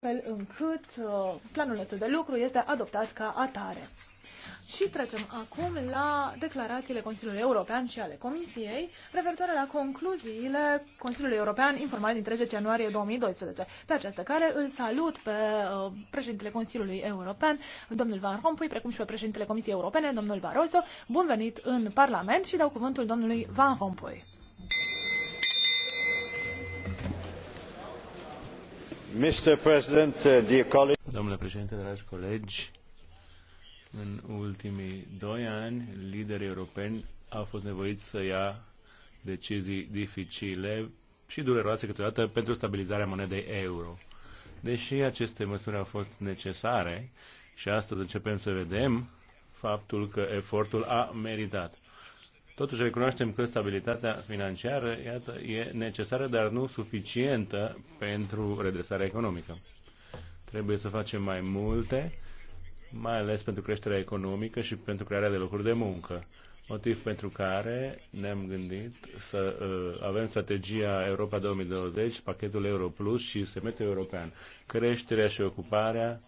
astfel încât uh, planul nostru de lucru este adoptat ca atare. Și trecem acum la declarațiile Consiliului European și ale Comisiei, referitoare la concluziile Consiliului European informal din 30 ianuarie 2012. Pe această care îl salut pe uh, președintele Consiliului European, domnul Van Rompuy, precum și pe președintele Comisiei Europene, domnul Barroso. Bun venit în Parlament și dau cuvântul domnului Van Rompuy. Uh, Domnule președinte, dragi colegi, în ultimii doi ani, liderii europeni au fost nevoiți să ia decizii dificile și dureroase câteodată pentru stabilizarea monedei euro. Deși aceste măsuri au fost necesare și astăzi începem să vedem faptul că efortul a meritat. Totuși recunoaștem că stabilitatea financiară iată, e necesară, dar nu suficientă pentru redresarea economică. Trebuie să facem mai multe, mai ales pentru creșterea economică și pentru crearea de locuri de muncă. Motiv pentru care ne-am gândit să uh, avem strategia Europa 2020, pachetul Euro Plus și semestrul european. Creșterea și ocuparea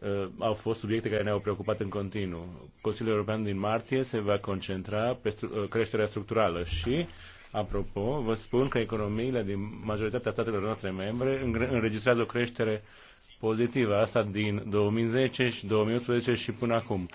Uh, au fost subiecte care ne-au preocupat în continuu. Consiliul European din martie se va concentra pe stru- uh, creșterea structurală și, apropo, vă spun că economiile din majoritatea statelor noastre membre înregistrează o creștere pozitivă, asta din 2010 și 2011 și până acum.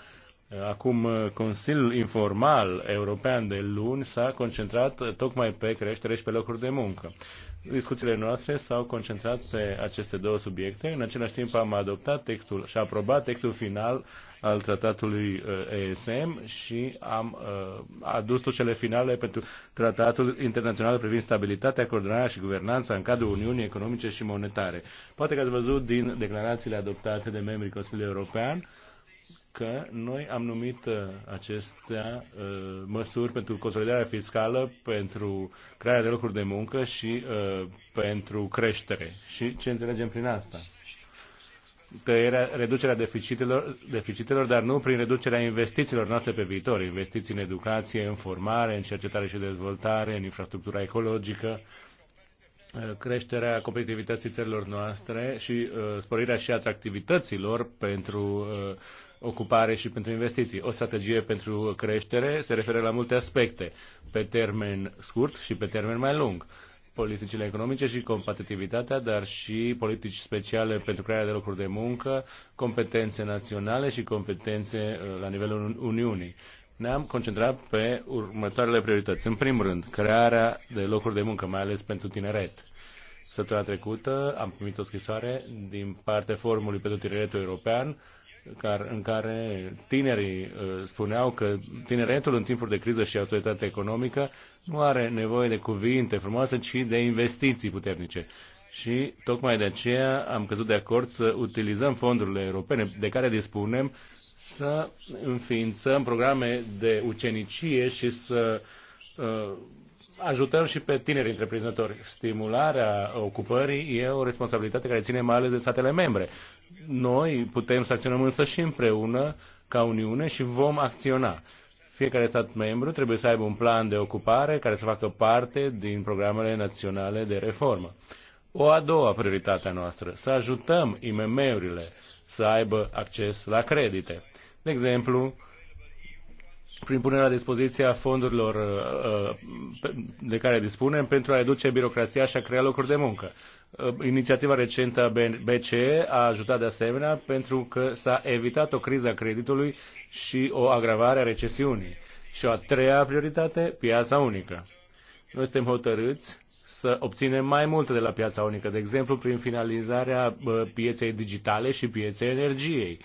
Uh, acum, Consiliul Informal European de luni s-a concentrat tocmai pe creștere și pe locuri de muncă. Discuțiile noastre s-au concentrat pe aceste două subiecte. În același timp am adoptat textul și aprobat textul final al tratatului uh, ESM și am uh, adus tușele finale pentru tratatul internațional privind stabilitatea, coordonarea și guvernanța în cadrul Uniunii Economice și Monetare. Poate că ați văzut din declarațiile adoptate de membrii Consiliului European că noi am numit uh, acestea uh, măsuri pentru consolidarea fiscală, pentru crearea de locuri de muncă și uh, pentru creștere. Și ce înțelegem prin asta? Era reducerea deficitelor, deficitelor, dar nu prin reducerea investițiilor noastre pe viitor, investiții în educație, în formare, în cercetare și dezvoltare, în infrastructura ecologică, creșterea competitivității țărilor noastre și uh, sporirea și atractivităților pentru uh, ocupare și pentru investiții. O strategie pentru creștere se referă la multe aspecte, pe termen scurt și pe termen mai lung politicile economice și competitivitatea, dar și politici speciale pentru crearea de locuri de muncă, competențe naționale și competențe uh, la nivelul Uniunii. Ne-am concentrat pe următoarele priorități. În primul rând, crearea de locuri de muncă, mai ales pentru tineret. Săptămâna trecută am primit o scrisoare din partea Forumului pentru Tineretul European în care tinerii uh, spuneau că tineretul în timpuri de criză și autoritate economică nu are nevoie de cuvinte frumoase, ci de investiții puternice. Și tocmai de aceea am căzut de acord să utilizăm fondurile europene de care dispunem să înființăm programe de ucenicie și să uh, ajutăm și pe tineri întreprinzători. Stimularea ocupării e o responsabilitate care ține mai ales de statele membre. Noi putem să acționăm însă și împreună ca Uniune și vom acționa. Fiecare stat membru trebuie să aibă un plan de ocupare care să facă parte din programele naționale de reformă. O a doua prioritate a noastră, să ajutăm IMM-urile să aibă acces la credite. De exemplu, prin punerea la dispoziție a fondurilor uh, uh, de care dispunem pentru a reduce birocrația și a crea locuri de muncă. Uh, inițiativa recentă a BCE a ajutat de asemenea pentru că s-a evitat o criză a creditului și o agravare a recesiunii. Și o a treia prioritate, piața unică. Noi suntem hotărâți să obținem mai multe de la piața unică, de exemplu prin finalizarea pieței digitale și pieței energiei.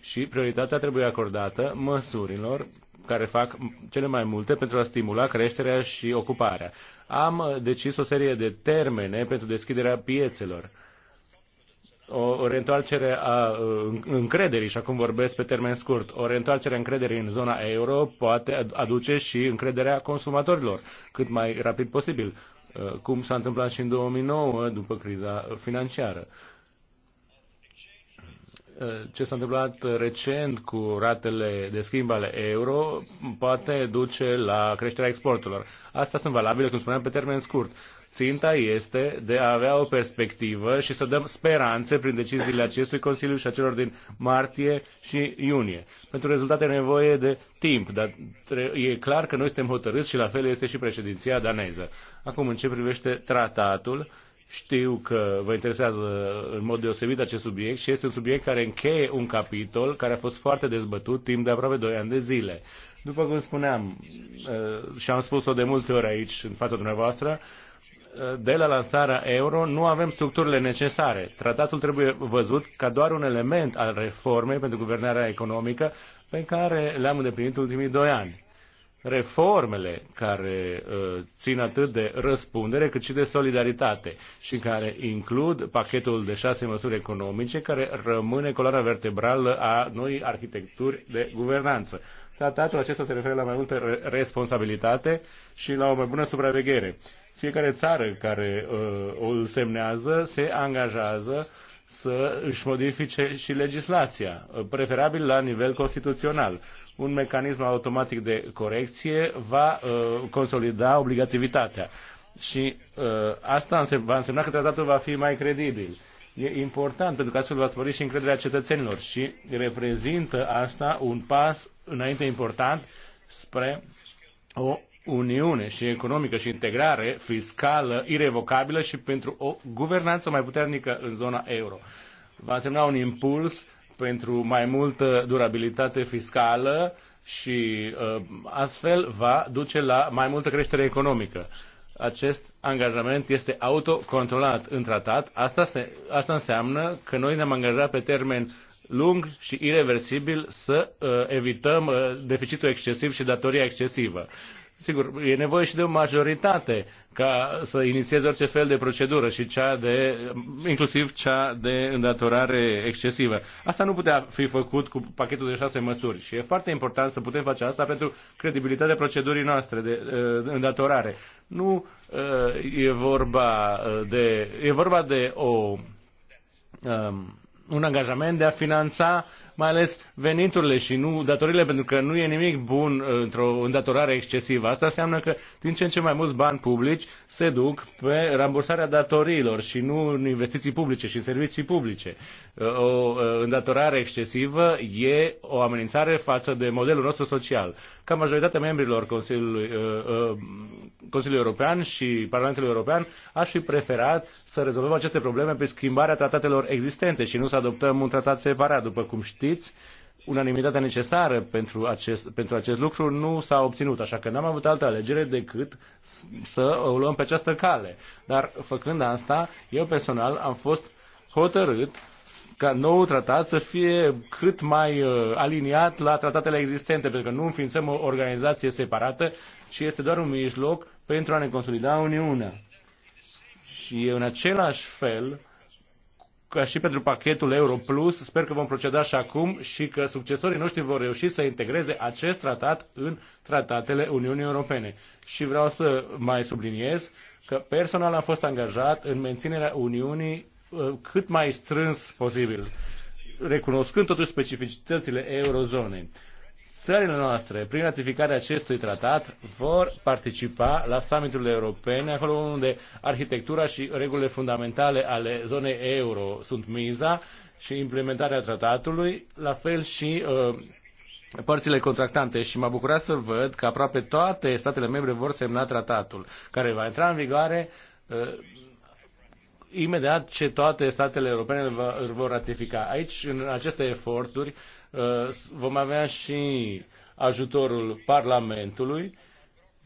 Și prioritatea trebuie acordată măsurilor care fac cele mai multe pentru a stimula creșterea și ocuparea. Am decis o serie de termene pentru deschiderea piețelor o reîntoarcere a încrederii, și acum vorbesc pe termen scurt, o reîntoarcere a încrederii în zona euro poate aduce și încrederea consumatorilor cât mai rapid posibil, uh, cum s-a întâmplat și în 2009 după criza financiară. Eh, ce s-a întâmplat recent cu ratele de schimb ale euro poate duce la creșterea exporturilor. Asta sunt valabile, cum spuneam, pe termen scurt. Ținta este de a avea o perspectivă și să dăm speranțe prin deciziile acestui Consiliu și a celor din martie și iunie. Pentru rezultate e nevoie de timp, dar e clar că noi suntem hotărâți și la fel este și președinția daneză. Acum, în ce privește tratatul, știu că vă interesează în mod deosebit acest subiect și este un subiect care încheie un capitol care a fost foarte dezbătut timp de aproape 2 ani de zile. După cum spuneam, uh, și am spus-o de multe ori aici, în fața dumneavoastră, uh, de la lansarea euro nu avem structurile necesare. Tratatul trebuie văzut ca doar un element al reformei pentru guvernarea economică pe care le-am îndeplinit ultimii doi ani reformele care uh, țin atât de răspundere cât și de solidaritate și care includ pachetul de șase măsuri economice care rămâne coloana vertebrală a noi arhitecturi de guvernanță. Tratatul acesta se referă la mai multă responsabilitate și la o mai bună supraveghere. Fiecare țară care uh, o semnează se angajează să își modifice și legislația, uh, preferabil la nivel constituțional un mecanism automatic de corecție va uh, consolida obligativitatea. Și uh, asta înse- va însemna că tratatul va fi mai credibil. E important pentru că astfel va spori și încrederea cetățenilor și reprezintă asta un pas înainte important spre o uniune și economică și integrare fiscală irevocabilă și pentru o guvernanță mai puternică în zona euro. Va însemna un impuls pentru mai multă durabilitate fiscală și uh, astfel va duce la mai multă creștere economică. Acest angajament este autocontrolat în tratat. Asta, se, asta înseamnă că noi ne-am angajat pe termen lung și irreversibil să uh, evităm uh, deficitul excesiv și datoria excesivă. Uh, Sigur, e nevoie și de o majoritate ca să inițieze orice fel de procedură și cea de, inclusiv cea de îndatorare excesivă. Asta nu putea fi făcut cu pachetul de șase măsuri și e foarte important să putem face asta pentru credibilitatea procedurii noastre de, de ă, îndatorare. Nu ă, e vorba ă, de, e vorba de o um, un angajament de a finanța mai ales veniturile și nu datorile, pentru că nu e nimic bun uh, într-o îndatorare excesivă. Asta înseamnă că din ce în ce mai mulți bani publici se duc pe rambursarea datoriilor și nu în investiții publice și în servicii publice. Uh, o uh, îndatorare excesivă e o amenințare față de modelul nostru social. Ca majoritatea membrilor Consiliului, Consiliului European și Parlamentului European aș fi preferat să rezolvăm aceste probleme pe schimbarea tratatelor existente și nu să adoptăm un tratat separat. După cum știți, unanimitatea necesară pentru acest, pentru acest lucru nu s-a obținut, așa că n-am avut altă alegere decât să o luăm pe această cale. Dar făcând asta, eu personal am fost hotărât ca nouul tratat să fie cât mai uh, aliniat la tratatele existente, pentru că nu înființăm o organizație separată, ci este doar un mijloc pentru a ne consolida Uniunea. Și în același fel, ca și pentru pachetul Euro Plus, sper că vom proceda și acum și că succesorii noștri vor reuși să integreze acest tratat în tratatele Uniunii Europene. Și vreau să mai subliniez că personal am fost angajat în menținerea Uniunii uh, cât mai strâns posibil, recunoscând totuși specificitățile eurozonei. Țările noastre, prin ratificarea acestui tratat, vor participa la summiturile europene, acolo unde arhitectura și regulile fundamentale ale zonei euro sunt miza și implementarea tratatului, la fel și uh, părțile contractante și m-a bucurat să văd că aproape toate statele membre vor semna tratatul, care va intra în vigoare uh, imediat ce toate statele europene îl vor ratifica. Aici, în aceste eforturi, uh, Uh, vom avea și ajutorul Parlamentului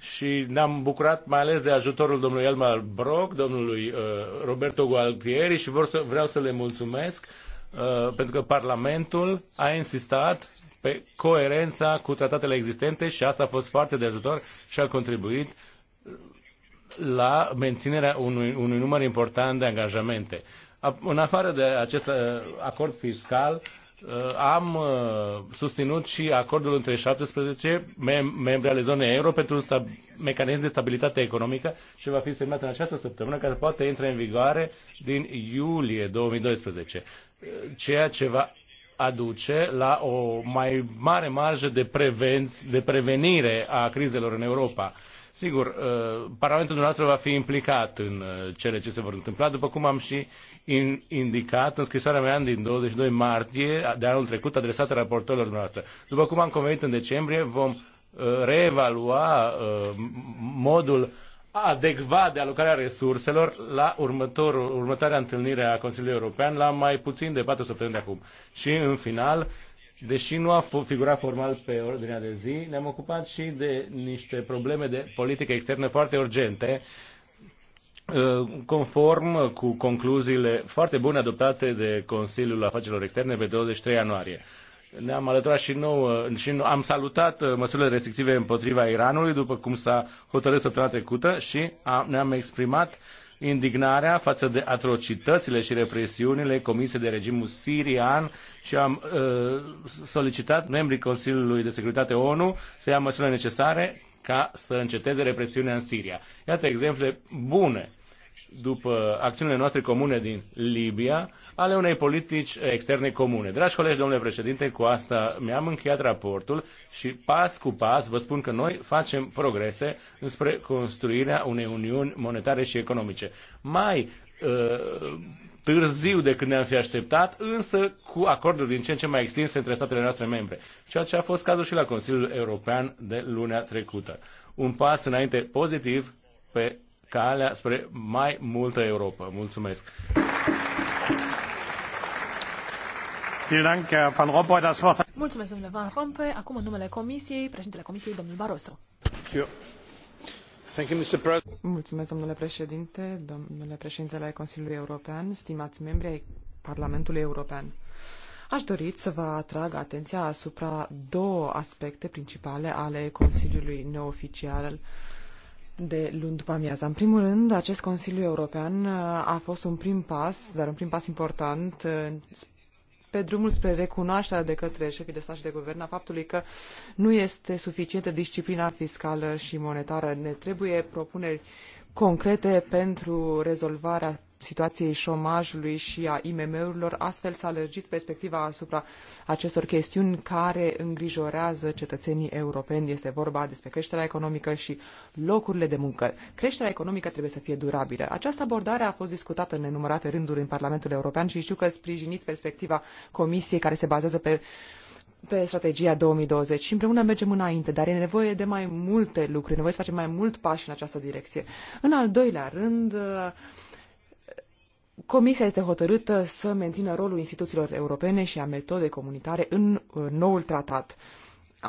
și ne-am bucurat mai ales de ajutorul domnului Elmar Brock, domnului uh, Roberto Gualtieri și vor să, vreau să le mulțumesc uh, pentru că Parlamentul a insistat pe coerența cu tratatele existente și asta a fost foarte de ajutor și a contribuit la menținerea unui, unui număr important de angajamente. În afară de acest acord fiscal, Uh, am uh, susținut și acordul între 17 mem- membri ale zonei euro pentru un mecanism de stabilitate economică și va fi semnat în această săptămână care poate intra în vigoare din iulie 2012, uh, ceea ce va aduce la o mai mare marjă de, preven- de prevenire a crizelor în Europa. Sigur, Parlamentul dumneavoastră va fi implicat în cele ce se vor întâmpla, după cum am și in, indicat în scrisoarea mea din 22 martie de anul trecut adresată raportorilor noastre. După cum am convenit în decembrie, vom uh, reevalua uh, modul adecvat de alocarea resurselor la următorul, următoarea întâlnire a Consiliului European la mai puțin de 4 săptămâni de acum. Și în final, deși nu a figurat formal pe ordinea de zi, ne-am ocupat și de niște probleme de politică externă foarte urgente Uh, conform cu concluziile foarte bune adoptate de Consiliul Afacerilor Externe pe 23 ianuarie. Ne-am alăturat și nou uh, și am salutat uh, măsurile restrictive împotriva Iranului, după cum s-a hotărât săptămâna trecută și ne-am exprimat indignarea față de atrocitățile și represiunile comise de regimul sirian și am uh, solicitat membrii Consiliului de Securitate ONU să ia măsurile necesare ca să înceteze represiunea în Siria. Iată exemple bune după acțiunile noastre comune din Libia, ale unei politici externe comune. Dragi colegi, domnule președinte, cu asta mi-am încheiat raportul și pas cu pas vă spun că noi facem progrese înspre construirea unei uniuni monetare și economice. Mai uh, târziu decât ne-am fi așteptat, însă cu acorduri din ce în ce mai extinse între statele noastre membre, ceea ce a fost cazul și la Consiliul European de lunea trecută. Un pas înainte pozitiv pe calea spre mai multă Europa. Mulțumesc! Mulțumesc, domnule Van Rompuy. Acum, în numele Comisiei, președintele Comisiei, domnul Barroso. Mulțumesc, domnule președinte, domnule președintele Consiliului European, stimați membri ai Parlamentului European. Aș dori să vă atrag atenția asupra două aspecte principale ale Consiliului neoficial uh, de luni după amiază. În primul rând, acest Consiliu European uh, a fost un prim pas, dar un prim pas important uh, pe drumul spre recunoașterea de către șefii de stat și de guvern a faptului că nu este suficientă disciplina fiscală și monetară. Ne trebuie propuneri concrete pentru rezolvarea situației șomajului și a IMM-urilor, astfel s-a lărgit perspectiva asupra acestor chestiuni care îngrijorează cetățenii europeni. Este vorba despre creșterea economică și locurile de muncă. Creșterea economică trebuie să fie durabilă. Această abordare a fost discutată în nenumărate rânduri în Parlamentul European și știu că sprijiniți perspectiva Comisiei care se bazează pe pe strategia 2020 și împreună mergem înainte, dar e nevoie de mai multe lucruri, e nevoie să facem mai mult pași în această direcție. În al doilea rând, Comisia este hotărâtă să mențină rolul instituțiilor europene și a metodei comunitare în uh, noul tratat.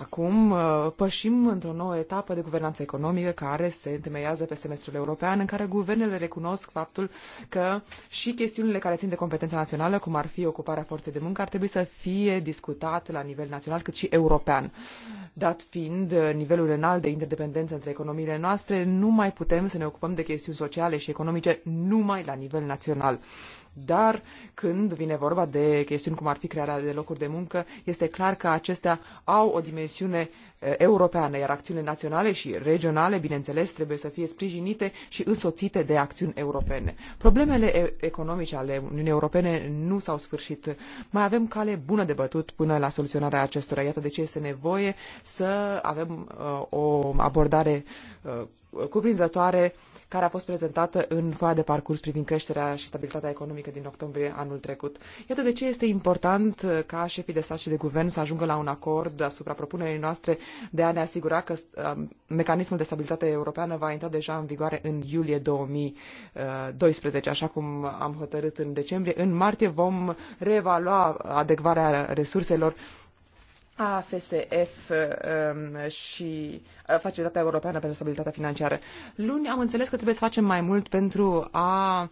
Acum uh, pășim într-o nouă etapă de guvernanță economică care se întemeiază pe semestrul european, în care guvernele recunosc faptul că și chestiunile care țin de competența națională, cum ar fi ocuparea forței de muncă, ar trebui să fie discutate la nivel național cât și european. Dat fiind uh, nivelul înalt de interdependență între economiile noastre, nu mai putem să ne ocupăm de chestiuni sociale și economice numai la nivel național. Dar când vine vorba de chestiuni cum ar fi crearea de locuri de muncă, este clar că acestea au o dimensiune europeană, iar acțiunile naționale și regionale, bineînțeles, trebuie să fie sprijinite și însoțite de acțiuni europene. Problemele economice ale Uniunii Europene nu s-au sfârșit. Mai avem cale bună de bătut până la soluționarea acestora. Iată de ce este nevoie să avem uh, o abordare uh, cuprinzătoare care a fost prezentată în foaia de parcurs privind creșterea și stabilitatea economică din octombrie anul trecut. Iată de ce este important uh, ca șefii de stat și de guvern să ajungă la un acord asupra propunerii noastre de a ne asigura că um, mecanismul de stabilitate europeană va intra deja în vigoare în iulie 2012, uh, așa cum am hotărât în decembrie. În martie vom reevalua adecvarea resurselor a FSF um, și uh, Facilitatea Europeană pentru Stabilitatea Financiară. Luni am înțeles că trebuie să facem mai mult pentru a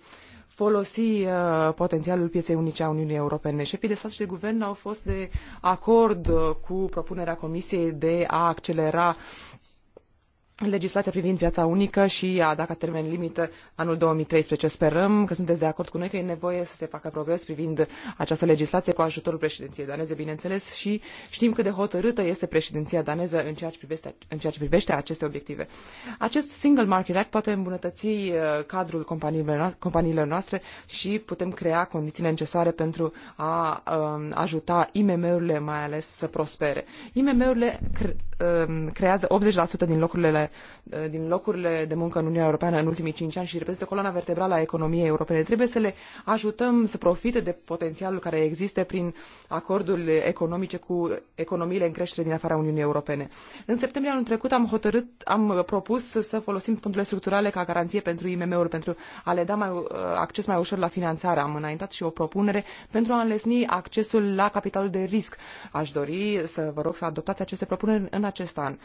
folosi uh, potențialul pieței unice a Uniunii Europene. Șefii de stat și de guvern au fost de acord uh, cu propunerea Comisiei de a accelera legislația privind piața unică și a dat ca termen limită anul 2013. Sperăm că sunteți de acord cu noi că e nevoie să se facă progres privind această legislație cu ajutorul președinției daneze, bineînțeles, și știm cât de hotărâtă este președinția daneză în ceea ce privește, în ceea ce privește aceste obiective. Acest Single Market Act poate îmbunătăți uh, cadrul companiilor noastre și putem crea condițiile necesare pentru a um, ajuta IMM-urile mai ales să prospere. IMM-urile um, creează 80% din locurile Uh, din, locurile de muncă în Uniunea Europeană în ultimii cinci ani și reprezintă coloana vertebrală a economiei europene. Trebuie să le ajutăm să profite de potențialul care există prin acordurile economice cu economiile în creștere din afara Uniunii Europene. În septembrie anul trecut am hotărât, am propus să folosim fondurile structurale ca garanție pentru IMM-uri, pentru a le da mai, uh, acces mai ușor la finanțare. Am înaintat și o propunere pentru a înlesni accesul la capitalul de risc. Aș dori să vă rog să adoptați aceste propuneri în acest an.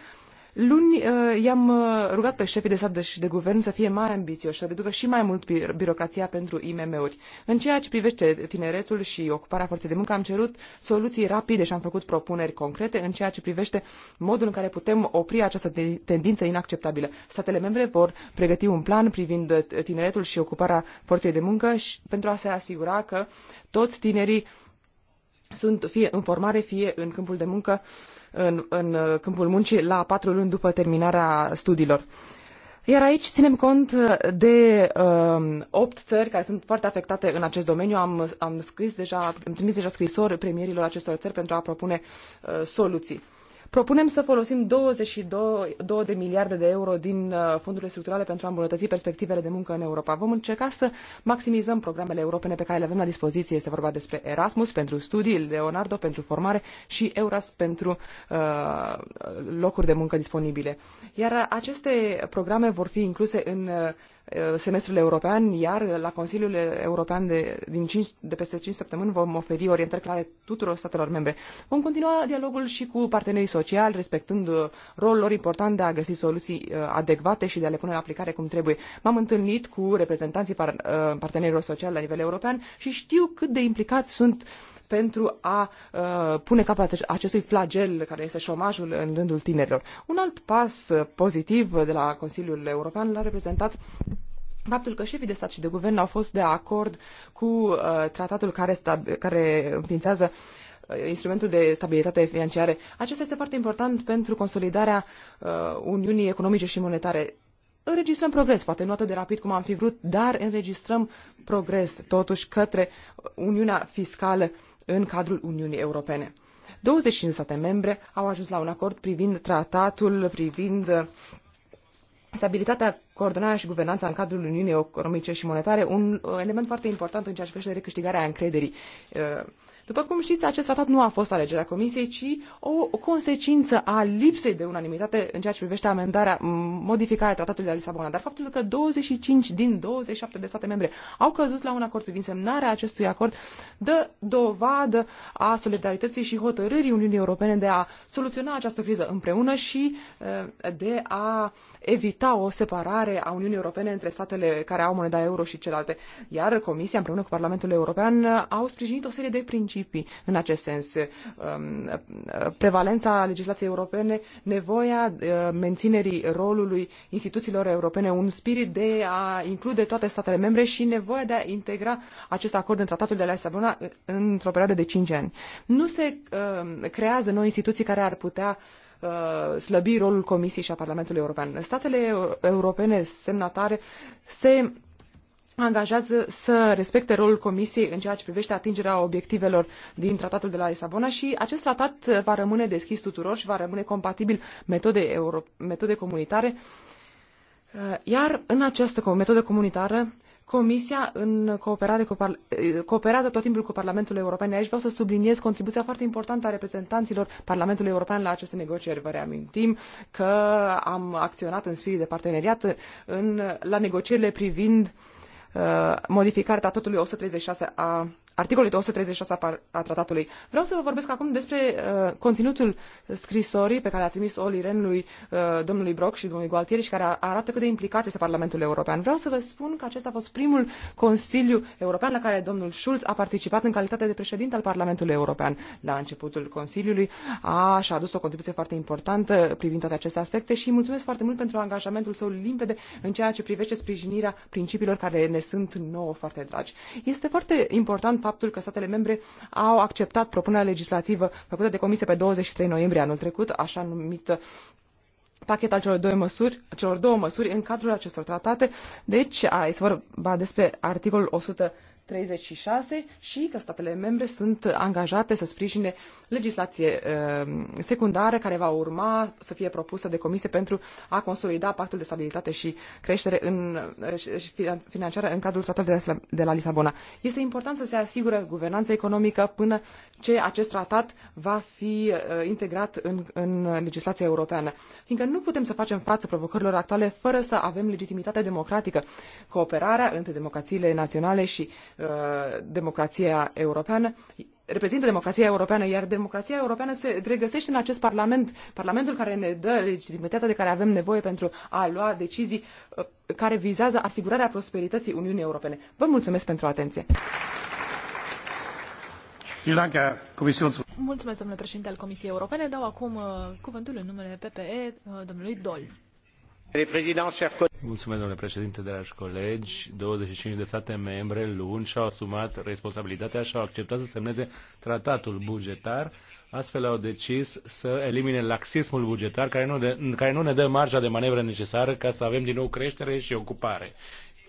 Luni uh, i-am uh, rugat pe șefii de stat și de guvern să fie mai ambițioși, să reducă și mai mult bi- birocrația pentru IMM-uri. În ceea ce privește tineretul și ocuparea forței de muncă, am cerut soluții rapide și am făcut propuneri concrete în ceea ce privește modul în care putem opri această tendință inacceptabilă. Statele membre vor pregăti un plan privind uh, tineretul și ocuparea forței de muncă și pentru a se asigura că toți tinerii sunt fie în formare, fie în câmpul de muncă uh, în, în uh, câmpul muncii la patru luni după terminarea studiilor. Iar aici ținem cont uh, de um, opt uh, țări care sunt foarte afectate în acest domeniu. Am, am, scris deja, am trimis deja scrisori premierilor acestor țări pentru a propune uh, soluții. Propunem să folosim 22 de miliarde de euro din uh, fondurile structurale pentru a îmbunătăți perspectivele de muncă în Europa. Vom încerca să maximizăm programele europene pe care le avem la dispoziție. Este vorba despre Erasmus pentru studii, Leonardo pentru formare și Euras pentru uh, locuri de muncă disponibile. Iar aceste programe vor fi incluse în uh, semestrul european, iar la Consiliul European de, din 5, de peste 5 săptămâni vom oferi orientări clare tuturor statelor membre. Vom continua dialogul și cu partenerii sociali, respectând rolul lor important de a găsi soluții uh, adecvate și de a le pune în aplicare cum trebuie. M-am întâlnit cu reprezentanții par, uh, partenerilor sociali la nivel european și știu cât de implicați sunt pentru a uh, pune capăt acestui flagel care este șomajul în rândul tinerilor. Un alt pas uh, pozitiv de la Consiliul European l-a reprezentat Faptul că șefii de stat și de guvern au fost de acord cu uh, tratatul care, stab- care înființează uh, instrumentul de stabilitate financiară. Acesta este foarte important pentru consolidarea uh, Uniunii Economice și Monetare. Înregistrăm progres, poate nu atât de rapid cum am fi vrut, dar înregistrăm progres totuși către Uniunea Fiscală uh, în cadrul Uniunii Europene. 25 state membre au ajuns la un acord privind tratatul, privind uh, stabilitatea, coordonarea și guvernanța în cadrul Uniunii Economice și Monetare, un uh, element foarte important în ceea ce privește recâștigarea încrederii. Uh, după cum știți, acest tratat nu a fost alegerea Comisiei, ci o consecință a lipsei de unanimitate în ceea ce privește amendarea, modificarea tratatului de la Lisabona. Dar faptul că 25 din 27 de state membre au căzut la un acord privind semnarea acestui acord dă dovadă a solidarității și hotărârii Uniunii Europene de a soluționa această criză împreună și eh, de a evita o separare a Uniunii Europene între statele care au moneda euro și celelalte. Iar Comisia împreună cu Parlamentul European au sprijinit o serie de principii principii în acest sens. Um, prevalența legislației europene, nevoia uh, menținerii rolului instituțiilor europene, un spirit de a include toate statele membre și nevoia de a integra acest acord în tratatul de la Lisabona uh, într-o perioadă de 5 ani. Nu se um, creează noi instituții care ar putea uh, slăbi rolul Comisiei și a Parlamentului European. Statele europene semnatare se angajează să respecte rolul Comisiei în ceea ce privește atingerea obiectivelor din Tratatul de la Lisabona și acest tratat va rămâne deschis tuturor și va rămâne compatibil metode, euro, metode comunitare. Uh, iar în această metodă comunitară, Comisia, în cooperare cu uh, cooperează tot timpul cu Parlamentul European. Aici vreau să subliniez contribuția foarte importantă a reprezentanților Parlamentului European la aceste negocieri. Vă reamintim că am acționat în spirit de parteneriat în, la negocierile privind uh, Uh, modificare și șase a articolului 236 a tratatului. Vreau să vă vorbesc acum despre uh, conținutul scrisorii pe care a trimis Oli Ren lui uh, domnului Brock și domnului Gualtieri și care arată cât de implicat este Parlamentul European. Vreau să vă spun că acesta a fost primul Consiliu European la care domnul Schulz a participat în calitate de președinte al Parlamentului European. La începutul Consiliului a, și-a adus o contribuție foarte importantă privind toate aceste aspecte și mulțumesc foarte mult pentru angajamentul său limpede în ceea ce privește sprijinirea principiilor care ne sunt nouă foarte dragi. Este foarte important faptul că statele membre au acceptat propunerea legislativă făcută de Comisie pe 23 noiembrie anul trecut, așa numită uh, pachet al celor două măsuri, celor două măsuri în cadrul acestor tratate. Deci, este vorba despre articolul 100 36 și că statele membre sunt angajate să sprijine legislație uh, secundară care va urma să fie propusă de comisie pentru a consolida pactul de stabilitate și creștere în, uh, financiară în cadrul tratatului de la Lisabona. Este important să se asigure guvernanța economică până ce acest tratat va fi uh, integrat în, în legislația europeană, fiindcă nu putem să facem față provocărilor actuale fără să avem legitimitate democratică. Cooperarea între democrațiile naționale și Uh, democrația europeană, reprezintă democrația europeană, iar democrația europeană se regăsește în acest parlament, parlamentul care ne dă legitimitatea de care avem nevoie pentru a lua decizii uh, care vizează asigurarea prosperității Uniunii Europene. Vă mulțumesc pentru atenție. Mulțumesc, domnule președinte al Comisiei Europene. Dau acum uh, cuvântul în numele PPE domnului Dol domnule președinte, dragi colegi. 25 de state membre luni și-au asumat responsabilitatea și au acceptat să semneze tratatul bugetar. Astfel au decis să elimine laxismul bugetar care nu, de, care nu ne dă marja de manevră necesară ca să avem din nou creștere și ocupare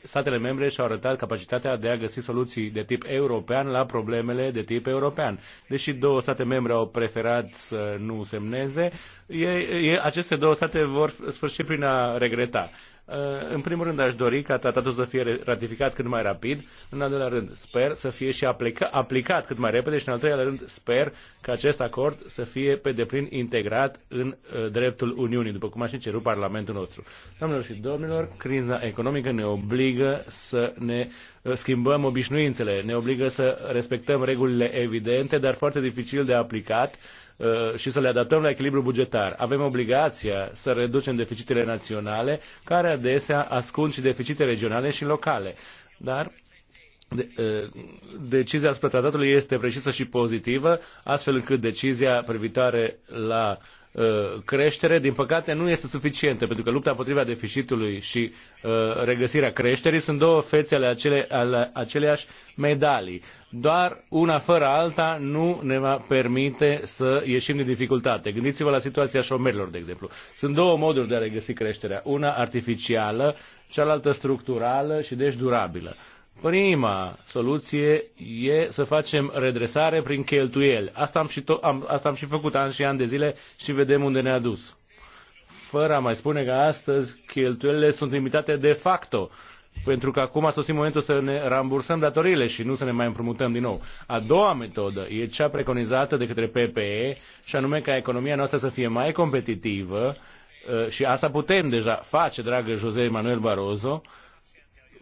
statele membre și-au arătat capacitatea de a găsi soluții de tip european la problemele de tip european. Deși două state membre au preferat să nu semneze, ei, ei, aceste două state vor sfârși prin a regreta. În primul rând, aș dori ca tratatul să fie ratificat cât mai rapid. În al doilea rând, sper să fie și aplica, aplicat cât mai repede. Și în al treilea rând, sper ca acest acord să fie pe deplin integrat în uh, dreptul Uniunii, după cum a și cerut Parlamentul nostru. Doamnelor și domnilor, criza economică ne obligă să ne uh, schimbăm obișnuințele, ne obligă să respectăm regulile evidente, dar foarte dificil de aplicat Uh, și să le adaptăm la echilibru bugetar. Avem obligația să reducem deficitele naționale, care adesea ascund și deficite regionale și locale. Dar de, uh, decizia asupra tratatului este precisă și pozitivă, astfel încât decizia privitoare la uh, Uh, creștere, din păcate, nu este suficientă, pentru că lupta împotriva deficitului și uh, regăsirea creșterii sunt două fețe ale, acele, ale aceleași medalii. Doar una fără alta nu ne va permite să ieșim din dificultate. Gândiți-vă la situația șomerilor, de exemplu. Sunt două moduri de a regăsi creșterea. Una artificială, cealaltă structurală și deci durabilă. Prima soluție e să facem redresare prin cheltuieli. Asta am și, to- am, asta am și făcut ani și ani de zile și vedem unde ne-a dus. Fără a mai spune că astăzi cheltuielile sunt limitate de facto, pentru că acum a sosit momentul să ne rambursăm datoriile și nu să ne mai împrumutăm din nou. A doua metodă e cea preconizată de către PPE, și anume ca economia noastră să fie mai competitivă, uh, și asta putem deja face, dragă Jose Manuel Barroso,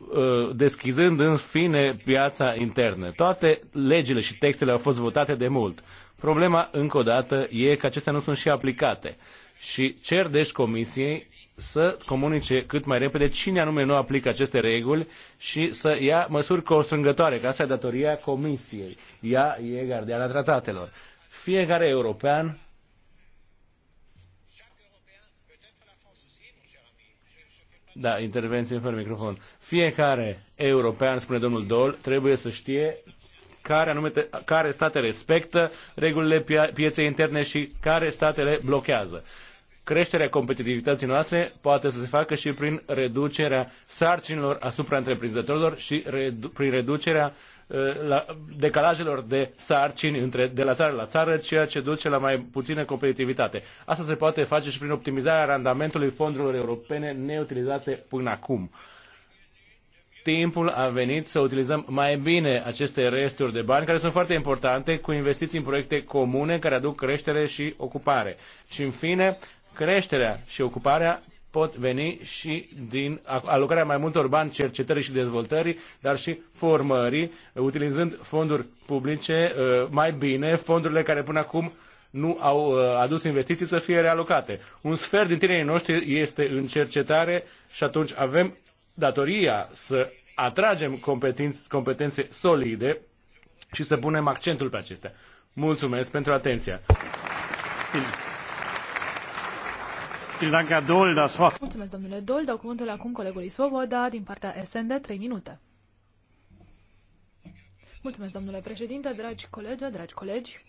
Uh, deschizând în fine piața internă. Toate legile și textele au fost votate de mult. Problema, încă o dată, e că acestea nu sunt și aplicate. Și cer deci Comisiei să comunice cât mai repede cine anume nu aplică aceste reguli și să ia măsuri constrângătoare, că asta e datoria Comisiei. Ea e gardiana tratatelor. Fiecare european Da, intervenție fără microfon. Fiecare european, spune domnul Dol, trebuie să știe care, anume, care state respectă regulile pieței interne și care statele blochează. Creșterea competitivității noastre poate să se facă și prin reducerea sarcinilor asupra întreprinzătorilor și redu- prin reducerea uh, Eh, la decalajelor de sarcini între, de la țară la țară, ceea ce duce la mai puțină competitivitate. Asta se poate face și prin optimizarea randamentului fondurilor europene neutilizate până acum. Timpul a venit să utilizăm mai bine aceste resturi de bani, care sunt foarte importante, cu investiții în proiecte comune care aduc creștere și ocupare. Și, în fine, creșterea și ocuparea pot veni și din alocarea mai multor bani cercetării și dezvoltării, dar și formării, utilizând fonduri publice uh, mai bine, fondurile care până acum nu au uh, adus investiții să fie realocate. Un sfert din tinerii noștri este în cercetare și atunci avem datoria să atragem competențe, solide și să punem accentul pe acestea. Mulțumesc pentru atenția. Bine. Mulțumesc, domnule Dol. Dau cuvântul acum colegului Svoboda din partea SND, 3 minute. Mulțumesc, domnule președinte, dragi colegi, dragi colegi.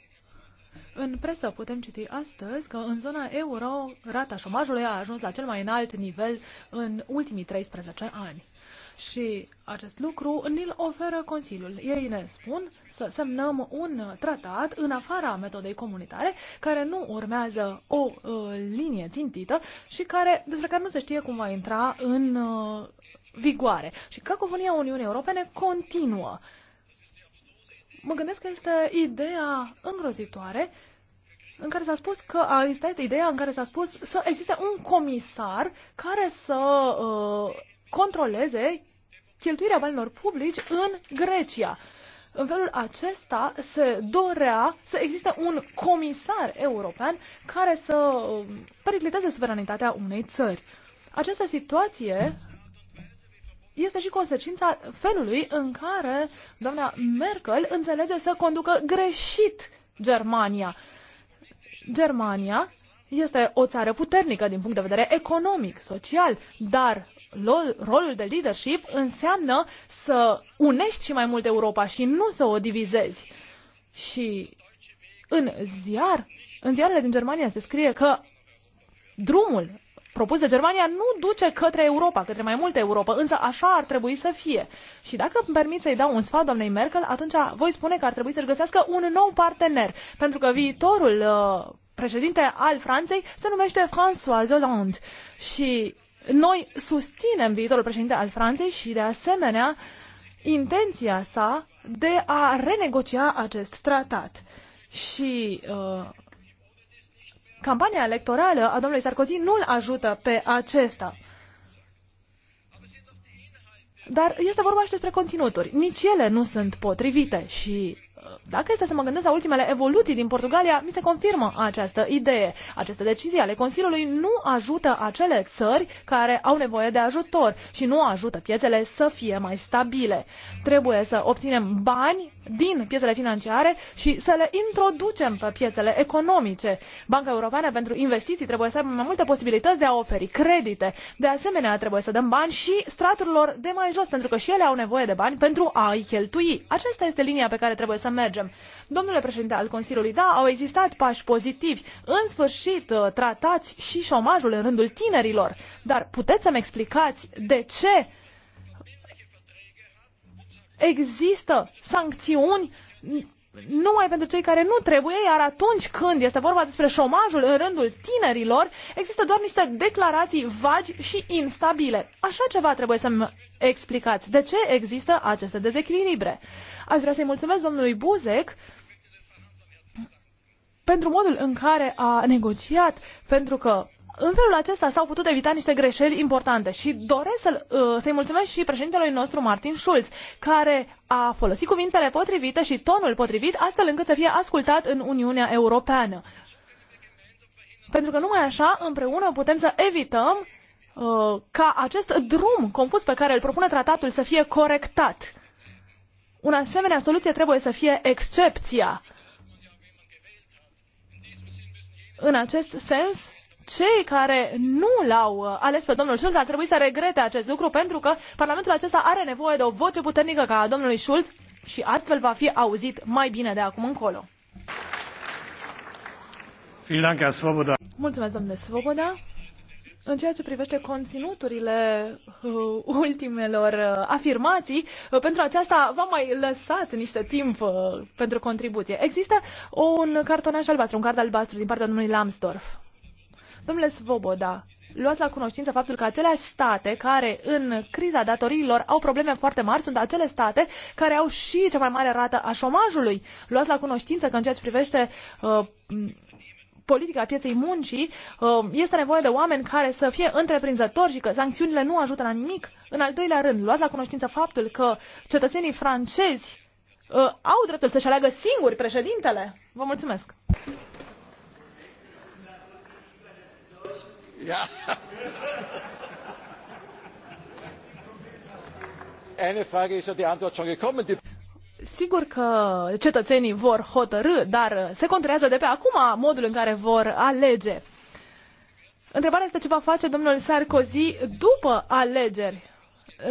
În presă putem citi astăzi că în zona euro rata șomajului a ajuns la cel mai înalt nivel în ultimii 13 ani. Și acest lucru ni-l oferă Consiliul. Ei ne spun să semnăm un tratat în afara metodei comunitare care nu urmează o uh, linie țintită și care, despre care nu se știe cum va intra în uh, vigoare. Și cacofonia Uniunii Europene continuă mă gândesc că este ideea îngrozitoare în care s-a spus că a existat ideea în care s-a spus să existe un comisar care să uh, controleze cheltuirea banilor publici în Grecia. În felul acesta se dorea să existe un comisar european care să uh, periclitează suveranitatea unei țări. Această situație este și consecința felului în care doamna Merkel înțelege să conducă greșit Germania. Germania este o țară puternică din punct de vedere economic, social, dar rolul de leadership înseamnă să unești și mai mult Europa și nu să o divizezi. Și în ziar, în ziarele din Germania se scrie că drumul propus de Germania nu duce către Europa, către mai multă Europa, însă așa ar trebui să fie. Și dacă îmi permit să-i dau un sfat doamnei Merkel, atunci voi spune că ar trebui să-și găsească un nou partener, pentru că viitorul uh, președinte al Franței se numește François Hollande. Și noi susținem viitorul președinte al Franței și, de asemenea, intenția sa de a renegocia acest tratat. Și uh, Campania electorală a domnului Sarkozy nu-l ajută pe acesta. Dar este vorba și despre conținuturi. Nici ele nu sunt potrivite și uh, dacă este să mă gândesc la ultimele evoluții din Portugalia, mi se confirmă această idee. Aceste decizii ale Consiliului nu ajută acele țări care au nevoie de ajutor și nu ajută piețele să fie mai stabile. Trebuie să obținem bani din piețele financiare și să le introducem pe piețele economice. Banca Europeană pentru Investiții trebuie să aibă mai multe posibilități de a oferi credite. De asemenea, trebuie să dăm bani și straturilor de mai jos, pentru că și ele au nevoie de bani pentru a-i cheltui. Aceasta este linia pe care trebuie să mergem. Domnule președinte al Consiliului, da, au existat pași pozitivi. În sfârșit, uh, tratați și șomajul în rândul tinerilor. Dar puteți să-mi explicați de ce există sancțiuni numai pentru cei care nu trebuie, iar atunci când este vorba despre șomajul în rândul tinerilor, există doar niște declarații vagi și instabile. Așa ceva trebuie să-mi explicați. De ce există aceste dezechilibre? Aș vrea să-i mulțumesc domnului Buzek pentru modul în care a negociat, pentru că în felul acesta s-au putut evita niște greșeli importante și doresc să-l, uh, să-i mulțumesc și președintelui nostru Martin Schulz, care a folosit cuvintele potrivite și tonul potrivit astfel încât să fie ascultat în Uniunea Europeană. Pentru că numai așa împreună putem să evităm uh, ca acest drum confuz pe care îl propune tratatul să fie corectat. Un asemenea soluție trebuie să fie excepția. În acest sens, cei care nu l-au uh, ales pe domnul Schulz ar trebui să regrete acest lucru pentru că Parlamentul acesta are nevoie de o voce puternică ca a domnului Schulz și astfel va fi auzit mai bine de acum încolo. Mulțumesc, domnule Svoboda. În ceea ce privește conținuturile uh, ultimelor uh, afirmații, uh, pentru aceasta v-am mai lăsat niște timp uh, pentru contribuție. Există un cartonaș albastru, un card albastru din partea domnului Lambsdorff. Domnule Svoboda, luați la cunoștință faptul că aceleași state care în criza datoriilor au probleme foarte mari sunt acele state care au și cea mai mare rată a șomajului. Luați la cunoștință că în ceea ce privește uh, politica pieței muncii, uh, este nevoie de oameni care să fie întreprinzători și că sancțiunile nu ajută la nimic. În al doilea rând, luați la cunoștință faptul că cetățenii francezi uh, au dreptul să-și aleagă singuri președintele. Vă mulțumesc! Ja. Eine Frage ist ja die Antwort schon gekommen. Die Sigur că cetățenii vor hotărâ, dar se conturează de pe acum modul în care vor alege. Întrebarea este ce va face domnul Sarkozy după alegeri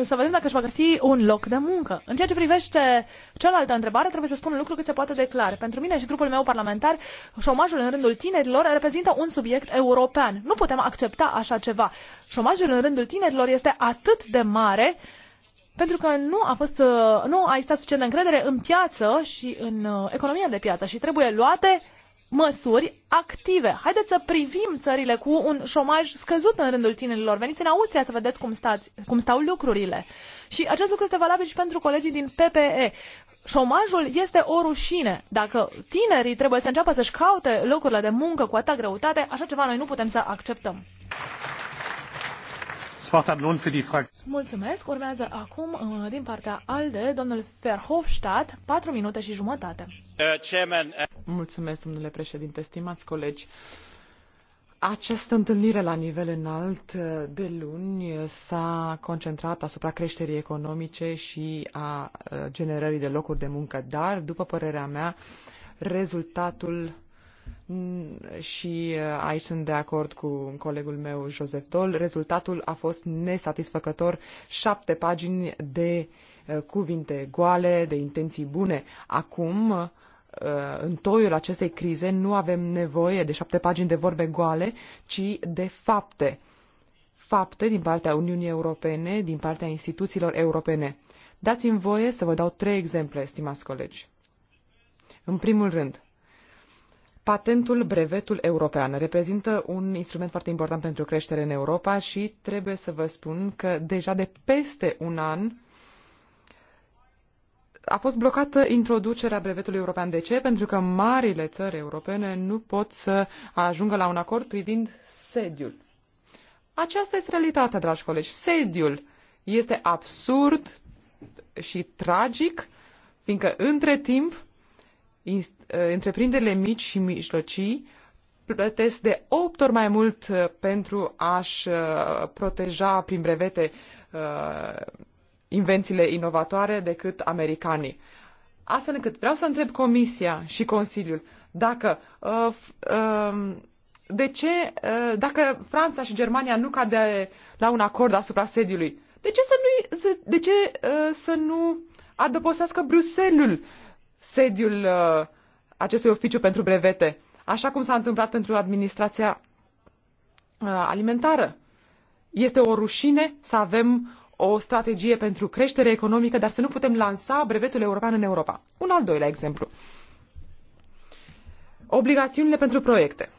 să vedem dacă își va găsi un loc de muncă. În ceea ce privește cealaltă întrebare, trebuie să spun un lucru cât se poate de clar. Pentru mine și grupul meu parlamentar, șomajul în rândul tinerilor reprezintă un subiect european. Nu putem accepta așa ceva. Șomajul în rândul tinerilor este atât de mare pentru că nu a fost, nu a existat de încredere în piață și în uh, economia de piață și trebuie luate măsuri active. Haideți să privim țările cu un șomaj scăzut în rândul tinerilor. Veniți în Austria să vedeți cum, stați, cum stau lucrurile. Și acest lucru este valabil și pentru colegii din PPE. Șomajul este o rușine. Dacă tinerii trebuie să înceapă să-și caute locurile de muncă cu atâta greutate, așa ceva noi nu putem să acceptăm. Mulțumesc. Urmează acum uh, din partea ALDE domnul Verhofstadt, 4 minute și jumătate. Uh, uh- Mulțumesc, domnule președinte, stimați colegi. Această întâlnire la nivel înalt de luni s-a concentrat asupra creșterii economice și a generării de locuri de muncă, dar, după părerea mea, rezultatul Mm, și uh, aici sunt de acord cu colegul meu, Joseph Dol, rezultatul a fost nesatisfăcător, șapte pagini de uh, cuvinte goale, de intenții bune. Acum, uh, în toiul acestei crize, nu avem nevoie de șapte pagini de vorbe goale, ci de fapte. Fapte din partea Uniunii Europene, din partea instituțiilor europene. Dați-mi voie să vă dau trei exemple, stimați colegi. În primul rând, Patentul, brevetul european, reprezintă un instrument foarte important pentru creștere în Europa și trebuie să vă spun că deja de peste un an a fost blocată introducerea brevetului european. De ce? Pentru că marile țări europene nu pot să ajungă la un acord privind sediul. Aceasta este realitatea, dragi colegi. Sediul este absurd și tragic, fiindcă între timp Uh, întreprinderile mici și mijlocii plătesc de opt ori mai mult uh, pentru a-și uh, proteja prin brevete invențiile inovatoare decât americanii. Astfel încât vreau să întreb Comisia și Consiliul dacă de ce, dacă Franța și Germania nu cade la un acord asupra sediului, de ce să nu, de ce să nu adăpostească Bruselul uh, sediul uh, acestui oficiu pentru brevete, așa cum s-a întâmplat pentru administrația uh, alimentară. Este o rușine să avem o strategie pentru creștere economică, dar să nu putem lansa brevetul european în Europa. Un al doilea exemplu. Obligațiunile pentru proiecte.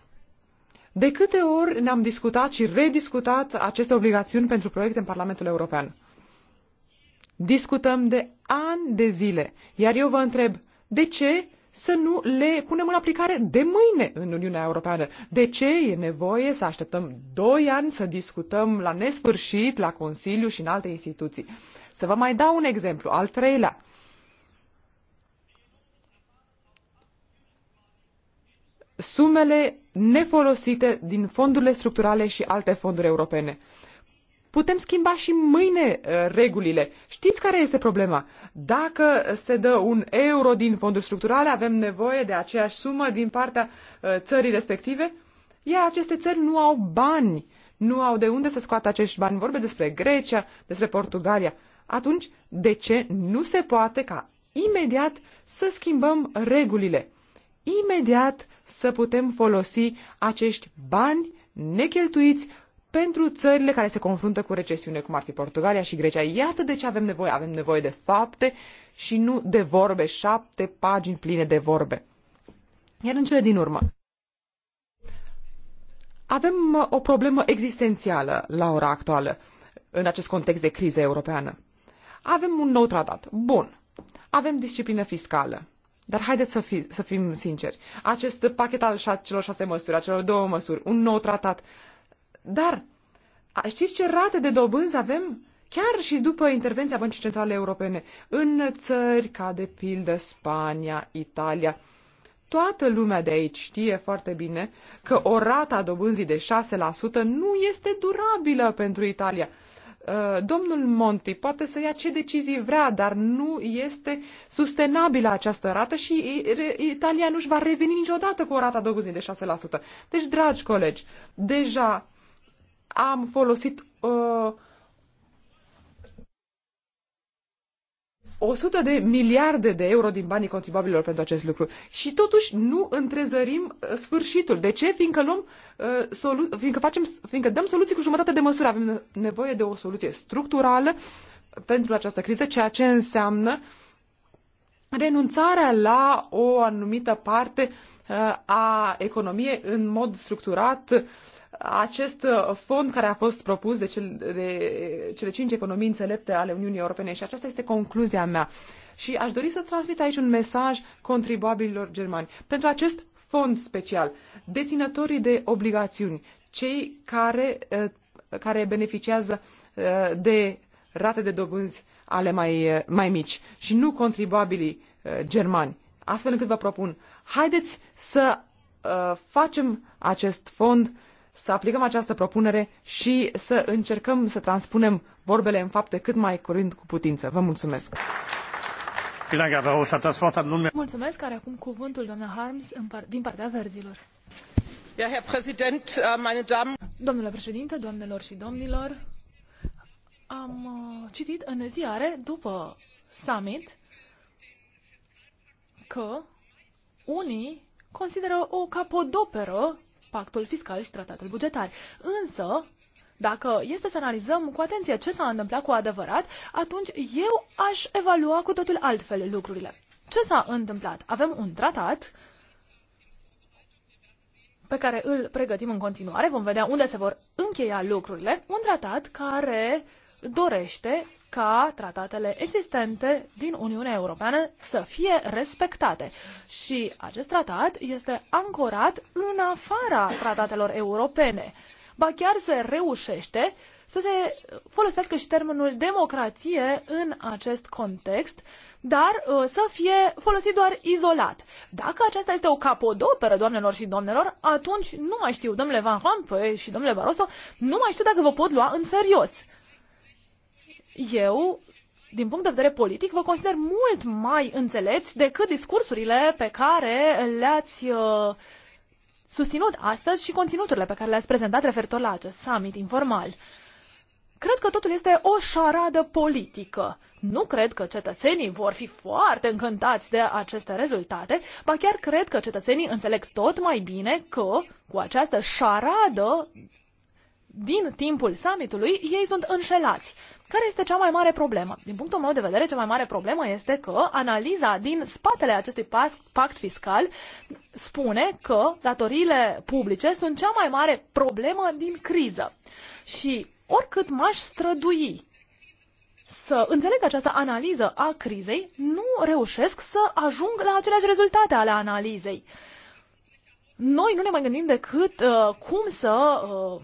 De câte ori ne-am discutat și rediscutat aceste obligațiuni pentru proiecte în Parlamentul European? Discutăm de ani de zile, iar eu vă întreb, de ce să nu le punem în aplicare de mâine în Uniunea Europeană. De ce e nevoie să așteptăm doi ani să discutăm la nesfârșit la Consiliu și în alte instituții? Să vă mai dau un exemplu, al treilea. Sumele nefolosite din fondurile structurale și alte fonduri europene. Putem schimba și mâine uh, regulile. Știți care este problema? Dacă se dă un euro din fonduri structurale, avem nevoie de aceeași sumă din partea uh, țării respective, iar aceste țări nu au bani, nu au de unde să scoată acești bani. Vorbesc despre Grecia, despre Portugalia. Atunci, de ce nu se poate ca imediat să schimbăm regulile? Imediat să putem folosi acești bani necheltuiți pentru țările care se confruntă cu recesiune, cum ar fi Portugalia și Grecia. Iată de ce avem nevoie. Avem nevoie de fapte și nu de vorbe. Șapte pagini pline de vorbe. Iar în cele din urmă, avem uh, o problemă existențială la ora actuală în acest context de criză europeană. Avem un nou tratat. Bun. Avem disciplină fiscală. Dar haideți să, fi, să fim sinceri. Acest pachet al celor șase măsuri, a celor două măsuri, un nou tratat, dar știți ce rate de dobânzi avem? Chiar și după intervenția Băncii Centrale Europene, în țări ca de pildă Spania, Italia, toată lumea de aici știe foarte bine că o rată a dobânzii de 6% nu este durabilă pentru Italia. Uh, domnul Monti poate să ia ce decizii vrea, dar nu este sustenabilă această rată și Italia nu-și va reveni niciodată cu o rată a dobânzii de 6%. Deci, dragi colegi, deja am folosit uh, 100 de miliarde de euro din banii contribuabililor pentru acest lucru. Și totuși nu întrezărim uh, sfârșitul. De ce? Fiindcă, luăm, uh, solu- fiindcă, facem, fiindcă dăm soluții cu jumătate de măsură. Avem nevoie de o soluție structurală pentru această criză, ceea ce înseamnă renunțarea la o anumită parte a economiei în mod structurat acest fond care a fost propus de, cel, de cele cinci economii înțelepte ale Uniunii Europene și aceasta este concluzia mea. Și aș dori să transmit aici un mesaj contribuabililor germani. Pentru acest fond special, deținătorii de obligațiuni, cei care, eh, care beneficiază eh, de rate de dobânzi ale mai, eh, mai mici și nu contribuabilii germani. Astfel încât vă propun Haideți să uh, facem acest fond, să aplicăm această propunere și să încercăm să transpunem vorbele în fapte cât mai curând cu putință. Vă mulțumesc! Mulțumesc, care acum cuvântul doamna Harms din partea verzilor. Ja, Herr Präsident, äh, meine Damen. Domnule președinte, doamnelor și domnilor, am uh, citit în ziare după summit că unii consideră o capodoperă pactul fiscal și tratatul bugetar. Însă, dacă este să analizăm cu atenție ce s-a întâmplat cu adevărat, atunci eu aș evalua cu totul altfel lucrurile. Ce s-a întâmplat? Avem un tratat pe care îl pregătim în continuare, vom vedea unde se vor încheia lucrurile, un tratat care uh, dorește ca tratatele existente din Uniunea Europeană să fie respectate. Și acest tratat este ancorat în afara tratatelor europene. Ba chiar se reușește să se folosească și termenul democrație în acest context, dar uh, să fie folosit doar izolat. Dacă aceasta este o capodoperă, doamnelor și domnilor, atunci nu mai știu, domnule Van Rompuy și domnule Barroso, nu mai știu dacă vă pot lua în serios eu, din punct de vedere politic, vă consider mult mai înțelepți decât discursurile pe care le-ați uh, susținut astăzi și conținuturile pe care le-ați prezentat referitor la acest summit informal. Cred că totul este o șaradă politică. Nu cred că cetățenii vor fi foarte încântați de aceste rezultate, ba chiar cred că cetățenii înțeleg tot mai bine că, cu această șaradă din timpul summitului, ei sunt înșelați. Care este cea mai mare problemă? Din punctul meu de vedere, cea mai mare problemă este că analiza din spatele acestui pact fiscal spune că datoriile publice sunt cea mai mare problemă din criză. Și oricât m-aș strădui să înțeleg această analiză a crizei, nu reușesc să ajung la aceleași rezultate ale analizei. Noi nu ne mai gândim decât uh, cum să uh,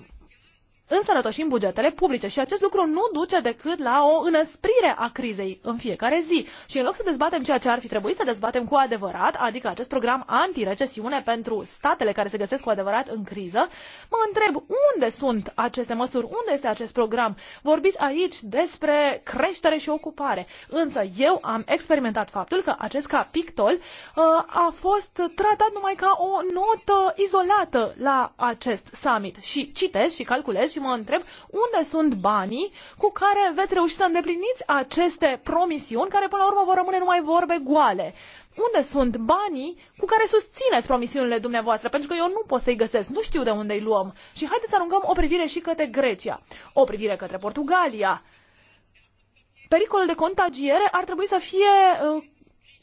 însănătoșim bugetele publice și acest lucru nu duce decât la o înăsprire a crizei în fiecare zi. Și în loc să dezbatem ceea ce ar fi trebuit să dezbatem cu adevărat, adică acest program antirecesiune pentru statele care se găsesc cu adevărat în criză, mă întreb unde sunt aceste măsuri, unde este acest program. Vorbiți aici despre creștere și ocupare, însă eu am experimentat faptul că acest capitol uh, a fost tratat numai ca o notă izolată la acest summit și citesc și calculez și mă întreb unde sunt banii cu care veți reuși să îndepliniți aceste promisiuni care până la urmă vor rămâne numai vorbe goale. Unde sunt banii cu care susțineți promisiunile dumneavoastră? Pentru că eu nu pot să-i găsesc, nu știu de unde îi luăm. Și haideți să aruncăm o privire și către Grecia, o privire către Portugalia. Pericolul de contagiere ar trebui să fie uh,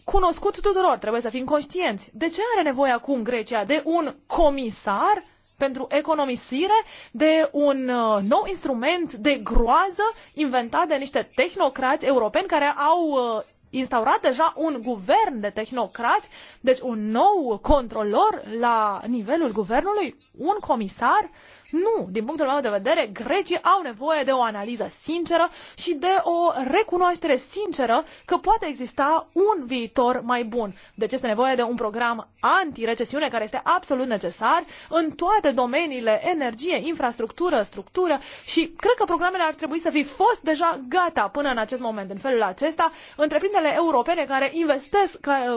cunoscut tuturor, trebuie să fim conștienți. De ce are nevoie acum Grecia de un comisar pentru economisire de un uh, nou instrument de groază inventat de niște tehnocrați europeni care au uh, instaurat deja un guvern de tehnocrați, deci un nou controlor la nivelul guvernului, un comisar nu, din punctul meu de vedere, grecii au nevoie de o analiză sinceră și de o recunoaștere sinceră că poate exista un viitor mai bun. Deci este nevoie de un program antirecesiune care este absolut necesar în toate domeniile energie, infrastructură, structură și cred că programele ar trebui să fi fost deja gata până în acest moment. În felul acesta, întreprinderile europene care investesc, care,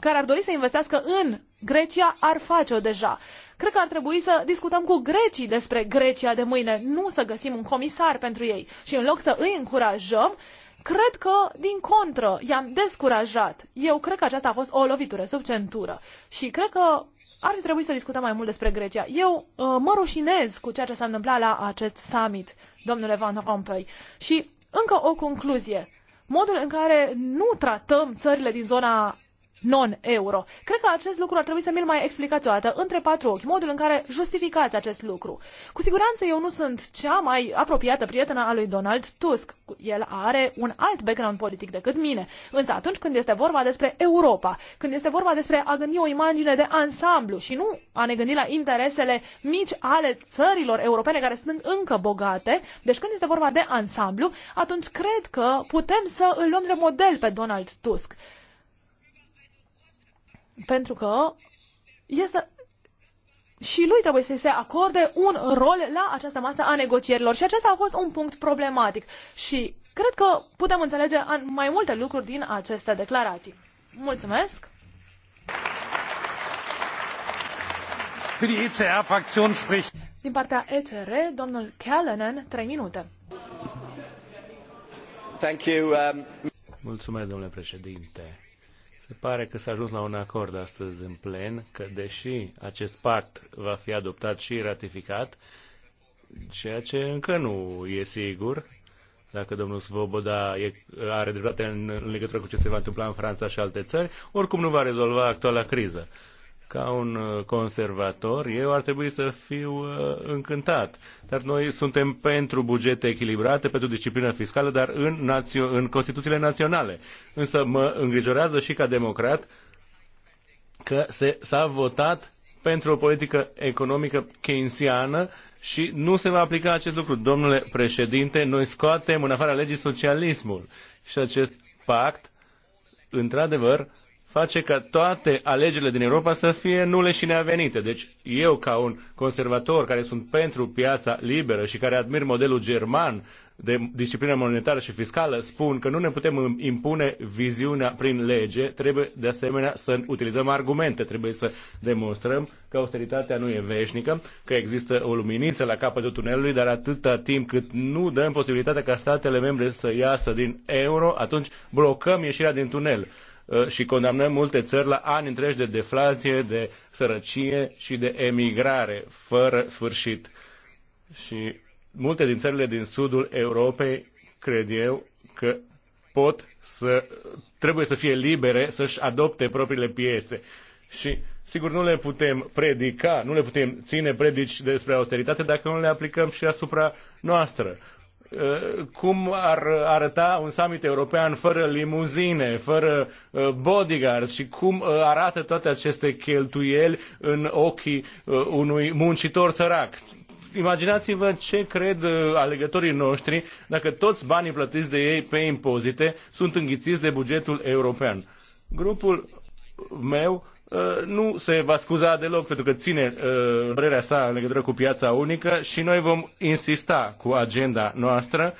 care ar dori să investească în Grecia ar face-o deja. Cred că ar trebui să discutăm cu grecii despre Grecia de mâine, nu să găsim un comisar pentru ei. Și în loc să îi încurajăm, cred că, din contră, i-am descurajat. Eu cred că aceasta a fost o lovitură sub centură. Și cred că ar fi trebuit să discutăm mai mult despre Grecia. Eu uh, mă rușinez cu ceea ce s-a întâmplat la acest summit, domnule Van Rompuy. Și încă o concluzie. Modul în care nu tratăm țările din zona non-euro. Cred că acest lucru ar trebui să mi-l mai explicați o dată, între patru ochi, modul în care justificați acest lucru. Cu siguranță eu nu sunt cea mai apropiată prietena a lui Donald Tusk. El are un alt background politic decât mine. Însă atunci când este vorba despre Europa, când este vorba despre a gândi o imagine de ansamblu și nu a ne gândi la interesele mici ale țărilor europene care sunt încă bogate, deci când este vorba de ansamblu, atunci cred că putem să îl luăm de model pe Donald Tusk. Pentru că este și lui trebuie să se acorde un rol la această masă a negocierilor. Și acesta a fost un punct problematic. Și cred că putem înțelege mai multe lucruri din aceste declarații. Mulțumesc! Din partea ECR, domnul Kellenen, 3 minute. Um, Mulțumesc, domnule președinte. Se pare că s-a ajuns la un acord astăzi în plen, că deși acest pact va fi adoptat și ratificat, ceea ce încă nu e sigur, dacă domnul Svoboda e, are dreptate în, în legătură cu ce se va întâmpla în Franța și alte țări, oricum nu va rezolva actuala criză ca un uh, conservator, eu ar trebui să fiu uh, încântat. Dar noi suntem pentru bugete echilibrate, pentru disciplina fiscală, dar în, națio- în Constituțiile naționale. Însă mă îngrijorează și ca democrat că se, s-a votat pentru o politică economică keynesiană și nu se va aplica acest lucru. Domnule președinte, noi scoatem în afara legii socialismul și acest pact, într-adevăr, face ca toate alegerile din Europa să fie nule și neavenite. Deci eu, ca un conservator care sunt pentru piața liberă și care admir modelul german de disciplină monetară și fiscală, spun că nu ne putem impune viziunea prin lege, trebuie de asemenea să utilizăm argumente, trebuie să demonstrăm că austeritatea nu e veșnică, că există o luminiță la capătul tunelului, dar atâta timp cât nu dăm posibilitatea ca statele membre să iasă din euro, atunci blocăm ieșirea din tunel Uh, și condamnăm multe țări la ani întregi de deflație, de sărăcie și de emigrare fără sfârșit. Și multe din țările din sudul Europei, cred eu, că pot să, trebuie să fie libere să-și adopte propriile piețe. Și sigur nu le putem predica, nu le putem ține predici despre austeritate dacă nu le aplicăm și asupra noastră. Eh, cum ar arăta un summit european fără limuzine, fără eh, bodyguards și cum eh, arată toate aceste cheltuieli în ochii unui muncitor sărac. Imaginați-vă ce cred alegătorii noștri dacă toți banii plătiți de ei pe impozite sunt înghițiți de bugetul european. Grupul meu Uh, nu se va scuza deloc pentru că ține uh, părerea sa în legătură cu piața unică și noi vom insista cu agenda noastră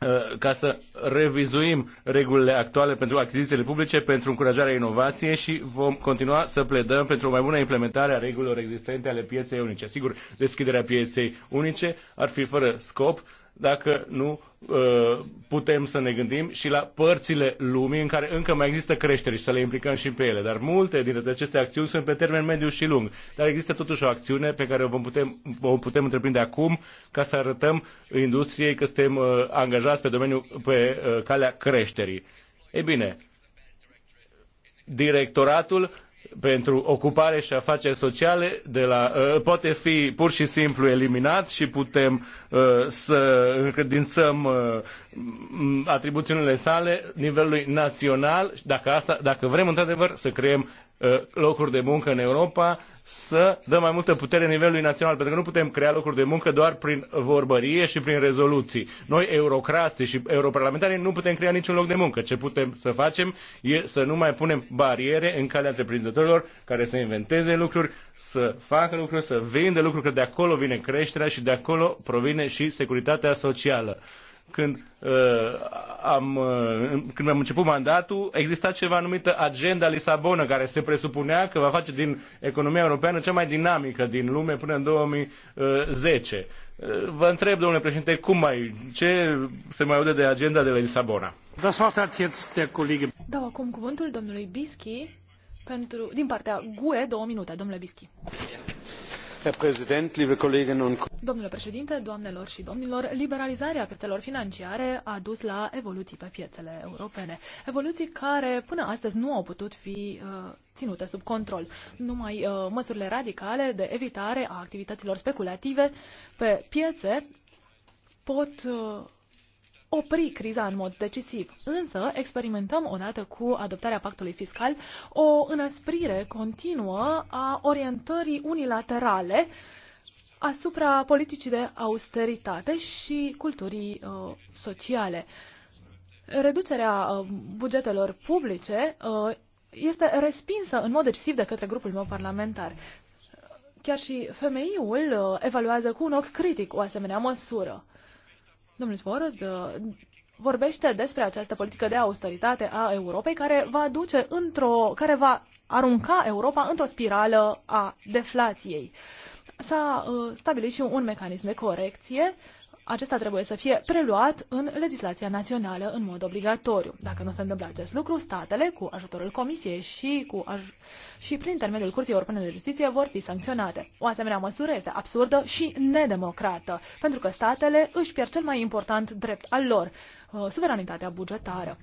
uh, ca să revizuim regulile actuale pentru achizițiile publice, pentru încurajarea inovației și vom continua să pledăm pentru o mai bună implementare a regulilor existente ale pieței unice. Sigur, deschiderea pieței unice ar fi fără scop dacă nu Uh, putem să ne gândim și la părțile lumii în care încă mai există creșteri și să le implicăm și pe ele. Dar multe dintre aceste acțiuni sunt pe termen mediu și lung. Dar există totuși o acțiune pe care o vom putem, o putem întreprinde acum ca să arătăm industriei că suntem uh, angajați pe domeniul, pe uh, calea creșterii. Ei bine, directoratul pentru ocupare și afaceri sociale de la, uh, poate fi pur și simplu eliminat și putem uh, să încredințăm uh, atribuțiunile sale nivelului național, dacă, asta, dacă vrem într-adevăr să creăm Uh, locuri de muncă în Europa, să dăm mai multă putere nivelului național, pentru că nu putem crea locuri de muncă doar prin vorbărie și prin rezoluții. Noi, eurocrații și europarlamentarii, nu putem crea niciun loc de muncă. Ce putem să facem e să nu mai punem bariere în calea întreprinzătorilor care să inventeze lucruri, să facă lucruri, să vinde lucruri, că de acolo vine creșterea și de acolo provine și securitatea socială când, uh, am, uh, când am început mandatul, exista ceva numită Agenda Lisabona, care se presupunea că va face din economia europeană cea mai dinamică din lume până în 2010. Uh, uh, vă întreb, domnule președinte, cum mai, ce se mai aude de Agenda de la Lisabona? Das Dau acum cuvântul domnului Bischi pentru, din partea GUE, două minute. Domnule Bischi. Domnule președinte, și liberalizarea piețelor financiare a dus la evoluții pe piețele europene. Evoluții care până astăzi nu au putut fi uh, ținute sub control. Numai uh, măsurile radicale de evitare a activităților speculative pe piețe pot uh, opri criza în mod decisiv. Însă, experimentăm odată cu adoptarea pactului fiscal o înăsprire continuă a orientării unilaterale asupra politicii de austeritate și culturii uh, sociale. Reducerea uh, bugetelor publice uh, este respinsă în mod decisiv de către grupul meu parlamentar. Chiar și femeiul uh, evaluează cu un ochi critic o asemenea măsură. Domnul Sporos uh, vorbește despre această politică de austeritate a Europei care va duce într-o, care va arunca Europa într-o spirală a deflației. S-a uh, stabilit și un mecanism de corecție uh, acesta trebuie să fie preluat în legislația națională în mod obligatoriu. Dacă nu se întâmplă acest lucru, statele, cu ajutorul Comisiei și, cu aj- și prin intermediul Curții Europene de Justiție, vor fi sancționate. O asemenea măsură este absurdă și nedemocrată, pentru că statele își pierd cel mai important drept al lor, uh, suveranitatea bugetară.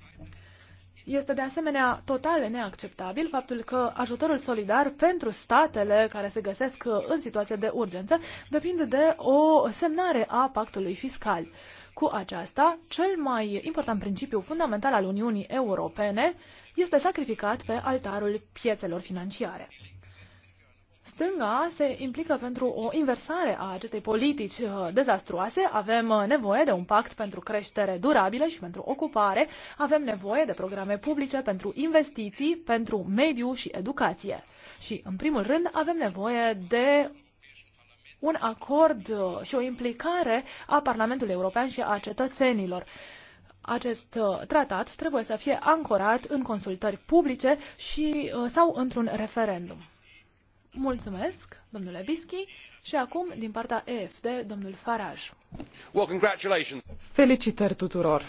Este de asemenea total neacceptabil faptul că ajutorul solidar pentru statele care se găsesc uh, în situație de urgență depinde de o semnare a pactului fiscal. Cu aceasta, cel mai important principiu fundamental al Uniunii Europene este sacrificat pe altarul piețelor financiare stânga se implică pentru o inversare a acestei politici uh, dezastruoase. Avem uh, nevoie de un pact pentru creștere durabilă și pentru ocupare. Avem nevoie de programe publice pentru investiții, pentru mediu și educație. Și, în primul rând, avem nevoie de un acord uh, și o implicare a Parlamentului European și a cetățenilor acest tratat trebuie să fie ancorat în consultări publice și, sau într-un referendum. Mulțumesc, domnule Bischi. Și acum, din partea EFD, domnul Faraj. Well, congratulations. Felicitări tuturor!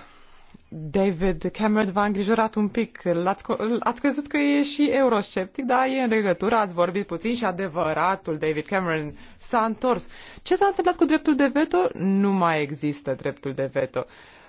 David Cameron v-a îngrijorat un pic. ați ați crezut că e și eurosceptic, dar e în legătură, ați vorbit puțin și adevăratul David Cameron s-a întors. Ce s-a întâmplat cu dreptul de veto? Nu mai există dreptul de veto.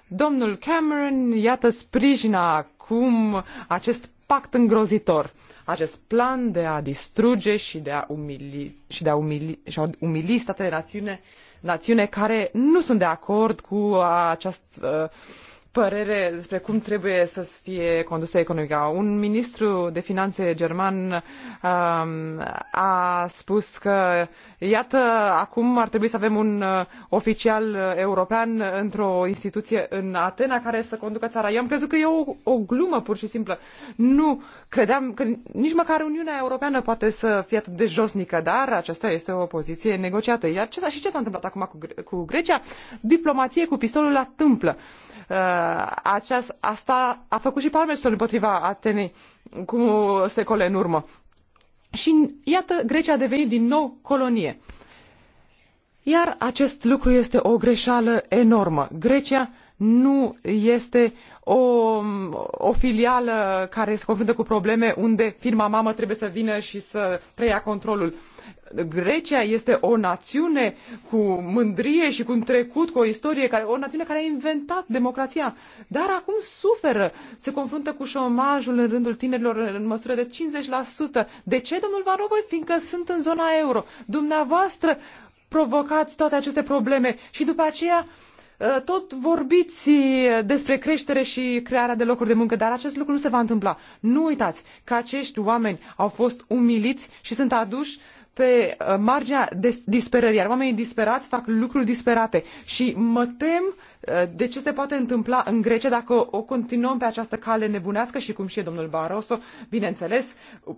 Domnul Cameron, iată, sprijina acum acest pact îngrozitor, acest plan de a distruge și de a umili, și de a umili, și a umili statele națiune, națiune care nu sunt de acord cu această uh, părere despre cum trebuie să fie condusă economica. Un ministru de finanțe german um, a spus că, iată, acum ar trebui să avem un uh, oficial uh, european uh, într-o instituție în Atena care să conducă țara. Eu am crezut că e o, o glumă pur și simplu. Nu credeam că nici măcar Uniunea Europeană poate să fie atât de josnică, dar aceasta este o poziție negociată. Iar ce, și ce s-a întâmplat acum cu, cu Grecia? Diplomație cu pistolul la tâmplă. Uh, Uh, aceast, asta a făcut și Palmerston împotriva Atenei cu secole în urmă. Și iată, Grecia a devenit din nou colonie. Iar acest lucru este o greșeală enormă. Grecia nu este o, o filială care se confruntă cu probleme unde firma mamă trebuie să vină și să preia controlul. Grecia este o națiune cu mândrie și cu un trecut, cu o istorie, care, o națiune care a inventat democrația, dar acum suferă, se confruntă cu șomajul în rândul tinerilor în măsură de 50%. De ce, domnul Van Rompuy? Fiindcă sunt în zona euro. Dumneavoastră provocați toate aceste probleme și după aceea ă, tot vorbiți despre creștere și crearea de locuri de muncă, dar acest lucru nu se va întâmpla. Nu uitați că acești oameni au fost umiliți și sunt aduși uh, pe uh, marginea disperării, iar oamenii disperați fac lucruri disperate. Și mă tem uh, de ce se poate întâmpla în Grecia dacă o continuăm pe această cale nebunească și cum știe domnul Barroso, bineînțeles,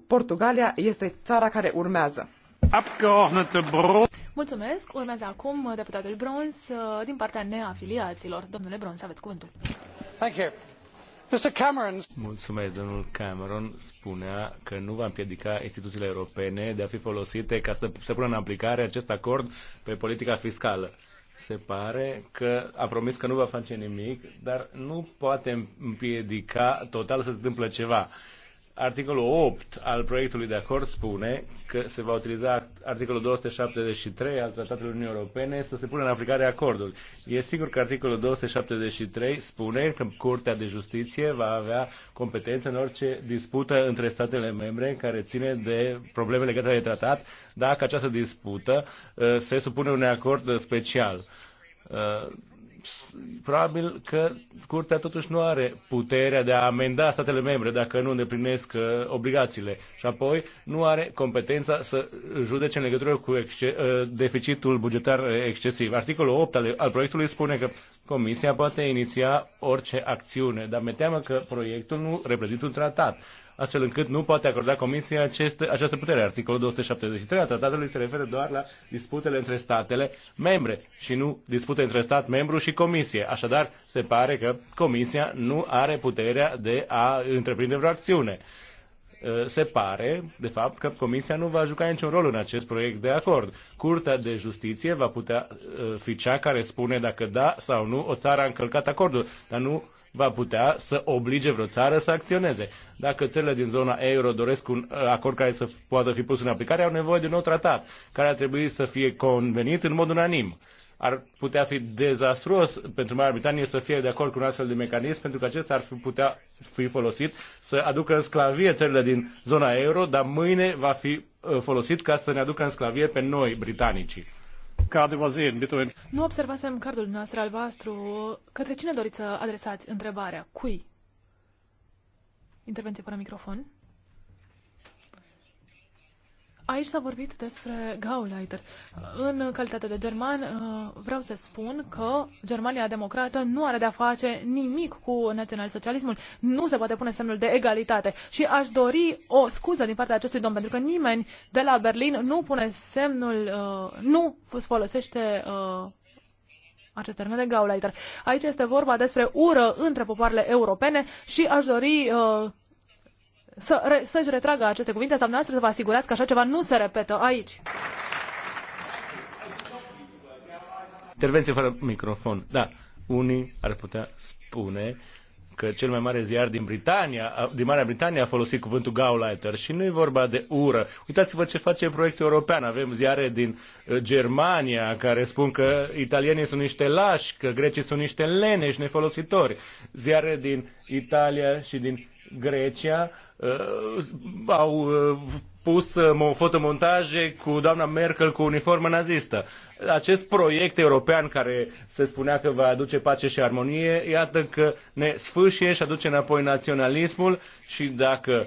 Portugalia este țara care urmează. Mulțumesc. Urmează acum uh, deputatul Brons din partea neafiliaților. Domnule Brons, aveți cuvântul. Thank you. Mulțumesc, domnul Cameron spunea că nu va împiedica instituțiile europene de a fi folosite ca să se pună în aplicare acest acord pe politica fiscală. Se pare că a promis că nu va face nimic, dar nu poate împiedica total să se întâmple ceva. Articolul 8 al proiectului de acord spune că se va utiliza articolul 273 al Tratatului Uniunii Europene să se pună în aplicare acordul. E sigur că articolul 273 spune că Curtea de Justiție va avea competență în orice dispută între statele membre care ține de probleme legate de tratat, dacă această dispută uh, se supune unui acord special uh, probabil că Curtea totuși nu are puterea de a amenda statele membre dacă nu îndeplinesc uh, obligațiile și apoi nu are competența să judece în legătură cu exce- uh, deficitul bugetar uh, excesiv. Articolul 8 al, al proiectului spune că Comisia poate iniția orice acțiune, dar mi teamă că proiectul nu reprezintă un tratat astfel încât nu poate acorda Comisia aceste, această putere. Articolul 273 a tratatului se referă doar la disputele între statele membre și nu dispute între stat membru și Comisie. Așadar, se pare că Comisia nu are puterea de a întreprinde vreo acțiune. Eh, se pare, de fapt, că Comisia nu va juca niciun rol în acest proiect de acord. Curtea de Justiție va putea eh, fi cea care spune dacă da sau nu o țară a încălcat acordul, dar nu va putea să oblige vreo țară să acționeze. Dacă țările din zona euro doresc un eh, acord care să poată fi pus în aplicare, au nevoie de un nou tratat, care ar trebui să fie convenit în mod unanim ar putea fi dezastruos pentru Marea Britanie să fie de acord cu un astfel de mecanism, pentru că acesta ar fi putea fi folosit să aducă în sclavie țările din zona euro, dar mâine va fi uh, folosit ca să ne aducă în sclavie pe noi, britanicii. Nu observasem cardul noastră albastru. Către cine doriți să adresați întrebarea? Cui? Intervenție fără microfon. Aici s-a vorbit despre Gauleiter. În calitate de german, uh, vreau să spun că Germania democrată nu are de-a face nimic cu național-socialismul. Nu se poate pune semnul de egalitate. Și aș dori o scuză din partea acestui domn, pentru că nimeni de la Berlin nu pune semnul, uh, nu folosește uh, acest termen de Gauleiter. Aici este vorba despre ură între popoarele europene și aș dori uh, să, re, să-și retragă aceste cuvinte sau dumneavoastră să vă asigurați că așa ceva nu se repetă aici. Intervenție fără microfon. Da, unii ar putea spune că cel mai mare ziar din Britania, din Marea Britanie a folosit cuvântul Gauleiter și nu e vorba de ură. Uitați-vă ce face proiectul european. Avem ziare din uh, Germania care spun că italienii sunt niște lași, că grecii sunt niște leneși, nefolositori. Ziare din Italia și din Grecia uh, au uh, pus uh, fotomontaje cu doamna Merkel cu uniformă nazistă. Acest proiect european care se spunea că va aduce pace și armonie, iată că ne sfâșie și aduce înapoi naționalismul și dacă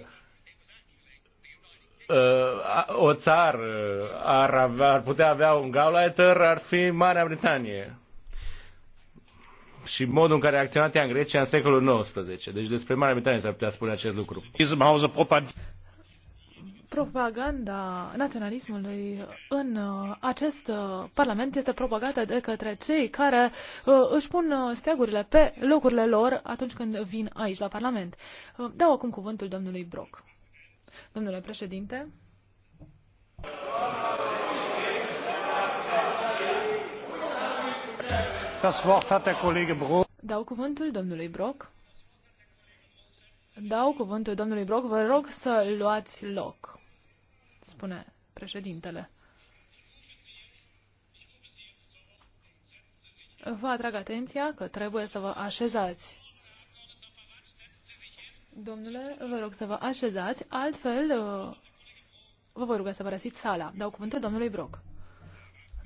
o țară ar, avea, ar putea avea un gauleiter, ar fi Marea Britanie și modul în care a acționat ea în Grecia în secolul XIX. Deci despre Marea Britanie s-ar putea spune acest lucru. Propaganda naționalismului în uh, acest uh, parlament este propagată de către cei care uh, își pun steagurile pe locurile lor atunci când vin aici la parlament. Dau acum cuvântul domnului Brock. Domnule președinte. Das Dau cuvântul domnului Brok. Dau cuvântul domnului Brok. Vă rog să luați loc, spune președintele. Vă atrag atenția că trebuie să vă așezați. Domnule, vă rog să vă așezați, altfel uh, vă voi ruga să vă răsiți sala. Dau cuvântul domnului Brock.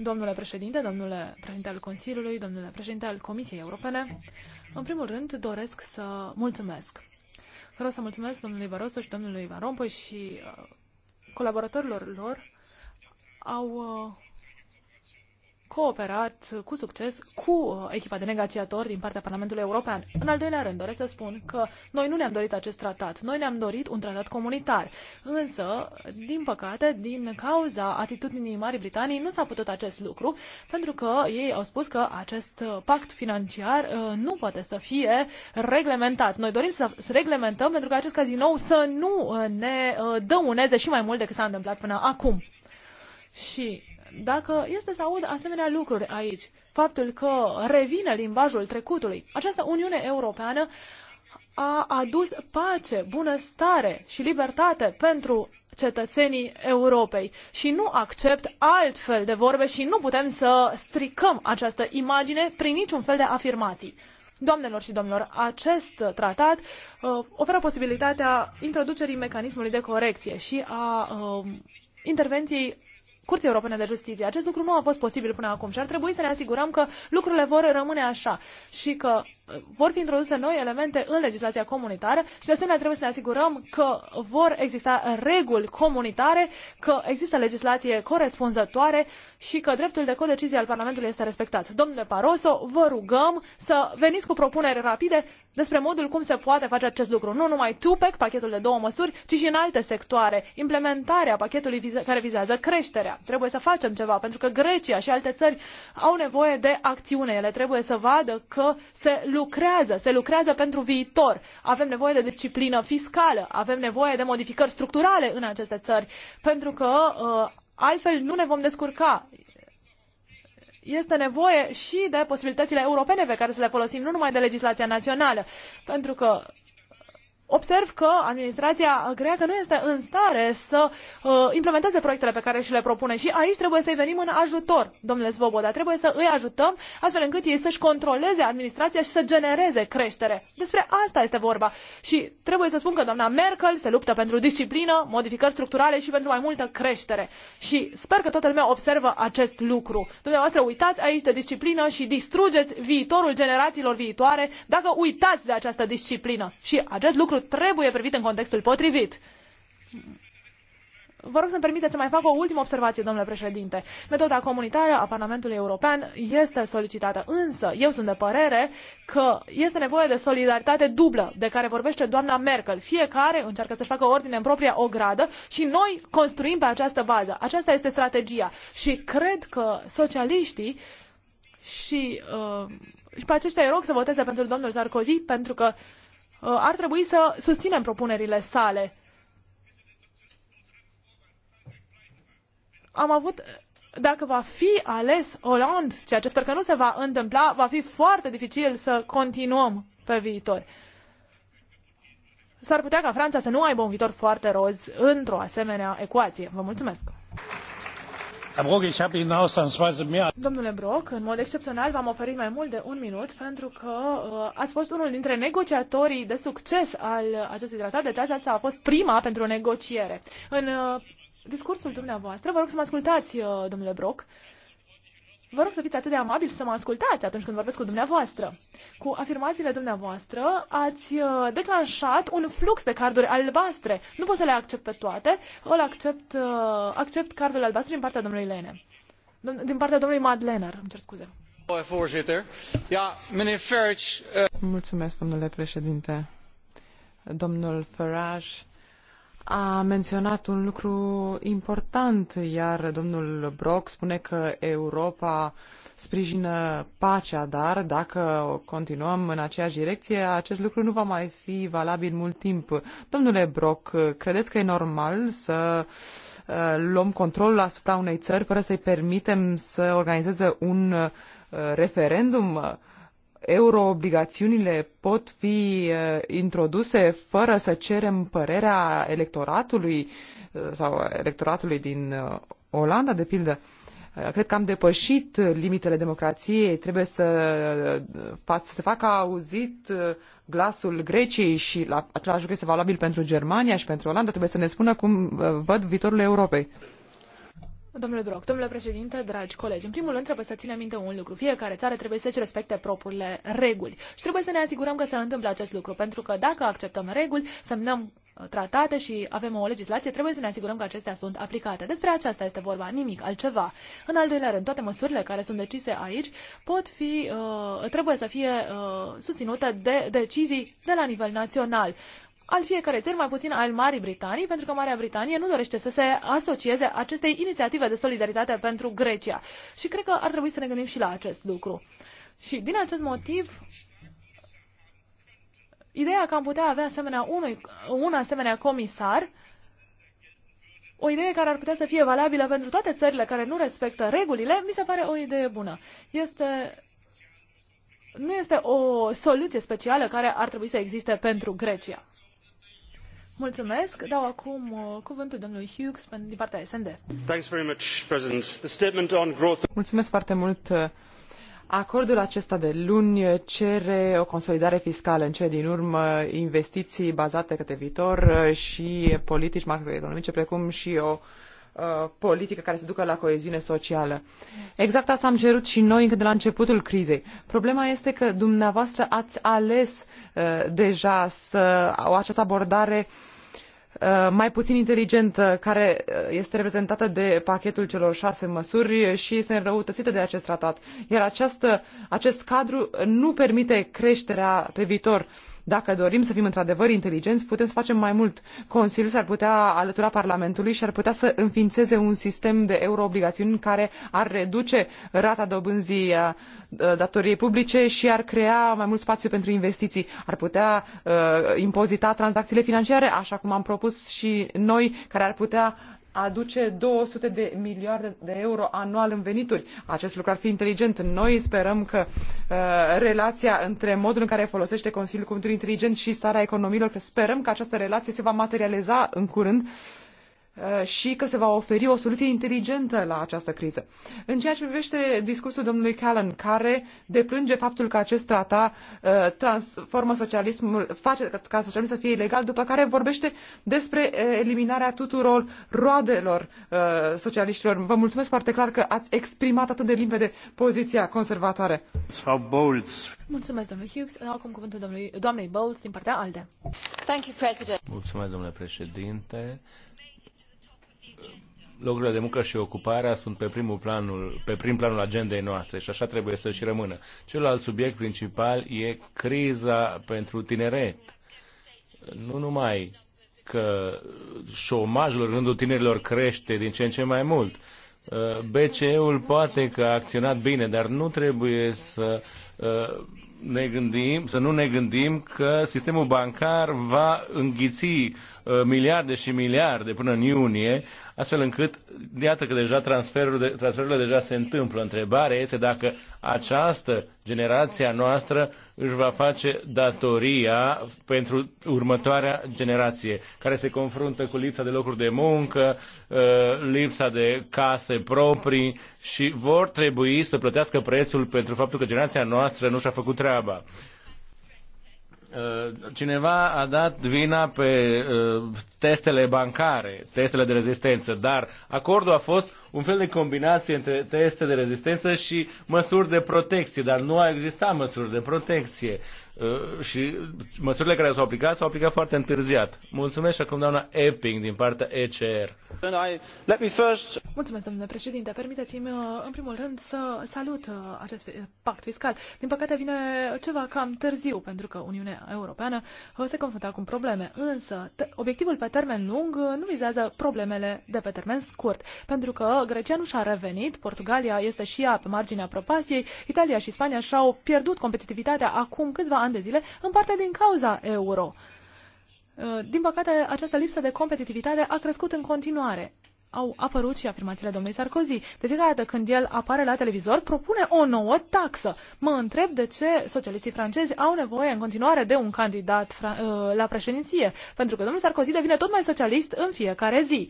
Domnule președinte, domnule președinte al Consiliului, domnule președinte al Comisiei Europene, în primul rând doresc să mulțumesc. Vreau să mulțumesc domnului Barroso și domnului Van Rompuy și uh, colaboratorilor lor au uh, cooperat cu succes cu uh, echipa de negociatori din partea Parlamentului European. În al doilea rând, doresc să spun că noi nu ne-am dorit acest tratat. Noi ne-am dorit un tratat comunitar. Însă, din păcate, din cauza atitudinii Marii Britanii, nu s-a putut acest lucru, pentru că ei au spus că acest uh, pact financiar uh, nu poate să fie reglementat. Noi dorim să reglementăm pentru că acest cazinou să nu ne dăuneze și mai mult decât s-a întâmplat până acum. Și dacă este să aud asemenea lucruri aici, faptul că revine limbajul trecutului, această Uniune Europeană a adus pace, bunăstare și libertate pentru cetățenii Europei și nu accept altfel de vorbe și nu putem să stricăm această imagine prin niciun fel de afirmații. Doamnelor și domnilor, acest tratat uh, oferă posibilitatea introducerii mecanismului de corecție și a uh, intervenției Curții Europene de Justiție. Acest lucru nu a fost posibil până acum și ar trebui să ne asigurăm că lucrurile vor rămâne așa și că vor fi introduse noi elemente în legislația comunitară și de asemenea trebuie să ne asigurăm că vor exista reguli comunitare, că există legislație corespunzătoare și că dreptul de codecizie al Parlamentului este respectat. Domnule Paroso, vă rugăm să veniți cu propuneri rapide despre modul cum se poate face acest lucru. Nu numai TUPEC, pachetul de două măsuri, ci și în alte sectoare. Implementarea pachetului vize care vizează creșterea. Trebuie să facem ceva, pentru că Grecia și alte țări au nevoie de acțiune. Ele trebuie să vadă că se lucrează lucrează, se lucrează pentru viitor. Avem nevoie de disciplină fiscală, avem nevoie de modificări structurale în aceste țări, pentru că uh, altfel nu ne vom descurca. Este nevoie și de posibilitățile europene pe care să le folosim, nu numai de legislația națională, pentru că observ că administrația greacă nu este în stare să uh, implementeze proiectele pe care și le propune și aici trebuie să-i venim în ajutor, domnule Svoboda. Trebuie să îi ajutăm astfel încât ei să-și controleze administrația și să genereze creștere. Despre asta este vorba. Și trebuie să spun că doamna Merkel se luptă pentru disciplină, modificări structurale și pentru mai multă creștere. Și sper că toată lumea observă acest lucru. Dumneavoastră uitați aici de disciplină și distrugeți viitorul generațiilor viitoare dacă uitați de această disciplină. Și acest lucru lucru trebuie privit în contextul potrivit. Vă rog să-mi permiteți să mai fac o ultimă observație, domnule președinte. Metoda comunitară a Parlamentului European este solicitată, însă eu sunt de părere că este nevoie de solidaritate dublă, de care vorbește doamna Merkel. Fiecare încearcă să-și facă ordine în propria ogradă și noi construim pe această bază. Aceasta este strategia și cred că socialiștii și, uh, și pe aceștia îi rog să voteze pentru domnul Sarkozy, pentru că uh, Uh, ar trebui să susținem propunerile sale. Am avut, dacă va fi ales Hollande, ceea ce sper că nu se va întâmpla, va fi foarte dificil să continuăm pe viitor. S-ar putea ca Franța să nu aibă un viitor foarte roz într-o asemenea ecuație. Vă mulțumesc! Domnule Brock, în mod excepțional v-am oferit mai mult de un minut pentru că uh, ați fost unul dintre negociatorii de succes al acestui tratat, deci aceasta a fost prima pentru o negociere. În uh, discursul dumneavoastră, vă rog să mă ascultați, uh, domnule Brock, Vă rog să fiți atât de amabili să mă ascultați atunci când vorbesc cu dumneavoastră. Cu afirmațiile dumneavoastră ați uh, declanșat un flux de carduri albastre. Nu pot să le accept pe toate. Îl accept, uh, accept cardul albastru din partea domnului Lene. Din partea domnului Madlener, îmi cer scuze. Farage. Eh, Mulțumesc, domnule președinte. Domnul Farage a menționat un lucru important, iar domnul Brock spune că Europa sprijină pacea, dar dacă continuăm în aceeași direcție, acest lucru nu va mai fi valabil mult timp. Domnule Brock, credeți că e normal să uh, luăm controlul asupra unei țări fără să-i permitem să organizeze un uh, referendum? euroobligațiunile pot fi uh, introduse fără să cerem părerea electoratului uh, sau electoratului din uh, Olanda, de pildă. Cred că am depășit limitele democrației, trebuie să, să se facă auzit glasul Greciei și la, același lucru este valabil pentru Germania și pentru Olanda, trebuie să ne spună cum văd viitorul Europei. Domnule Broc, domnule președinte, dragi colegi, în primul rând trebuie să ținem minte un lucru. Fiecare țară trebuie să-și respecte propriile reguli și trebuie să ne asigurăm că se întâmplă acest lucru, pentru că dacă acceptăm reguli, semnăm uh, tratate și avem o legislație, trebuie să ne asigurăm că acestea sunt aplicate. Despre aceasta este vorba, nimic altceva. În al doilea rând, toate măsurile care sunt decise aici pot fi, uh, trebuie să fie uh, susținute de decizii de la nivel național al fiecărei țări, mai puțin al Marii Britanii, pentru că Marea Britanie nu dorește să se asocieze acestei inițiative de solidaritate pentru Grecia. Și cred că ar trebui să ne gândim și la acest lucru. Și din acest motiv, ideea că am putea avea asemenea unui, un asemenea comisar, o idee care ar putea să fie valabilă pentru toate țările care nu respectă regulile, mi se pare o idee bună. Este nu este o soluție specială care ar trebui să existe pentru Grecia. Mulțumesc. Dau acum uh, cuvântul domnului Hughes din partea SND. Thanks very much, President. The statement on growth... Mulțumesc foarte mult. Acordul acesta de luni cere o consolidare fiscală în cele din urmă, investiții bazate către viitor uh, și politici macroeconomice, precum și o uh, politică care se ducă la coeziune socială. Exact asta am cerut și noi încă de la începutul crizei. Problema este că dumneavoastră ați ales uh, Uh, deja să au această abordare uh, mai puțin inteligentă, care uh, este reprezentată de pachetul celor șase măsuri și este înrăutățită de acest tratat. Iar această, acest cadru nu permite creșterea pe viitor. Dacă dorim să fim într-adevăr inteligenți, putem să facem mai mult. Consiliul s-ar putea alătura Parlamentului și ar putea să înființeze un sistem de euroobligațiuni care ar reduce rata dobânzii uh, uh, datoriei publice și ar crea mai mult spațiu pentru investiții. Ar putea uh, impozita tranzacțiile financiare, așa cum am propus și noi, care ar putea aduce 200 de miliarde de euro anual în venituri. Acest lucru ar fi inteligent. Noi sperăm că uh, relația între modul în care folosește Consiliul Cuvântului Inteligent și starea economiilor, că sperăm că această relație se va materializa în curând Uh, și că se va oferi o soluție inteligentă la această criză. În ceea ce privește discursul domnului Callan, care deplânge faptul că acest tratat uh, transformă socialismul, face ca socialismul să fie ilegal, după care vorbește despre uh, eliminarea tuturor roadelor socialiștilor. Vă mulțumesc foarte clar că ați exprimat atât de limpede poziția conservatoare. Mulțumesc, domnule Hughes. Acum cuvântul domnului, doamnei Bowles din partea ALDE. Thank you, President. Mulțumesc, domnule președinte locurile de muncă și ocuparea sunt pe primul planul, pe prim planul agendei noastre și așa trebuie să și rămână. Celălalt subiect principal e criza pentru tineret. Nu numai că șomajul în rândul tinerilor crește din ce în ce mai mult. BCE-ul poate că a acționat bine, dar nu trebuie să uh, ne gândim, să nu ne gândim că sistemul bancar va înghiți Uh, miliarde și miliarde până în iunie, astfel încât, iată că deja transferurile, transferurile deja se întâmplă. Întrebarea este dacă această generație a noastră își va face datoria pentru următoarea generație, care se confruntă cu lipsa de locuri de muncă, uh, lipsa de case proprii și vor trebui să plătească prețul pentru faptul că generația noastră nu și-a făcut treaba. Uh, cineva a dat vina pe uh, testele bancare, testele de rezistență, dar acordul a fost un fel de combinație între teste de rezistență și măsuri de protecție, dar nu a existat măsuri de protecție. Uh, și măsurile care s-au aplicat s-au aplicat foarte întârziat. Mulțumesc și acum doamna Epping din partea ECR. Mulțumesc, domnule președinte. Permiteți-mi, uh, în primul rând, să salut uh, acest pact fiscal. Din păcate vine ceva cam târziu, pentru că Uniunea Europeană se confruntă acum probleme. Însă, obiectivul pe termen lung nu vizează problemele de pe termen scurt, pentru că Grecia nu și-a revenit, Portugalia este și ea pe marginea prăpastiei, Italia și Spania și-au pierdut competitivitatea acum câțiva ani ani de zile, în parte din cauza euro. Uh, din păcate, această lipsă de competitivitate a crescut în continuare. Au apărut și afirmațiile domnului Sarkozy. De fiecare dată când el apare la televizor, propune o nouă taxă. Mă întreb de ce socialiștii francezi au nevoie în continuare de un candidat uh, la președinție, pentru că domnul Sarkozy devine tot mai socialist în fiecare zi.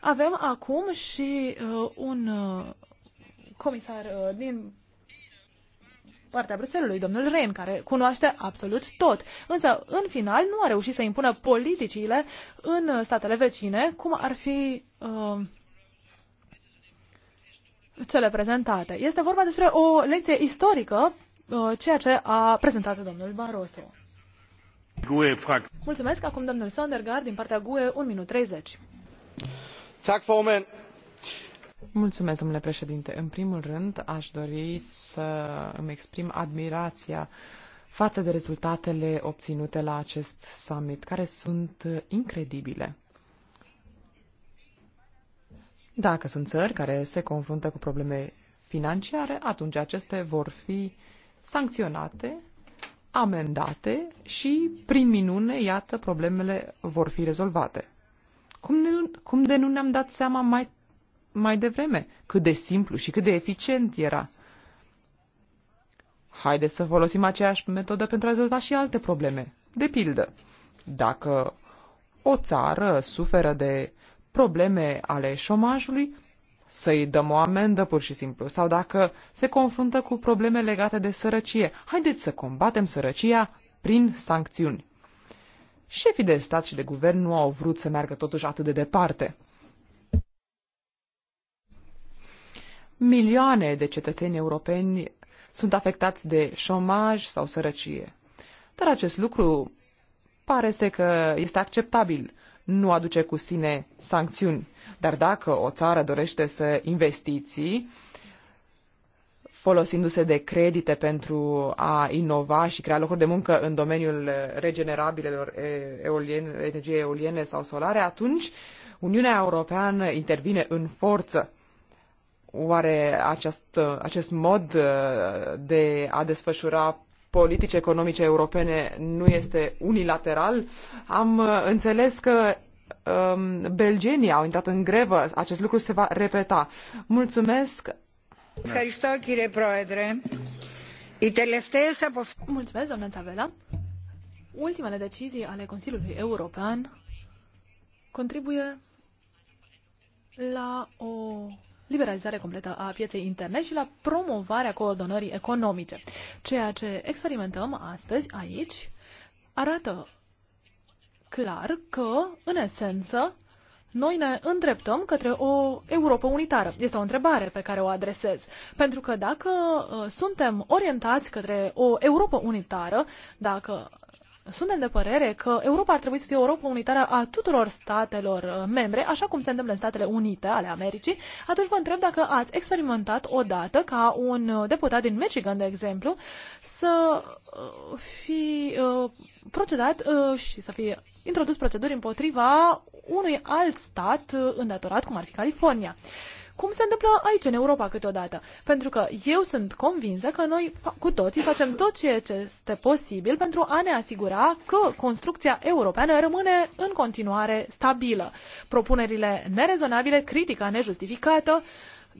Avem acum și uh, un uh, comisar uh, din partea Bruselului, domnul Ren, care cunoaște absolut tot. Însă, în final, nu a reușit să impună politicile în statele vecine, cum ar fi uh, cele prezentate. Este vorba despre o lecție istorică, uh, ceea ce a prezentat domnul Barroso. GUE, Mulțumesc. Acum domnul Sondergaard, din partea GUE, 1 minut 30. Tak, formand. Mulțumesc, domnule președinte. În primul rând, aș dori să îmi exprim admirația față de rezultatele obținute la acest summit, care sunt incredibile. Dacă sunt țări care se confruntă cu probleme financiare, atunci aceste vor fi sancționate, amendate și, prin minune, iată, problemele vor fi rezolvate. Cum de, cum de nu ne-am dat seama mai mai devreme, cât de simplu și cât de eficient era. Haideți să folosim aceeași metodă pentru a rezolva și alte probleme. De pildă, dacă o țară suferă de probleme ale șomajului, să-i dăm o amendă pur și simplu, sau dacă se confruntă cu probleme legate de sărăcie, haideți să combatem sărăcia prin sancțiuni. Șefii de stat și de guvern nu au vrut să meargă totuși atât de departe. milioane de cetățeni europeni sunt afectați de șomaj sau sărăcie. Dar acest lucru pare să că este acceptabil, nu aduce cu sine sancțiuni. Dar dacă o țară dorește să investiții, folosindu-se de credite pentru a inova și crea locuri de muncă în domeniul regenerabilelor eoliene, energie eoliene sau solare, atunci Uniunea Europeană intervine în forță Oare acest, acest mod uh, de a desfășura politici economice europene nu este unilateral? Am uh, înțeles că um, belgenii au intrat în grevă. Acest lucru se va repeta. Mulțumesc! Mulțumesc, doamnă Tavela! Ultimele decizii ale Consiliului European contribuie la o liberalizare completă a pieței internet și la promovarea coordonării economice. Ceea ce experimentăm astăzi aici arată clar că, în esență, noi ne îndreptăm către o Europa unitară. Este o întrebare pe care o adresez. Pentru că dacă uh, suntem orientați către o Europa unitară, dacă suntem de părere că Europa ar trebui să fie o Europa unitară a tuturor statelor uh, membre, așa cum se întâmplă în Statele Unite ale Americii. Atunci vă întreb dacă ați experimentat odată ca un uh, deputat din Michigan, de exemplu, să Uh, fi uh, procedat uh, și să fie introdus proceduri împotriva unui alt stat uh, îndatorat, cum ar fi California. Cum se întâmplă aici, în Europa, câteodată? Pentru că eu sunt convinsă că noi cu toții facem tot ceea ce este posibil pentru a ne asigura că construcția europeană rămâne în continuare stabilă. Propunerile nerezonabile, critica nejustificată, uh,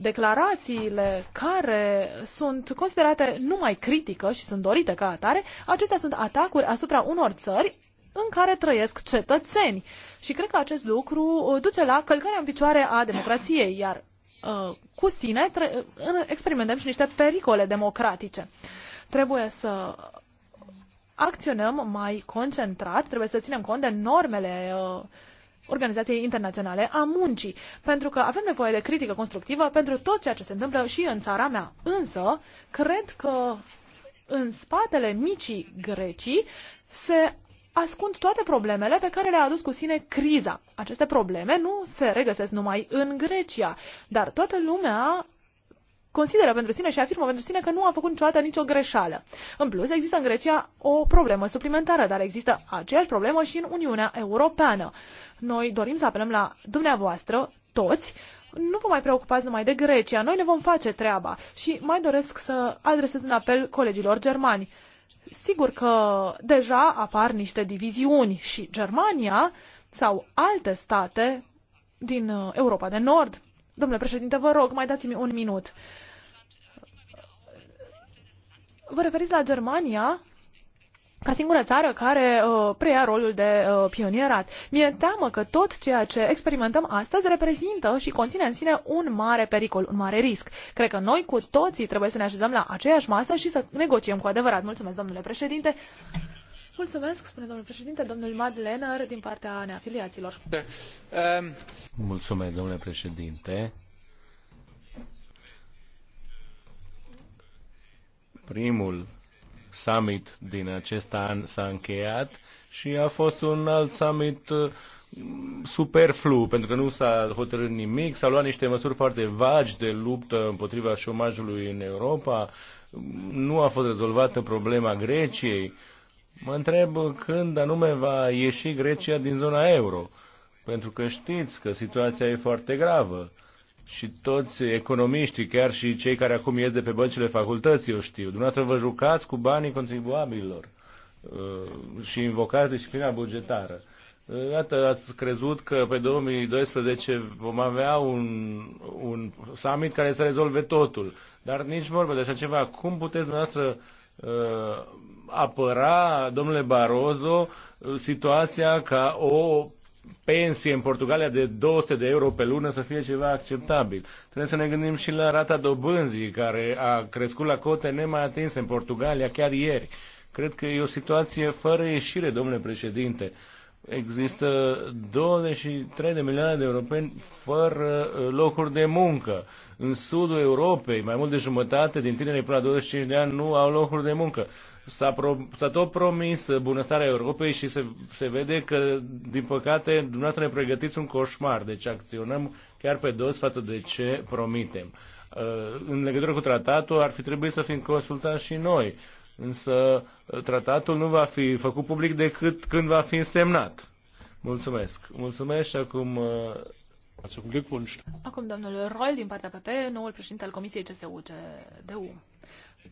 declarațiile care sunt considerate numai critică și sunt dorite ca atare, acestea sunt atacuri asupra unor țări în care trăiesc cetățeni. Și cred că acest lucru uh, duce la călcarea în picioare a democrației, iar uh, cu sine experimentăm și niște pericole democratice. Trebuie să acționăm mai concentrat, trebuie să ținem cont de normele uh, Organizației Internaționale a Muncii, pentru că avem nevoie de critică constructivă pentru tot ceea ce se întâmplă și în țara mea. Însă, cred că în spatele micii Grecii se ascund toate problemele pe care le-a adus cu sine criza. Aceste probleme nu se regăsesc numai în Grecia, dar toată lumea consideră pentru sine și afirmă pentru sine că nu a făcut niciodată nicio greșeală. În plus, există în Grecia o problemă suplimentară, dar există aceeași problemă și în Uniunea Europeană. Noi dorim să apelăm la dumneavoastră, toți, nu vă mai preocupați numai de Grecia, noi ne vom face treaba și mai doresc să adresez un apel colegilor germani. Sigur că deja apar niște diviziuni și Germania sau alte state din uh, Europa de Nord Domnule președinte, vă rog, mai dați-mi un minut. Vă referiți la Germania? ca singură țară care uh, preia rolul de uh, pionierat. Mi-e teamă că tot ceea ce experimentăm astăzi reprezintă și conține în sine un mare pericol, un mare risc. Cred că noi cu toții trebuie să ne așezăm la aceeași masă și să negociem cu adevărat. Mulțumesc, domnule președinte. Mulțumesc, spune domnul președinte, domnul Madlener, din partea neafiliaților. Da. Ehm. Mulțumesc, domnule președinte. Primul summit din acest an s-a încheiat și a fost un alt summit uh, superflu, pentru că nu s-a hotărât nimic, s-au luat niște măsuri foarte vagi de luptă împotriva șomajului în Europa, nu a fost rezolvată problema Greciei, Mă întreb când anume va ieși Grecia din zona euro, pentru că știți că situația e foarte gravă și toți economiștii, chiar și cei care acum ies de pe băncile facultății, o știu. Dumneavoastră vă jucați cu banii contribuabililor uh, și invocați disciplina bugetară. Uh, iată, ați crezut că pe 2012 vom avea un, un summit care să rezolve totul, dar nici vorbă de așa ceva. Cum puteți dumneavoastră uh, apăra, domnule Barroso, situația ca o pensie în Portugalia de 200 de euro pe lună să fie ceva acceptabil. Trebuie să ne gândim și la rata dobânzii care a crescut la cote nemai atinse în Portugalia chiar ieri. Cred că e o situație fără ieșire, domnule președinte. Există 23 de milioane de europeni fără uh, locuri de muncă. În sudul Europei, mai mult de jumătate din tinerii până la 25 de ani nu au locuri de muncă. S-a, pro- s-a tot promis bunăstarea Europei și se, se vede că, din păcate, dumneavoastră ne pregătiți un coșmar. Deci acționăm chiar pe dos față de ce promitem. Uh, în legătură cu tratatul, ar fi trebuit să fim consultați și noi. Însă uh, tratatul nu va fi făcut public decât când va fi însemnat. Mulțumesc. Mulțumesc și acum... Uh, acum domnul Royal din partea PP, noul președinte al Comisiei CSU-CDU.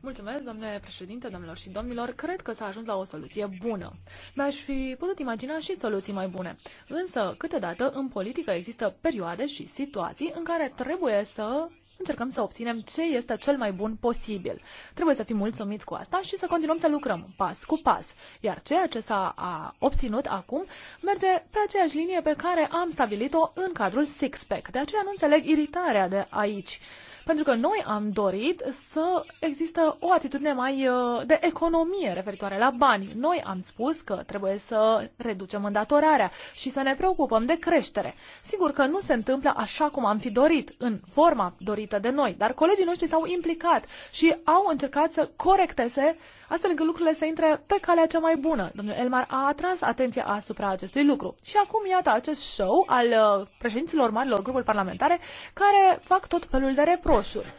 Mulțumesc, domnule președinte, domnilor și domnilor. Cred că s-a ajuns la o soluție bună. Mi-aș fi putut imagina și soluții mai bune. Însă, câteodată, în politică există perioade și situații în care trebuie să încercăm să obținem ce este cel mai bun posibil. Trebuie să fim mulțumiți cu asta și să continuăm să lucrăm pas cu pas. Iar ceea ce s-a obținut acum merge pe aceeași linie pe care am stabilit-o în cadrul six-pack. De aceea nu înțeleg iritarea de aici. Pentru că noi am dorit să există o atitudine mai uh, de economie referitoare la bani. Noi am spus că trebuie să reducem îndatorarea și să ne preocupăm de creștere. Sigur că nu se întâmplă așa cum am fi dorit, în forma dorită de noi, dar colegii noștri s-au implicat și au încercat să corecteze uh, astfel încât lucrurile să intre pe calea cea mai bună. Domnul Elmar a atras atenția asupra acestui lucru. Și acum, iată, acest show al uh, președinților marilor grupuri parlamentare care fac tot felul de reproșuri.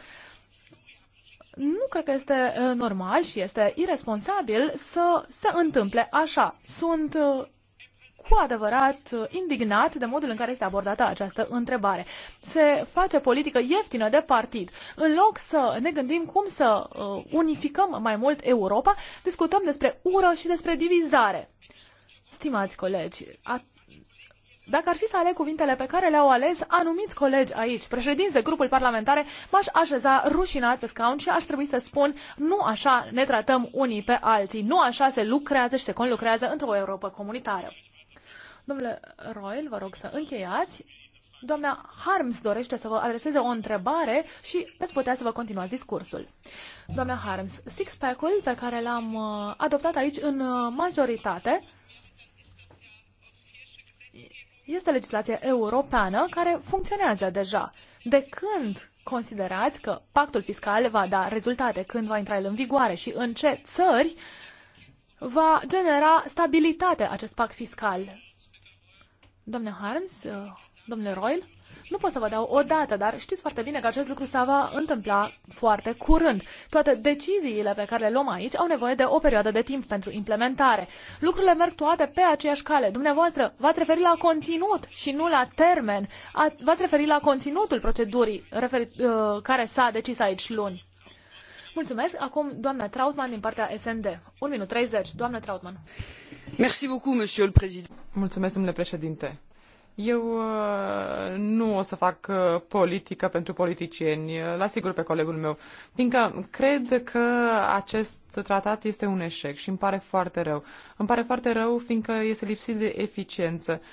Nu cred că este uh, normal și este irresponsabil să se întâmple așa. Sunt uh, cu adevărat indignat de modul în care este abordată această întrebare. Se face politică ieftină de partid. În loc să ne gândim cum să uh, unificăm mai mult Europa, discutăm despre ură și despre divizare. Stimați colegi, dacă ar fi să aleg cuvintele pe care le-au ales anumiți colegi aici, președinți de grupul parlamentare, m-aș așeza rușinat pe scaun și aș trebui să spun nu așa ne tratăm unii pe alții, nu așa se lucrează și se conlucrează într-o Europa comunitară. Domnule Royal, vă rog să încheiați. Doamna Harms dorește să vă adreseze o întrebare și veți putea să vă continuați discursul. Doamna Harms, six-pack-ul pe care l-am uh, adoptat aici în uh, majoritate este legislația europeană care funcționează deja. De când considerați că pactul fiscal va da rezultate, când va intra el în vigoare și în ce țări va genera stabilitate acest pact fiscal? Domnule Harms, uh, domnule Royal, nu pot să vă dau o dată, dar știți foarte bine că acest lucru se va întâmpla foarte curând. Toate deciziile pe care le luăm aici au nevoie de o perioadă de timp pentru implementare. Lucrurile merg toate pe aceeași cale. Dumneavoastră v-ați referit la conținut și nu la termen. V-ați referit la conținutul procedurii referi, uh, care s-a decis aici luni. Mulțumesc. Acum, doamna Trautmann din partea SND. Un minut 30. Doamna Trautmann. Merci beaucoup, monsieur le président. Mulțumesc, domnule președinte. Eu uh, nu o să fac uh, politică pentru politicieni, uh, la sigur pe colegul meu, fiindcă cred că acest tratat este un eșec și îmi pare foarte rău. Îmi pare foarte rău fiindcă este lipsit de eficiență. Uh,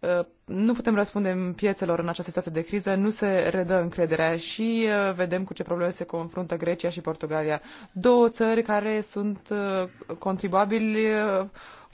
Uh, nu putem răspunde piețelor în această situație de criză, nu se redă încrederea și uh, vedem cu ce probleme se confruntă Grecia și Portugalia. Două țări care sunt uh, contribuabili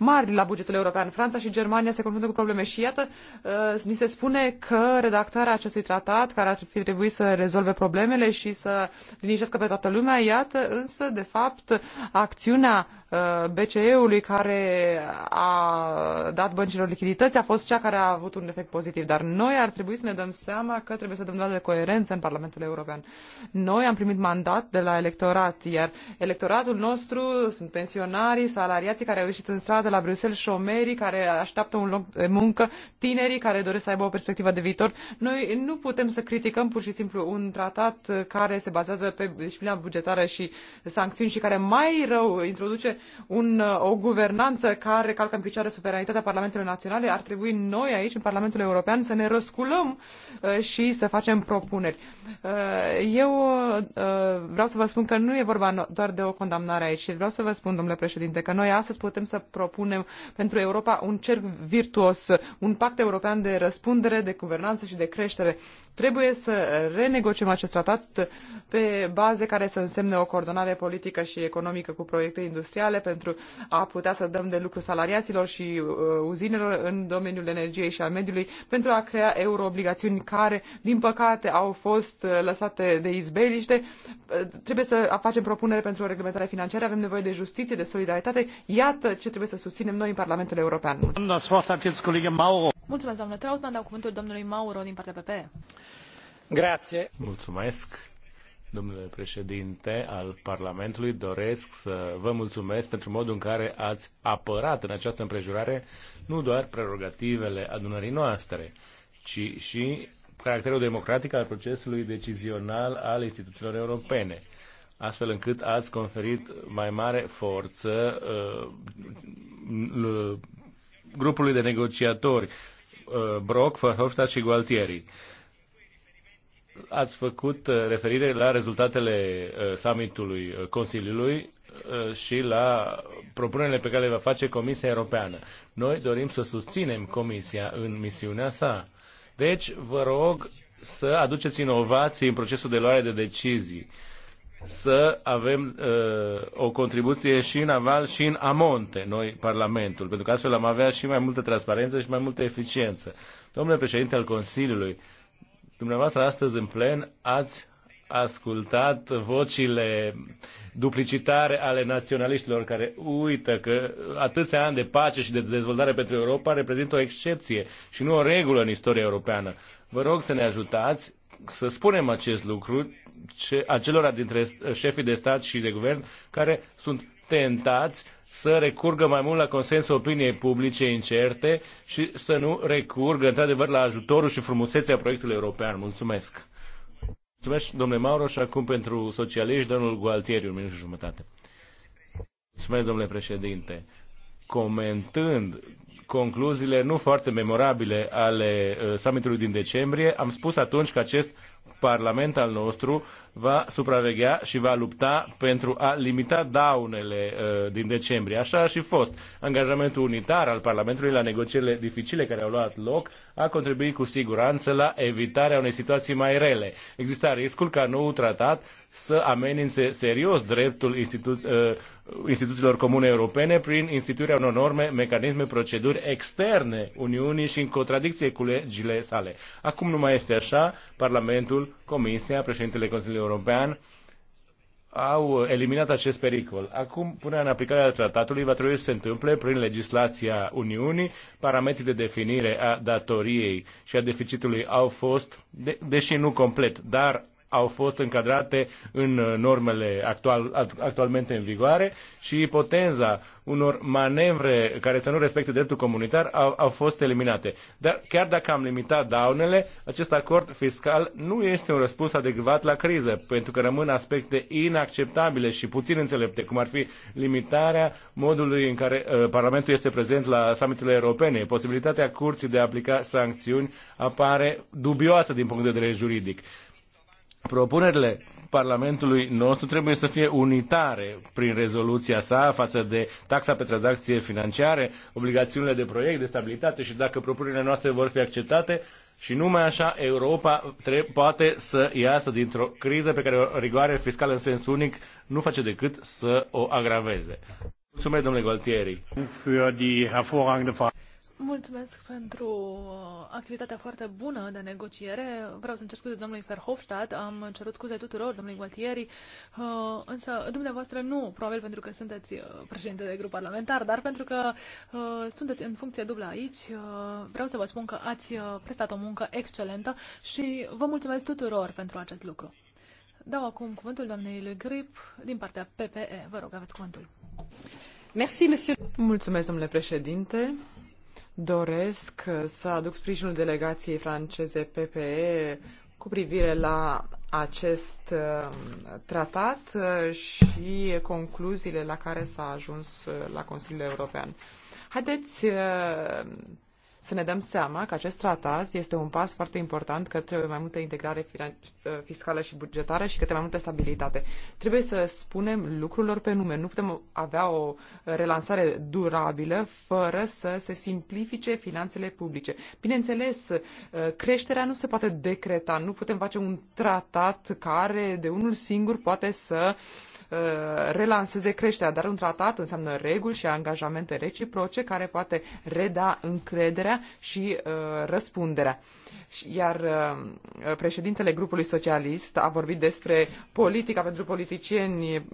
mari la bugetul european. Franța și Germania se confruntă cu probleme și iată, uh, ni se spune că redactarea acestui tratat, care ar fi trebuit să rezolve problemele și să liniștească pe toată lumea, iată, însă, de fapt, acțiunea uh, BCE-ului care a dat băncilor lichidități a fost cea care a avut un efect pozitiv. Dar noi ar trebui să ne dăm seama că trebuie să dăm doar de coerență în Parlamentul European. Noi am primit mandat de la electorat, iar electoratul nostru sunt pensionarii, salariații care au ieșit în stradă la Bruxelles, șomerii care așteaptă un loc de muncă, tinerii care doresc să aibă o perspectivă de viitor. Noi nu putem să criticăm pur și simplu un tratat care se bazează pe disciplina bugetară și sancțiuni și care mai rău introduce un, o guvernanță care calcă în picioare suveranitatea Parlamentelor Naționale. Ar trebui noi aici, în Parlamentul European, să ne răsculăm uh, și să facem propuneri. Uh, eu uh, vreau să vă spun că nu e vorba doar de o condamnare aici. Vreau să vă spun, domnule președinte, că noi astăzi putem să propunem propunem pentru Europa un cerc virtuos, un pact european de răspundere, de guvernanță și de creștere. Trebuie să renegociem acest tratat pe baze care să însemne o coordonare politică și economică cu proiecte industriale pentru a putea să dăm de lucru salariaților și uh, uzinelor în domeniul energiei și al mediului pentru a crea euroobligațiuni care, din păcate, au fost uh, lăsate de izbeliște. Uh, trebuie să facem propunere pentru o reglementare financiară, avem nevoie de justiție, de solidaritate. Iată ce trebuie să susținem noi în Parlamentul European. Mulțumesc, doamnă Trautmann. Dau cuvântul domnului Mauro din partea PPE. Grație. Mulțumesc. Domnule președinte al Parlamentului, doresc să vă mulțumesc pentru modul în care ați apărat în această împrejurare nu doar prerogativele adunării noastre, ci și caracterul democratic al procesului decizional al instituțiilor europene astfel încât ați conferit mai mare forță uh, grupului de negociatori uh, Brock, Verhofstadt și Gualtieri. Ați făcut uh, referire la rezultatele uh, summitului uh, Consiliului și la propunerile pe care le va face Comisia Europeană. Noi dorim să susținem Comisia în misiunea sa. Deci, vă rog să aduceți inovații în procesul de luare de decizii să avem uh, o contribuție și în aval și în amonte, noi, Parlamentul, pentru că astfel am avea și mai multă transparență și mai multă eficiență. Domnule președinte al Consiliului, dumneavoastră astăzi în plen ați ascultat vocile duplicitare ale naționaliștilor care uită că atâția ani de pace și de dezvoltare pentru Europa reprezintă o excepție și nu o regulă în istoria europeană. Vă rog să ne ajutați să spunem acest lucru ce, acelora dintre șefii de stat și de guvern care sunt tentați să recurgă mai mult la consensul opiniei publice incerte și să nu recurgă într-adevăr la ajutorul și frumusețea proiectului european. Mulțumesc! Mulțumesc, domnule Mauro, și acum pentru socialiști, domnul Gualtieri, un minut și jumătate. Mulțumesc, domnule președinte. Comentând concluziile nu foarte memorabile ale uh, summitului din decembrie, am spus atunci că acest Parlament al nostru va supraveghea și va lupta pentru a limita daunele uh, din decembrie. Așa a și fost. Angajamentul unitar al Parlamentului la negocierile dificile care au luat loc a contribuit cu siguranță la evitarea unei situații mai rele. Exista riscul ca nou tratat să amenințe serios dreptul institu- uh, instituțiilor comune europene prin instituirea unor norme, mecanisme, proceduri externe Uniunii și în contradicție cu legile sale. Acum nu mai este așa. Parlamentul, Comisia, președintele Consiliului european au eliminat acest pericol. Acum, punerea în aplicare a tratatului va trebui să se întâmple prin legislația Uniunii. Parametrii de definire a datoriei și a deficitului au fost, de, deși nu complet, dar au fost încadrate în uh, normele actual, actualmente în vigoare și ipotenza unor manevre care să nu respecte dreptul comunitar au, au fost eliminate. Dar chiar dacă am limitat daunele, acest acord fiscal nu este un răspuns adecvat la criză, pentru că rămân aspecte inacceptabile și puțin înțelepte, cum ar fi limitarea modului în care uh, Parlamentul este prezent la summiturile europene. Posibilitatea curții de a aplica sancțiuni apare dubioasă din punct de vedere juridic propunerile Parlamentului nostru trebuie să fie unitare prin rezoluția sa față de taxa pe tranzacție financiare, obligațiunile de proiect, de stabilitate și dacă propunerile noastre vor fi acceptate, și numai așa Europa poate să iasă dintr-o criză pe care o rigoare fiscală în sens unic nu face decât să o agraveze. Mulțumesc, domnule Gualtieri. Mulțumesc pentru uh, activitatea foarte bună de negociere. Vreau să încerc scuze domnului Ferhofstadt. am cerut scuze tuturor, domnului Gualtieri, uh, însă dumneavoastră nu, probabil pentru că sunteți uh, președinte de grup parlamentar, dar pentru că sunteți în funcție dublă aici, vreau să vă spun că ați prestat o muncă excelentă și vă mulțumesc tuturor pentru acest lucru. Dau acum cuvântul doamnei Le Grip din partea PPE. Vă rog, aveți cuvântul. Mulțumesc, domnule președinte doresc să aduc sprijinul delegației franceze PPE cu privire la acest um, tratat uh, și concluziile la care s-a ajuns uh, la Consiliul European. Haideți uh, să ne dăm seama că acest tratat este un pas foarte important către mai multă integrare fiscală și bugetară și către mai multă stabilitate. Trebuie să spunem lucrurilor pe nume. Nu putem avea o relansare durabilă fără să se simplifice finanțele publice. Bineînțeles, uh, creșterea nu se poate decreta. Nu putem face un tratat care de unul singur poate să uh, Uh, relanseze creșterea, dar un tratat înseamnă reguli și angajamente reciproce care poate reda încrederea și uh, răspunderea. Iar uh, președintele grupului socialist a vorbit despre politica pentru politicieni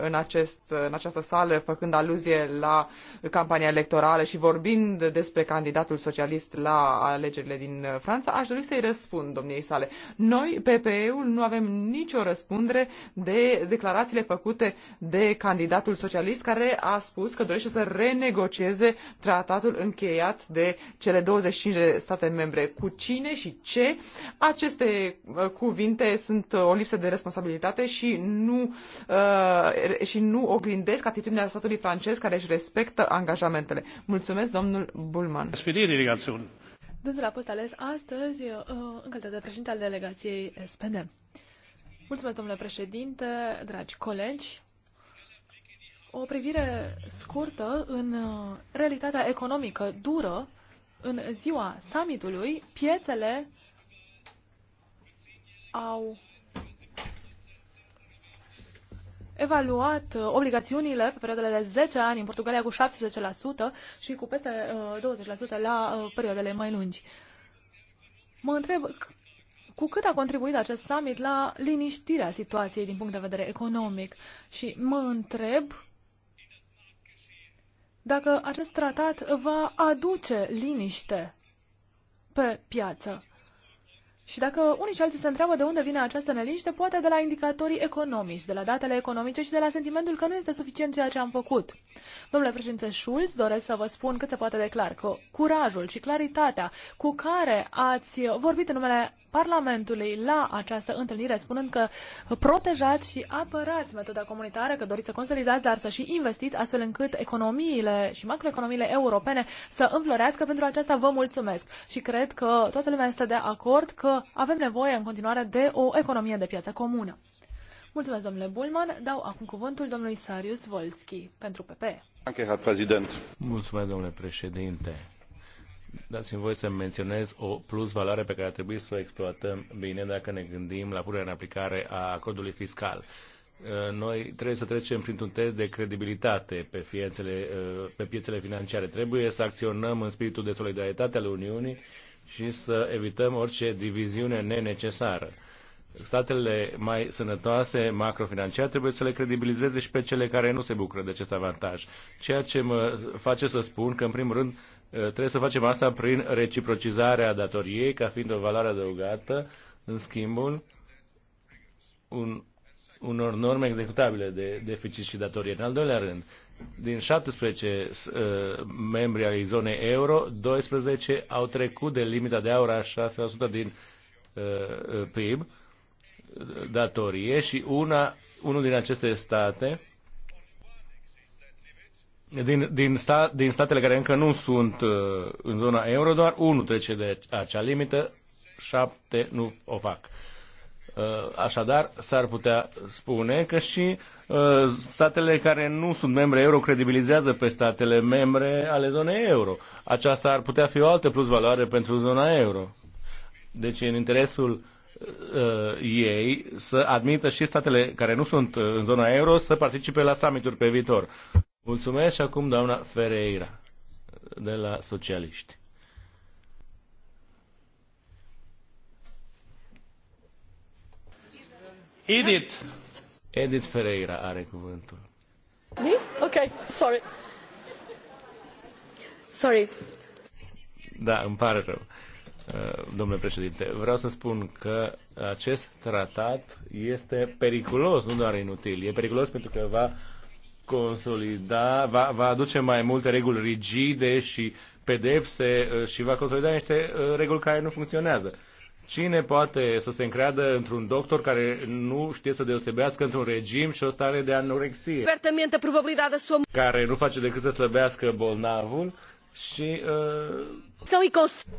în, acest, în această sală, făcând aluzie la campania electorală și vorbind despre candidatul socialist la alegerile din Franța, aș dori să-i răspund domniei sale. Noi, PPE-ul, nu avem nicio răspundere de declarațiile făcute făcute de candidatul socialist care a spus că dorește să renegocieze tratatul încheiat de cele 25 de state membre. Cu cine și ce? Aceste uh, cuvinte sunt uh, o lipsă de responsabilitate și nu, uh, și nu oglindesc atitudinea statului francez care își respectă angajamentele. Mulțumesc, domnul Bulman. Dânsul a fost ales astăzi în calitate de președinte al delegației SPD. Mulțumesc, domnule președinte, dragi colegi. O privire scurtă în uh, realitatea economică dură în ziua summitului, piețele au evaluat uh, obligațiunile pe perioadele de 10 ani în Portugalia cu 17% și cu peste 20% uh, la perioadele mai lungi. Mă întreb cu cât a contribuit acest summit la liniștirea situației din punct de vedere economic. Și mă întreb dacă acest tratat va aduce liniște pe piață. Și dacă unii și alții se întreabă de unde vine această neliniște, poate de la indicatorii economici, de la datele economice și de la sentimentul că nu este suficient ceea ce am făcut. Domnule președinte Schulz, doresc să vă spun cât se poate declar că curajul și claritatea cu care ați vorbit în numele Parlamentului la această întâlnire, spunând că protejați și apărați metoda comunitară, că doriți să consolidați, dar să și investiți, astfel încât economiile și macroeconomiile europene să înflorească. Pentru aceasta vă mulțumesc și cred că toată lumea este de acord că avem nevoie în continuare de o economie de piață comună. Mulțumesc, domnule Bulman. Dau acum cuvântul domnului Sarius Volski pentru PP. Mulțumesc, domnule președinte. Dați-mi voie să menționez o plus valoare pe care ar trebui să o exploatăm bine dacă ne gândim la punerea în aplicare a acordului fiscal. Uh, noi trebuie să trecem printr-un test de credibilitate pe, fiețele, uh, pe piețele financiare. Trebuie să acționăm în spiritul de solidaritate al Uniunii și să evităm orice diviziune nenecesară. Statele mai sănătoase macrofinanciare trebuie să le credibilizeze și pe cele care nu se bucură de acest avantaj. Ceea ce mă face să spun că, în primul rând, Eh, trebuie să facem asta prin reciprocizarea datoriei ca fiind o valoare adăugată în schimbul un, unor norme executabile de deficit și datorie. În al doilea rând, din 17 uh, eh, membri ai zonei euro, 12 au trecut de limita de aur a 6% din uh, eh, PIB datorie și una, unul din aceste state din, din, sta, din statele care încă nu sunt uh, în zona euro, doar unul trece de acea limită, șapte nu o fac. Uh, așadar, s-ar putea spune că și uh, statele care nu sunt membre euro credibilizează pe statele membre ale zonei euro. Aceasta ar putea fi o altă plus valoare pentru zona euro. Deci, în interesul uh, uh, ei să admită și statele care nu sunt uh, în zona euro să participe la summituri pe viitor. Mulțumesc și acum doamna Ferreira de la Socialiști. Edith. Edith Ferreira are cuvântul. Me? Ok, sorry. Sorry. Da, îmi pare rău, uh, domnule președinte. Vreau să spun că acest tratat este periculos, nu doar inutil. E periculos pentru că va consolida, va, va aduce mai multe reguli rigide și pedepse uh, și va consolida niște uh, reguli care nu funcționează. Cine poate să se încreadă într-un doctor care nu știe să deosebească între un regim și o stare de anorexie? Care nu face decât să slăbească bolnavul și uh,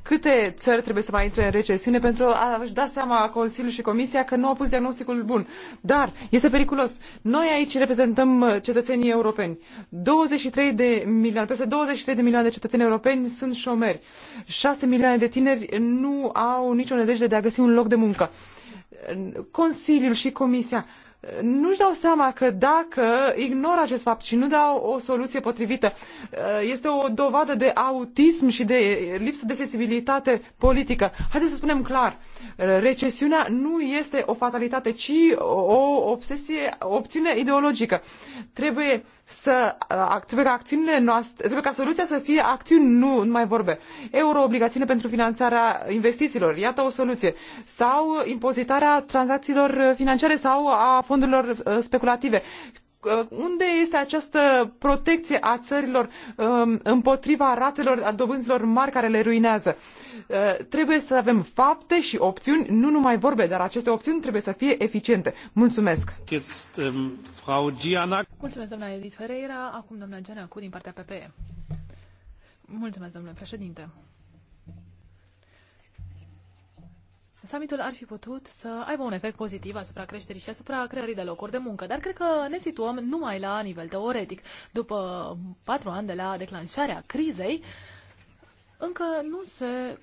Câte țări trebuie să mai intre în recesiune pentru a-și da seama Consiliul și Comisia că nu au pus diagnosticul bun? Dar este periculos. Noi aici reprezentăm uh, cetățenii europeni. 23 de milioane, peste 23 de milioane de cetățeni europeni sunt șomeri. 6 milioane de tineri nu au nicio nădejde de a găsi un loc de muncă. Consiliul și Comisia nu-și dau seama că dacă ignoră acest fapt și nu dau o soluție potrivită, eh, este o dovadă de autism și de lipsă de sensibilitate politică. Haideți să spunem clar, eh, recesiunea nu este o fatalitate, ci o obsesie, o opțiune ideologică. Trebuie să, uh, trebuie ca acțiunile noastre, trebuie ca soluția să fie acțiuni, nu mai vorbe. Euro, obligațiune pentru finanțarea investițiilor, iată o soluție. Sau impozitarea tranzacțiilor financiare sau a fondurilor uh, speculative Uh, unde este această protecție a țărilor um, împotriva ratelor a dobânzilor mari care le ruinează? Uh, trebuie să avem fapte și opțiuni, nu numai vorbe, dar aceste opțiuni trebuie să fie eficiente. Mulțumesc! Um, Mulțumesc, doamna Edith Ferreira. Acum, doamna Gianna Cu, din partea PPE. Mulțumesc, domnule președinte. Summitul ar fi putut să aibă un efect pozitiv asupra creșterii și asupra creării de locuri de muncă, dar cred că ne situăm numai la nivel teoretic. După patru ani de la declanșarea crizei, încă nu se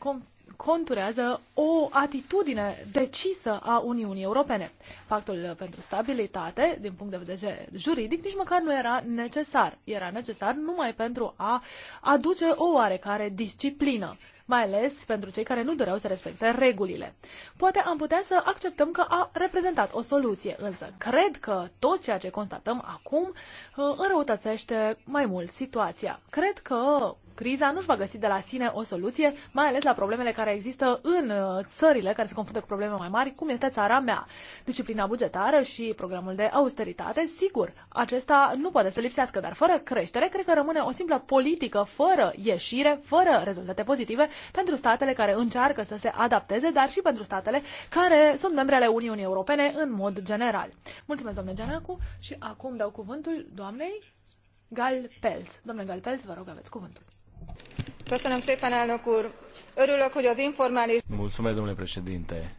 conturează o atitudine decisă a Uniunii Europene. Pactul pentru stabilitate, din punct de vedere juridic, nici măcar nu era necesar. Era necesar numai pentru a aduce o oarecare disciplină mai ales pentru cei care nu doreau să respecte regulile. Poate am putea să acceptăm că a reprezentat o soluție, însă cred că tot ceea ce constatăm acum uh, înrăutățește mai mult situația. Cred că criza nu își va găsi de la sine o soluție, mai ales la problemele care există în uh, țările care se confruntă cu probleme mai mari, cum este țara mea. Disciplina bugetară și programul de austeritate, sigur, acesta nu poate să lipsească, dar fără creștere, cred că rămâne o simplă politică fără ieșire, fără rezultate pozitive pentru statele care încearcă să se adapteze, dar și pentru statele care sunt membre ale Uniunii Europene în mod general. Mulțumesc, domnule Geneacu, și acum dau cuvântul doamnei Galpelz. Domnule Galpelz, vă rog, aveți cuvântul örülök hogy az informális. Mulțumesc, domnule președinte.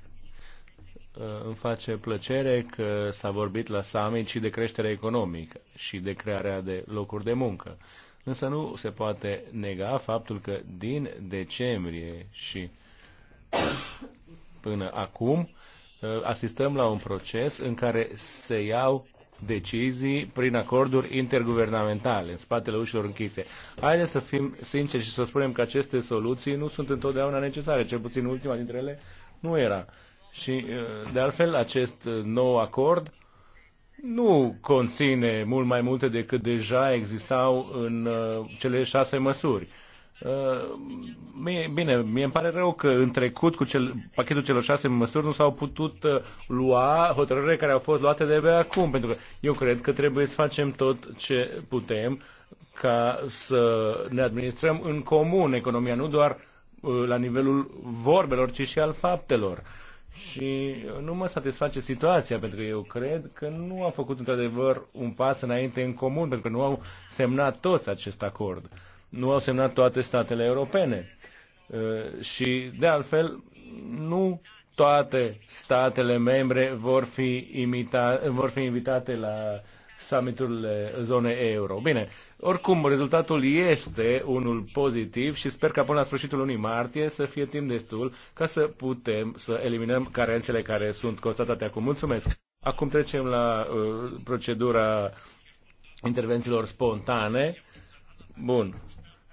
Îmi face plăcere că s-a vorbit la summit și de creștere economică și de crearea de locuri de muncă. Însă nu se poate nega faptul că din decembrie și până acum asistăm la un proces în care se iau decizii prin acorduri interguvernamentale, în spatele ușilor închise. Haideți să fim sinceri și să spunem că aceste soluții nu sunt întotdeauna necesare, cel puțin ultima dintre ele nu era. Și, uh, de altfel, acest uh, nou acord nu conține mult mai multe decât deja existau în uh, cele șase măsuri. Uh, bine, mie îmi pare rău că în trecut cu cel, pachetul celor șase măsuri nu s-au putut uh, lua hotărârile care au fost luate de pe acum, pentru că eu cred că trebuie să facem tot ce putem ca să ne administrăm în comun economia, nu doar uh, la nivelul vorbelor, ci și al faptelor. Și nu mă satisface situația, pentru că eu cred că nu am făcut într-adevăr un pas înainte în comun, pentru că nu au semnat toți acest acord nu au semnat toate statele europene. Uh, și, de altfel, nu toate statele membre vor fi, imita, vor fi invitate la summiturile uh, zonei euro. Bine, oricum, rezultatul este unul pozitiv și sper că până la sfârșitul lunii martie să fie timp destul ca să putem să eliminăm carențele care sunt constatate acum. Mulțumesc! Acum trecem la uh, procedura intervențiilor spontane. Bun.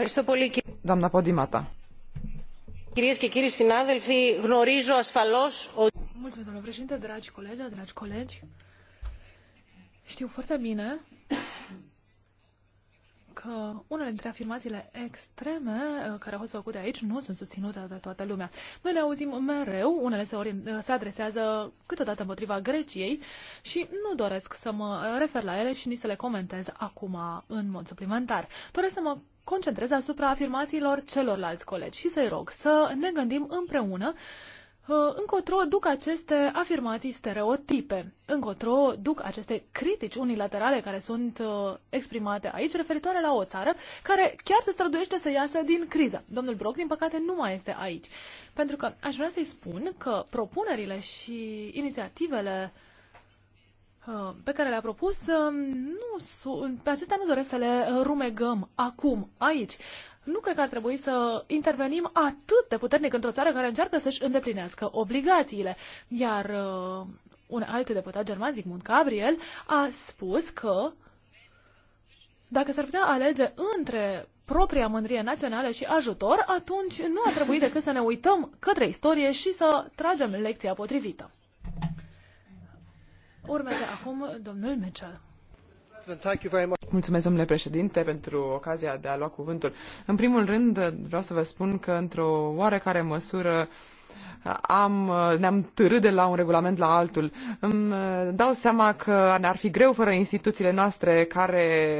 Doamna Știu foarte bine că unele dintre afirmațiile extreme uh, care au fost făcute aici nu sunt susținute de toată lumea. Noi le auzim mereu, unele se, ori, uh, se adresează câteodată împotriva Greciei și nu doresc să mă refer la ele și nici să le comentez acum în mod suplimentar. Doresc să mă concentrez asupra afirmațiilor celorlalți colegi și să-i rog să ne gândim împreună uh, încotro duc aceste afirmații stereotipe, încotro duc aceste critici unilaterale care sunt uh, exprimate aici referitoare la o țară care chiar se străduiește să iasă din criză. Domnul Broc, din păcate, nu mai este aici. Pentru că aș vrea să-i spun că propunerile și inițiativele uh, Uh, pe care le-a propus, uh, nu pe acestea nu doresc să le rumegăm acum, aici. Nu cred că ar trebui să intervenim atât de puternic într-o țară care încearcă să-și îndeplinească obligațiile. Iar uh, un alt deputat german, Zygmunt Gabriel, a spus că dacă s-ar putea alege între propria mândrie națională și ajutor, atunci nu ar trebui decât să ne uităm către istorie și să tragem lecția potrivită. Urmează acum domnul Mitchell. Mulțumesc, domnule președinte, pentru ocazia de a lua cuvântul. În primul rând, vreau să vă spun că, într-o oarecare măsură, am, ne-am târât de la un regulament la altul. Îmi uh, dau seama că ne-ar fi greu fără instituțiile noastre care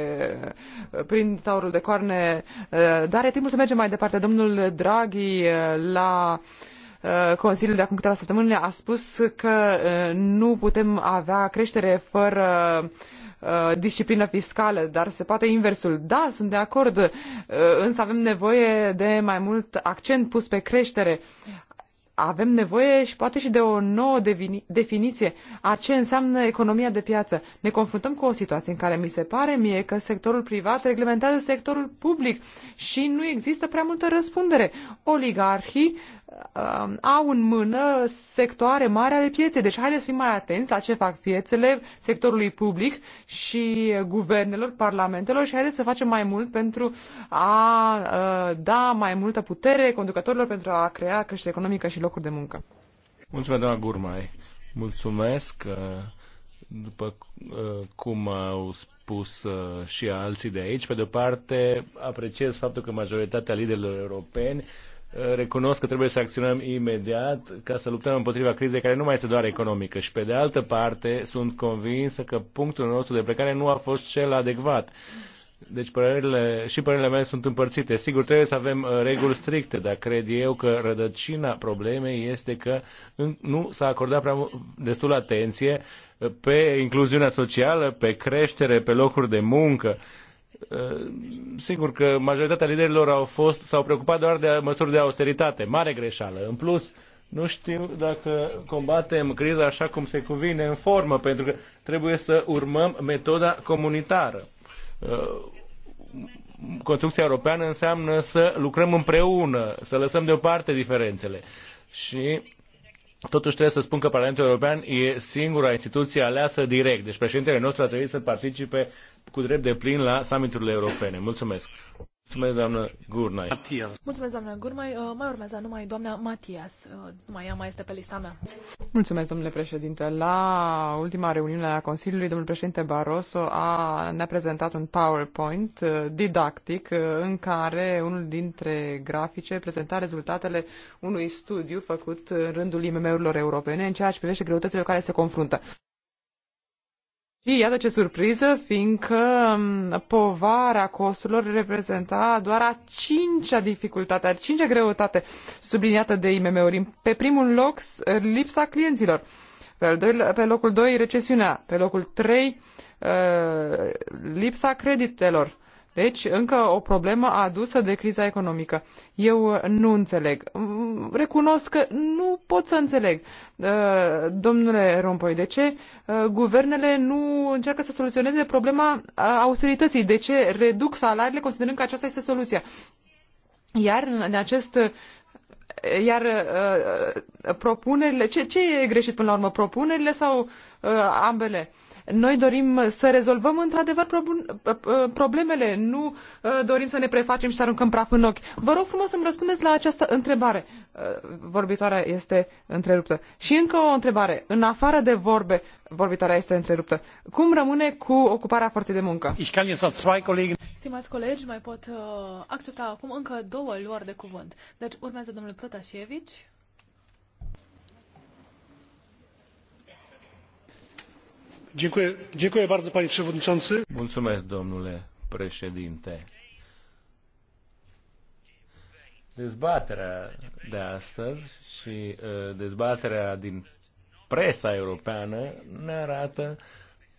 uh, prind taurul de coarne, uh, dar e timpul să mergem mai departe. Domnul Draghi la Uh, Consiliul de acum câteva săptămâni a spus că uh, nu putem avea creștere fără uh, disciplină fiscală, dar se poate inversul. Da, sunt de acord, însă avem nevoie de mai mult accent pus pe creștere. Avem nevoie și poate și de o nouă definiție a ce înseamnă economia de piață. Ne confruntăm cu o situație în care mi se pare mie că sectorul privat reglementează sectorul public și nu există prea multă răspundere. Oligarhii uh, Um, au în mână sectoare mari ale pieței. Deci haideți să fim mai atenți la ce fac piețele sectorului public și guvernelor, parlamentelor și haideți să facem mai mult pentru a uh, da mai multă putere conducătorilor pentru a crea creștere economică și locuri de muncă. Mulțumesc, doamna Gurmai. Mulțumesc. Uh, după uh, cum au spus uh, și alții de aici, pe de o parte apreciez faptul că majoritatea liderilor europeni recunosc că trebuie să acționăm imediat ca să luptăm împotriva crizei care nu mai este doar economică și pe de altă parte sunt convinsă că punctul nostru de plecare nu a fost cel adecvat. Deci părerile, și părerile mele sunt împărțite. Sigur, trebuie să avem uh, reguli stricte, dar cred eu că rădăcina problemei este că nu s-a acordat prea destul atenție uh, pe incluziunea socială, pe creștere, pe locuri de muncă. Eh, sigur că majoritatea liderilor au fost, s-au preocupat doar de măsuri de austeritate. Mare greșeală. În plus, nu știu dacă combatem criza așa cum se cuvine, în formă, pentru că trebuie să urmăm metoda comunitară. Eh, construcția europeană înseamnă să lucrăm împreună, să lăsăm deoparte diferențele. Și Totuși trebuie să spun că Parlamentul European e singura instituție aleasă direct. Deci președintele nostru a trebuit să participe cu drept de plin la summiturile europene. Mulțumesc! Mulțumesc, doamnă Gurmai. Matias. Mulțumesc, doamnă Gurmai. Uh, mai urmează numai doamna Matias. Uh, mai ea mai este pe lista mea. Mulțumesc, domnule președinte. La ultima reuniune a Consiliului, domnul președinte Barroso a, ne-a prezentat un PowerPoint uh, didactic în care unul dintre grafice prezenta rezultatele unui studiu făcut în rândul IMM-urilor europene în ceea ce privește greutățile cu care se confruntă iată ce surpriză, fiindcă um, povara costurilor reprezenta doar a cincea dificultate, a cincea greutate subliniată de IMM-uri. Pe primul loc, lipsa clienților. Pe, al doilea, pe locul 2, recesiunea. Pe locul 3, uh, lipsa creditelor deci, încă o problemă adusă de criza economică. Eu uh, nu înțeleg. Mm, recunosc că nu pot să înțeleg, uh, domnule Rompoi, de ce uh, guvernele nu încearcă să soluționeze problema austerității, de ce reduc salariile considerând că aceasta este soluția. Iar în acest iar uh, propunerile, ce, ce e greșit până la urmă, propunerile sau uh, ambele? Noi dorim să rezolvăm într-adevăr problemele, nu uh, dorim să ne prefacem și să aruncăm praf în ochi. Vă rog frumos să-mi răspundeți la această întrebare. Uh, vorbitoarea este întreruptă. Și încă o întrebare. În afară de vorbe, vorbitoarea este întreruptă. Cum rămâne cu ocuparea forței de muncă? Stimați colegi, mai pot uh, accepta acum încă două luări de cuvânt. Deci urmează domnul Protasievici. Mulțumesc, domnule președinte. Dezbaterea de astăzi și uh, dezbaterea din presa europeană ne arată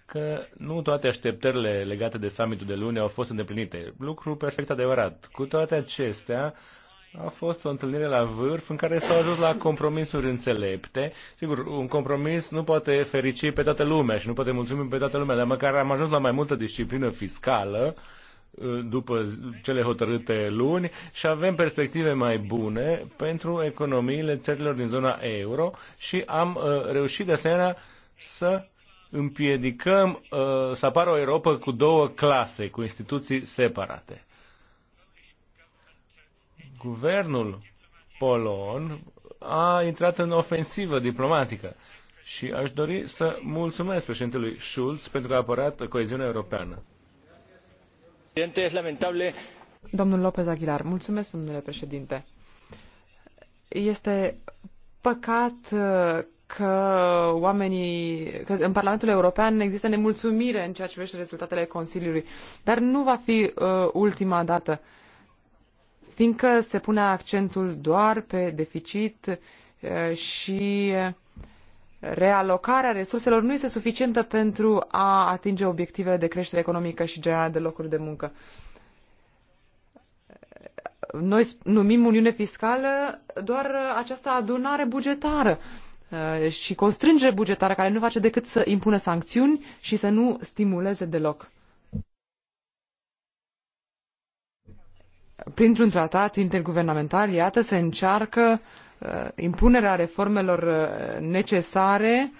că nu toate așteptările legate de summitul de luni au fost îndeplinite. Lucru perfect adevărat. Cu toate acestea, a fost o întâlnire la vârf în care s-au ajuns la compromisuri înțelepte. Sigur, un compromis nu poate ferici pe toată lumea și nu poate mulțumi pe toată lumea, dar măcar am ajuns la mai multă disciplină fiscală uh, după cele hotărâte luni și avem perspective mai bune pentru economiile țărilor din zona euro și am uh, reușit de asemenea să împiedicăm uh, să apară o Europa cu două clase, cu instituții separate guvernul polon a intrat în ofensivă diplomatică. Și aș dori să mulțumesc președintelui Schulz pentru că a apărat coeziunea europeană. Domnul Lopez Aguilar, mulțumesc, domnule președinte. Este păcat uh, că oamenii, că în Parlamentul European există nemulțumire în ceea ce privește rezultatele Consiliului, dar nu va fi uh, ultima dată uh, fiindcă se pune accentul doar pe deficit și realocarea resurselor nu este suficientă pentru a atinge obiectivele de creștere economică și generarea de locuri de muncă. Noi numim Uniune Fiscală doar această adunare bugetară și constrângere bugetară care nu face decât să impună sancțiuni și să nu stimuleze deloc printr-un tratat interguvernamental, iată, se încearcă uh, impunerea reformelor uh, necesare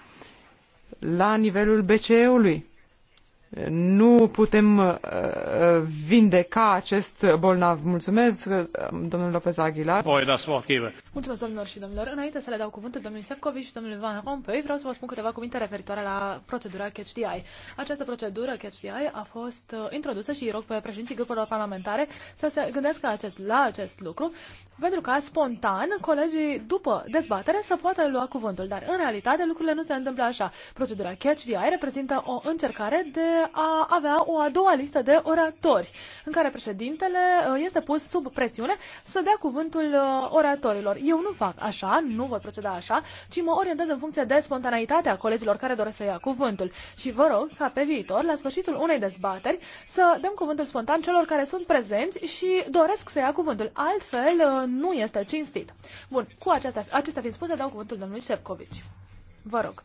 la nivelul BCE-ului nu putem uh, uh, vindeca acest bolnav. Mulțumesc, uh, domnul Lopez Aguilar. Voi da Mulțumesc, domnilor și domnilor. Înainte să le dau cuvântul domnului Sefcovic și domnului Van Rompuy, vreau să vă spun câteva cuvinte referitoare la procedura Catch the Eye. Această procedură Catch the Eye a fost introdusă și îi rog pe președinții grupurilor parlamentare să se gândească acest, la acest lucru, pentru ca spontan colegii după dezbatere să poată lua cuvântul. Dar în realitate lucrurile nu se întâmplă așa. Procedura Catch the Eye reprezintă o încercare de a avea o a doua listă de oratori, în care președintele uh, este pus sub presiune să dea cuvântul uh, oratorilor. Eu nu fac așa, nu voi proceda așa, ci mă orientez în funcție de spontaneitatea colegilor care doresc să ia cuvântul. Și vă rog ca pe viitor, la sfârșitul unei dezbateri, să dăm cuvântul spontan celor care sunt prezenți și doresc să ia cuvântul. Altfel, uh, nu este cinstit. Bun, cu acestea, acestea fiind spuse, dau cuvântul domnului Șefcovici. Vă rog.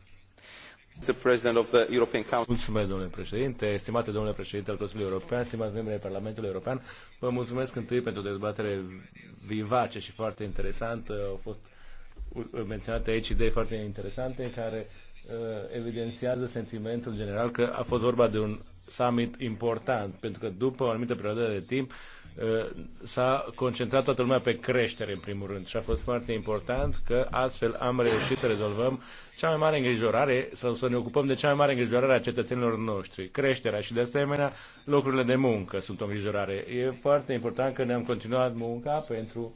Mulțumesc, domnule președinte, stimate domnule președinte al Consiliului European, stimați membri ai Parlamentului European, vă mulțumesc întâi pentru dezbatere vivace și foarte interesantă. Au fost uh, menționate aici idei foarte interesante care uh, evidențiază sentimentul general că a fost vorba de un summit important, pentru că după o anumită perioadă de timp Uh, s-a concentrat toată lumea pe creștere, în primul rând, și a fost foarte important că astfel am reușit să rezolvăm cea mai mare îngrijorare sau să ne ocupăm de cea mai mare îngrijorare a cetățenilor noștri, creșterea și, de asemenea, locurile de muncă sunt o îngrijorare. E foarte important că ne-am continuat munca pentru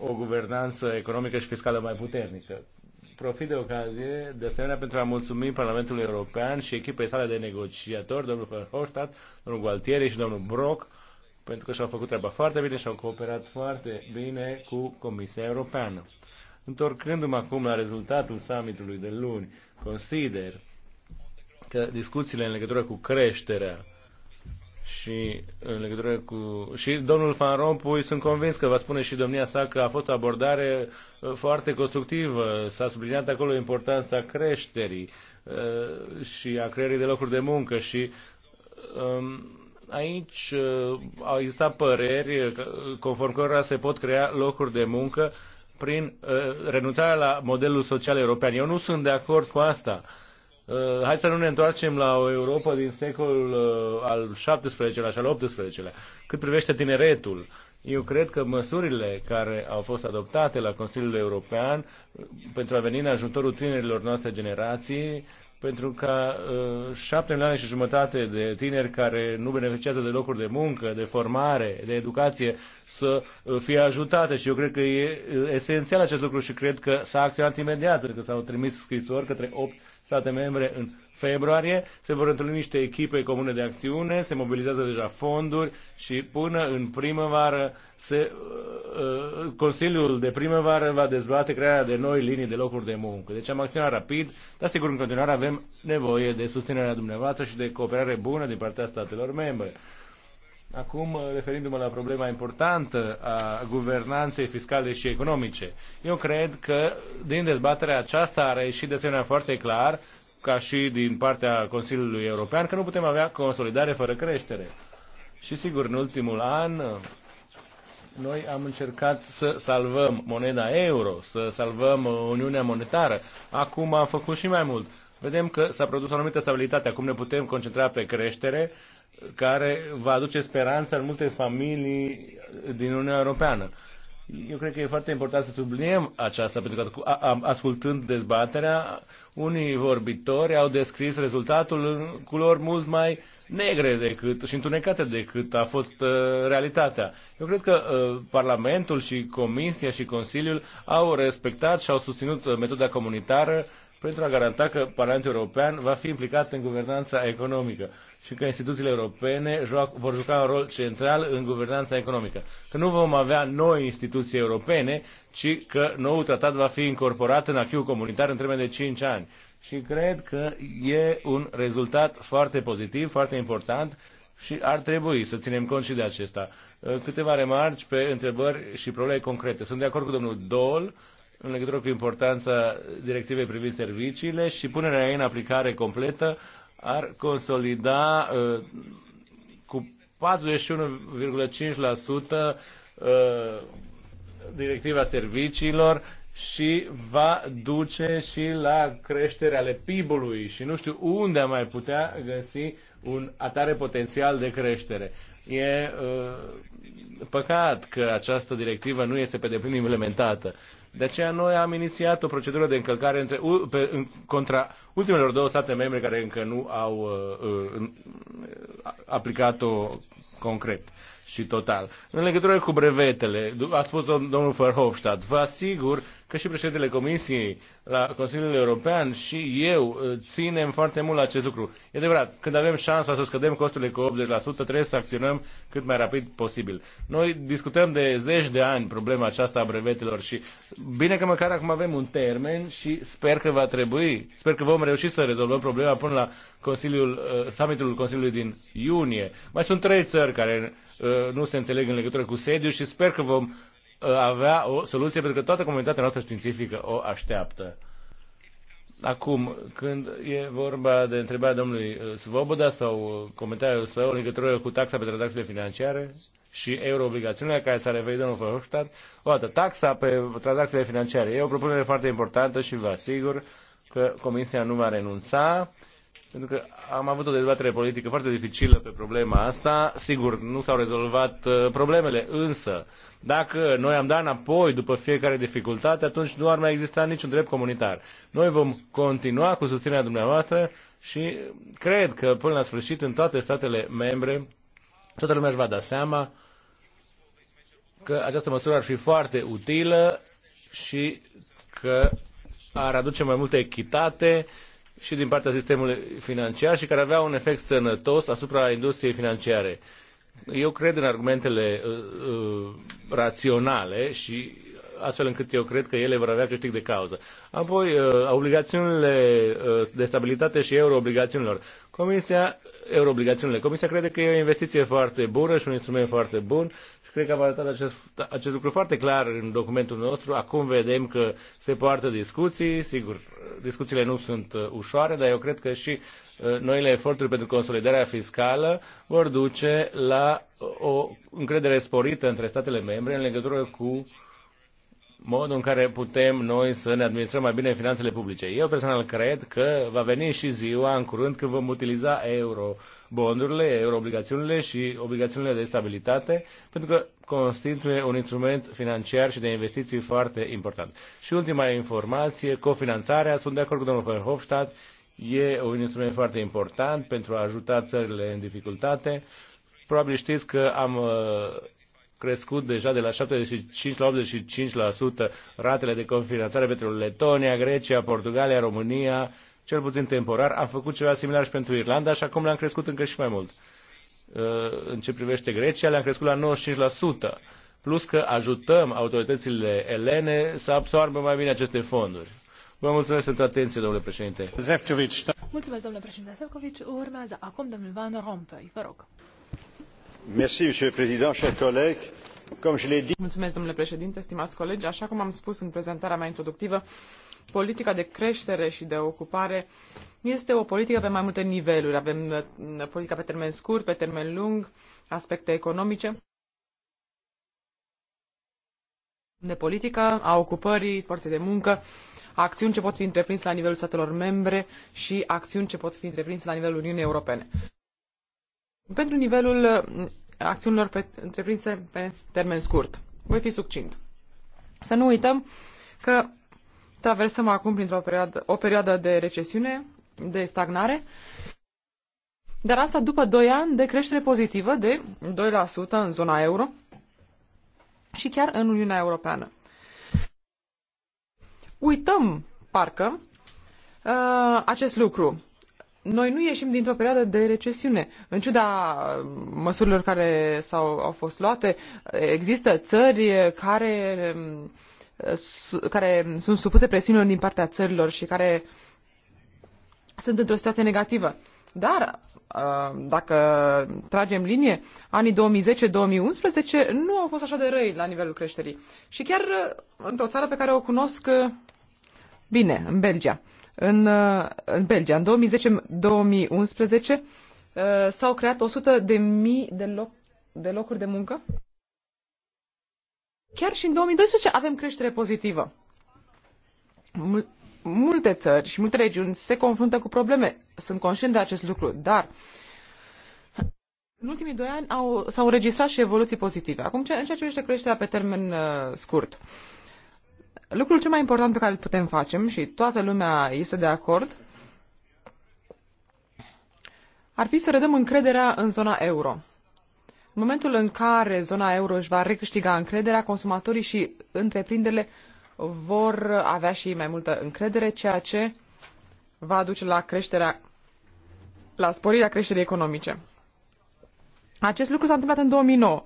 o guvernanță economică și fiscală mai puternică. Profit de ocazie, de asemenea, pentru a mulțumi Parlamentului European și echipei sale de negociatori, domnul Verhofstadt, domnul Gualtieri și domnul Brock, pentru că și-au făcut treaba foarte bine și au cooperat foarte bine cu Comisia Europeană. Întorcându-mă acum la rezultatul summitului de luni, consider că discuțiile în legătură cu creșterea și în legătură cu... Și domnul Van Rompuy, sunt convins că va spune și domnia sa că a fost o abordare uh, foarte constructivă. S-a subliniat acolo importanța creșterii uh, și a creării de locuri de muncă și um, Aici uh, au existat păreri conform cărora se pot crea locuri de muncă prin uh, renunțarea la modelul social european. Eu nu sunt de acord cu asta. Uh, hai să nu ne întoarcem la o Europa din secolul al XVII-lea și al XVIII-lea. Cât privește tineretul, eu cred că măsurile care au fost adoptate la Consiliul European pentru a veni în ajutorul tinerilor noastre generații pentru ca uh, șapte milioane și jumătate de tineri care nu beneficiază de locuri de muncă, de formare, de educație, să uh, fie ajutate și eu cred că e uh, esențial acest lucru și cred că s-a acționat imediat, pentru că s-au trimis scrisori către opt state membre în februarie. Se vor întâlni niște echipe comune de acțiune, se mobilizează deja fonduri și până în primăvară se, uh, uh, Consiliul de primăvară va dezbate crearea de noi linii de locuri de muncă. Deci am acționat rapid, dar sigur în continuare avem nevoie de susținerea dumneavoastră și de cooperare bună din partea statelor membre. Acum, uh, referindu-mă la problema importantă a guvernanței fiscale și economice, eu cred că din dezbaterea aceasta a reieșit de asemenea foarte clar, ca și din partea Consiliului European, că nu putem avea consolidare fără creștere. Și sigur, în ultimul an, uh, noi am încercat să salvăm moneda euro, să salvăm uh, Uniunea Monetară. Acum am făcut și mai mult. Vedem că s-a produs o anumită stabilitate. Acum ne putem concentra pe creștere care va aduce speranță în multe familii din Uniunea Europeană. Eu cred că e foarte important să subliniem aceasta, pentru că ascultând dezbaterea, unii vorbitori au descris rezultatul în culori mult mai negre decât și întunecate decât a fost uh, realitatea. Eu cred că uh, Parlamentul și Comisia și Consiliul au respectat și au susținut uh, metoda comunitară pentru a garanta că Parlamentul European va fi implicat în guvernanța economică și că instituțiile europene joac, vor juca un rol central în guvernanța economică. Că nu vom avea noi instituții europene, ci că noul tratat va fi incorporat în acquis comunitar în termen de 5 ani. Și cred că e un rezultat foarte pozitiv, foarte important și ar trebui să ținem cont și de acesta. Câteva remarci pe întrebări și probleme concrete. Sunt de acord cu domnul Dol în legătură cu importanța directivei privind serviciile și punerea ei în aplicare completă ar consolida uh, cu 41,5% uh, directiva serviciilor și va duce și la creșterea ale PIB-ului și nu știu unde am mai putea găsi un atare potențial de creștere. E uh, păcat că această directivă nu este pe deplin implementată de aceea noi am inițiat o procedură de încălcare între, pe, contra ultimelor două state membre care încă nu au uh, uh, aplicat-o concret și total. În legătură cu brevetele, a spus domnul Verhofstadt, vă asigur că și președintele Comisiei la Consiliul European și eu uh, ținem foarte mult la acest lucru. E adevărat, când avem șansa să scădem costurile cu 80%, trebuie să acționăm cât mai rapid posibil. Noi discutăm de zeci de ani problema aceasta a brevetelor și bine că măcar acum avem un termen și sper că va trebui, sper că vom reușit să rezolvăm problema până la Consiliul, uh, summitul Consiliului din iunie. Mai sunt trei țări care uh, nu se înțeleg în legătură cu sediu și sper că vom uh, avea o soluție pentru că toată comunitatea noastră științifică o așteaptă. Acum, când e vorba de întrebarea domnului Svoboda sau comentariul său în legătură cu taxa pe tranzacțiile financiare și euroobligațiunile care s-a referit domnul Verhofstadt, o dată, taxa pe tranzacțiile financiare e o propunere foarte importantă și vă asigur că Comisia nu va renunța, pentru că am avut o dezbatere politică foarte dificilă pe problema asta. Sigur, nu s-au rezolvat uh, problemele, însă dacă noi am dat înapoi după fiecare dificultate, atunci nu ar mai exista niciun drept comunitar. Noi vom continua cu susținerea dumneavoastră și cred că până la sfârșit în toate statele membre toată lumea își va da seama că această măsură ar fi foarte utilă și că ar aduce mai multă echitate și din partea sistemului financiar și care avea un efect sănătos asupra industriei financiare. Eu cred în argumentele uh, uh, raționale și astfel încât eu cred că ele vor avea câștig de cauză. Apoi, uh, obligațiunile uh, de stabilitate și euroobligațiunilor. Comisia, euroobligațiunile. Comisia crede că e o investiție foarte bună și un instrument foarte bun și cred că am arătat acest, acest lucru foarte clar în documentul nostru. Acum vedem că se poartă discuții, sigur, discuțiile nu sunt uh, ușoare, dar eu cred că și uh, noile eforturi pentru consolidarea fiscală vor duce la uh, o încredere sporită între statele membre în legătură cu uh, modul în care putem noi să ne administrăm mai bine finanțele publice. Eu personal cred că va veni și ziua în curând când vom utiliza euro bondurile, euroobligațiunile și obligațiunile de stabilitate, pentru că constituie un instrument financiar și de investiții foarte important. Și ultima informație, cofinanțarea, sunt de acord cu domnul Verhofstadt, e un instrument foarte important pentru a ajuta țările în dificultate. Probabil știți că am uh, crescut deja de la 75 la 85% ratele de cofinanțare pentru Letonia, Grecia, Portugalia, România, cel puțin temporar. A făcut ceva similar și pentru Irlanda și acum le-am crescut încă și mai mult. Uh, în ce privește Grecia, le-am crescut la 95%. Plus că ajutăm autoritățile elene să absoarbă mai bine aceste fonduri. Vă mulțumesc pentru atenție, domnule președinte. Zefcovic. Mulțumesc, domnule președinte Zefcovic. Urmează acum domnul Van Rompuy. Vă rog domnule președinte, colegi. Așa cum am spus în prezentarea mea introductivă, politica de creștere și de ocupare este o politică pe mai multe niveluri. Avem uh, politica pe termen scurt, pe termen lung, aspecte economice. de politică, a ocupării, forței de muncă, acțiuni ce pot fi întreprinse la nivelul statelor membre și acțiuni ce pot fi întreprinse la nivelul Uniunii Europene. Pentru nivelul uh, acțiunilor pe, întreprinse pe termen scurt. Voi fi succint. Să nu uităm că traversăm acum printr-o perioadă, o perioadă de recesiune, de stagnare, dar asta după 2 ani de creștere pozitivă de 2% în zona euro și chiar în Uniunea Europeană. Uităm, parcă, uh, acest lucru noi nu ieșim dintr-o perioadă de recesiune. În ciuda măsurilor care s-au, au fost luate, există țări care, mm, care sunt supuse presiunilor din partea țărilor și care sunt într-o situație negativă. Dar uh, dacă tragem linie, anii 2010-2011 nu au fost așa de răi la nivelul creșterii. Și chiar uh, într-o țară pe care o cunosc uh, bine, în Belgia în, uh, în Belgia. În 2010-2011 uh, s-au creat 100 de mii de, loc, de locuri de muncă. Chiar și în 2012 avem creștere pozitivă. multe țări și multe regiuni se confruntă cu probleme. Sunt conștient de acest lucru, dar în ultimii doi ani au, s-au înregistrat și evoluții pozitive. Acum, în ceea ce privește creșterea pe termen uh, scurt, lucrul cel mai important pe care îl putem face și toată lumea este de acord ar fi să redăm încrederea în zona euro. În momentul în care zona euro își va recâștiga încrederea, consumatorii și întreprinderile vor avea și mai multă încredere, ceea ce va duce la creșterea la sporirea creșterii economice. Acest lucru s-a întâmplat în 2009,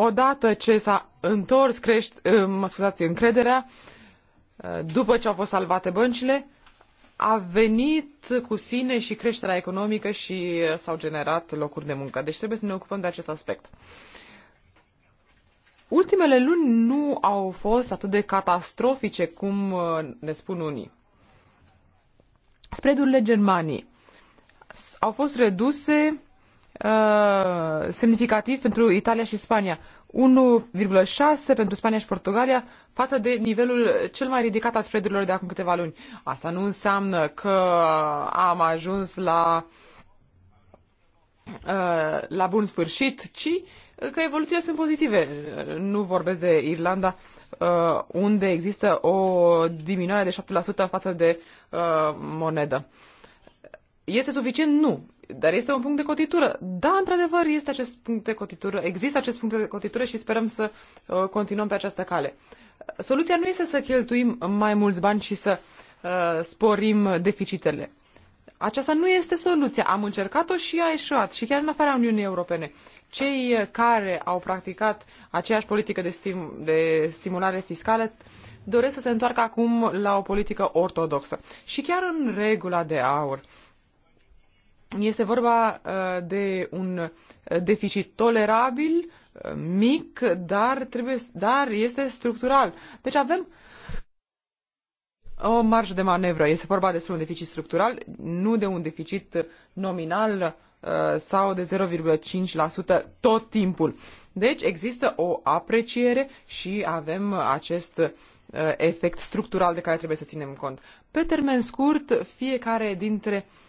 odată ce s-a întors crești, eh, mă scuzați, încrederea, eh, după ce au fost salvate băncile, a venit cu sine și creșterea economică și eh, s-au generat locuri de muncă. Deci trebuie să ne ocupăm de acest aspect. Ultimele luni nu au fost atât de catastrofice cum ne spun unii. Spreadurile Germaniei au fost reduse Uh, semnificativ pentru Italia și Spania. 1,6 pentru Spania și Portugalia față de nivelul cel mai ridicat al spreadurilor de acum câteva luni. Asta nu înseamnă că am ajuns la, uh, la bun sfârșit, ci că evoluțiile sunt pozitive. Nu vorbesc de Irlanda, uh, unde există o diminuare de 7% față de monedă. Este suficient? Nu dar este un punct de cotitură. Da, într-adevăr, este acest punct de cotitură, există acest punct de cotitură și sperăm să uh, continuăm pe această cale. Soluția nu este să cheltuim mai mulți bani și să uh, sporim deficitele. Aceasta nu este soluția. Am încercat-o și a eșuat, și chiar în afara Uniunii Europene. Cei uh, care au practicat aceeași politică de, stim- de stimulare fiscală doresc să se întoarcă acum la o politică ortodoxă. Și chiar în regula de aur, uh, este vorba uh, de un uh, deficit tolerabil, uh, mic, dar, trebuie, dar este structural. Deci avem o marjă de manevră. Este vorba despre un deficit structural, nu de un deficit nominal sau de 0,5% tot timpul. Deci există o apreciere și avem acest efect structural de care trebuie să ținem cont. Pe termen scurt, fiecare dintre uh,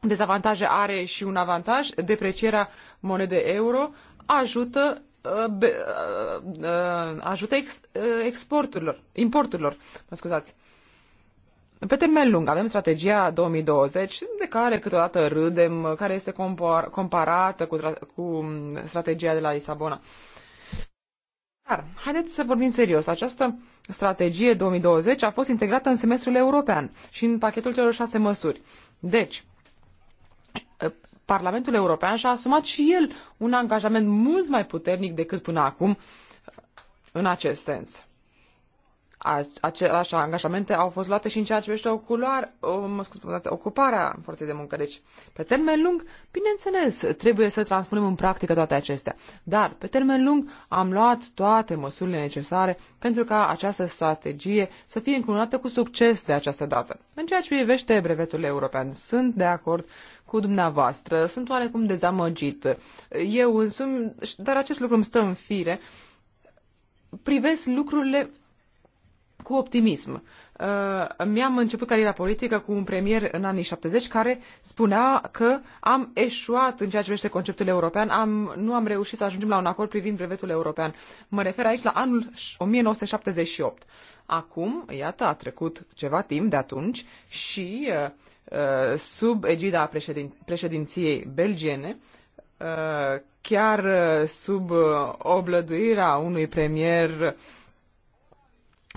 dezavantaje are și un avantaj. Deprecierea monedei euro ajută uh, uh, uh, ajută ex, exporturilor, importurilor, mă scuzați. Pe termen lung avem strategia 2020, de care câteodată râdem, care este comparată cu, cu strategia de la Lisabona. Dar, haideți să vorbim serios. Această strategie 2020 a fost integrată în semestrul european și în pachetul celor șase măsuri. Deci, Parlamentul European și-a asumat și el un angajament mult mai puternic decât până acum în acest sens același angajamente au fost luate și în ceea ce privește ocular, ocuparea forței de muncă. Deci, pe termen lung, bineînțeles, trebuie să transpunem în practică toate acestea. Dar, pe termen lung, am luat toate măsurile necesare pentru ca această strategie să fie încununată cu succes de această dată. În ceea ce privește brevetul european, sunt de acord cu dumneavoastră, sunt oarecum dezamăgit. Eu însumi, dar acest lucru îmi stă în fire, privesc lucrurile cu optimism. Uh, mi-am început cariera politică cu un premier în anii 70 care spunea că am eșuat în ceea ce privește conceptul european, am, nu am reușit să ajungem la un acord privind brevetul european. Mă refer aici la anul 1978. Acum, iată, a trecut ceva timp de atunci și uh, uh, sub egida președin, președinției belgiene, chiar sub oblăduirea unui premier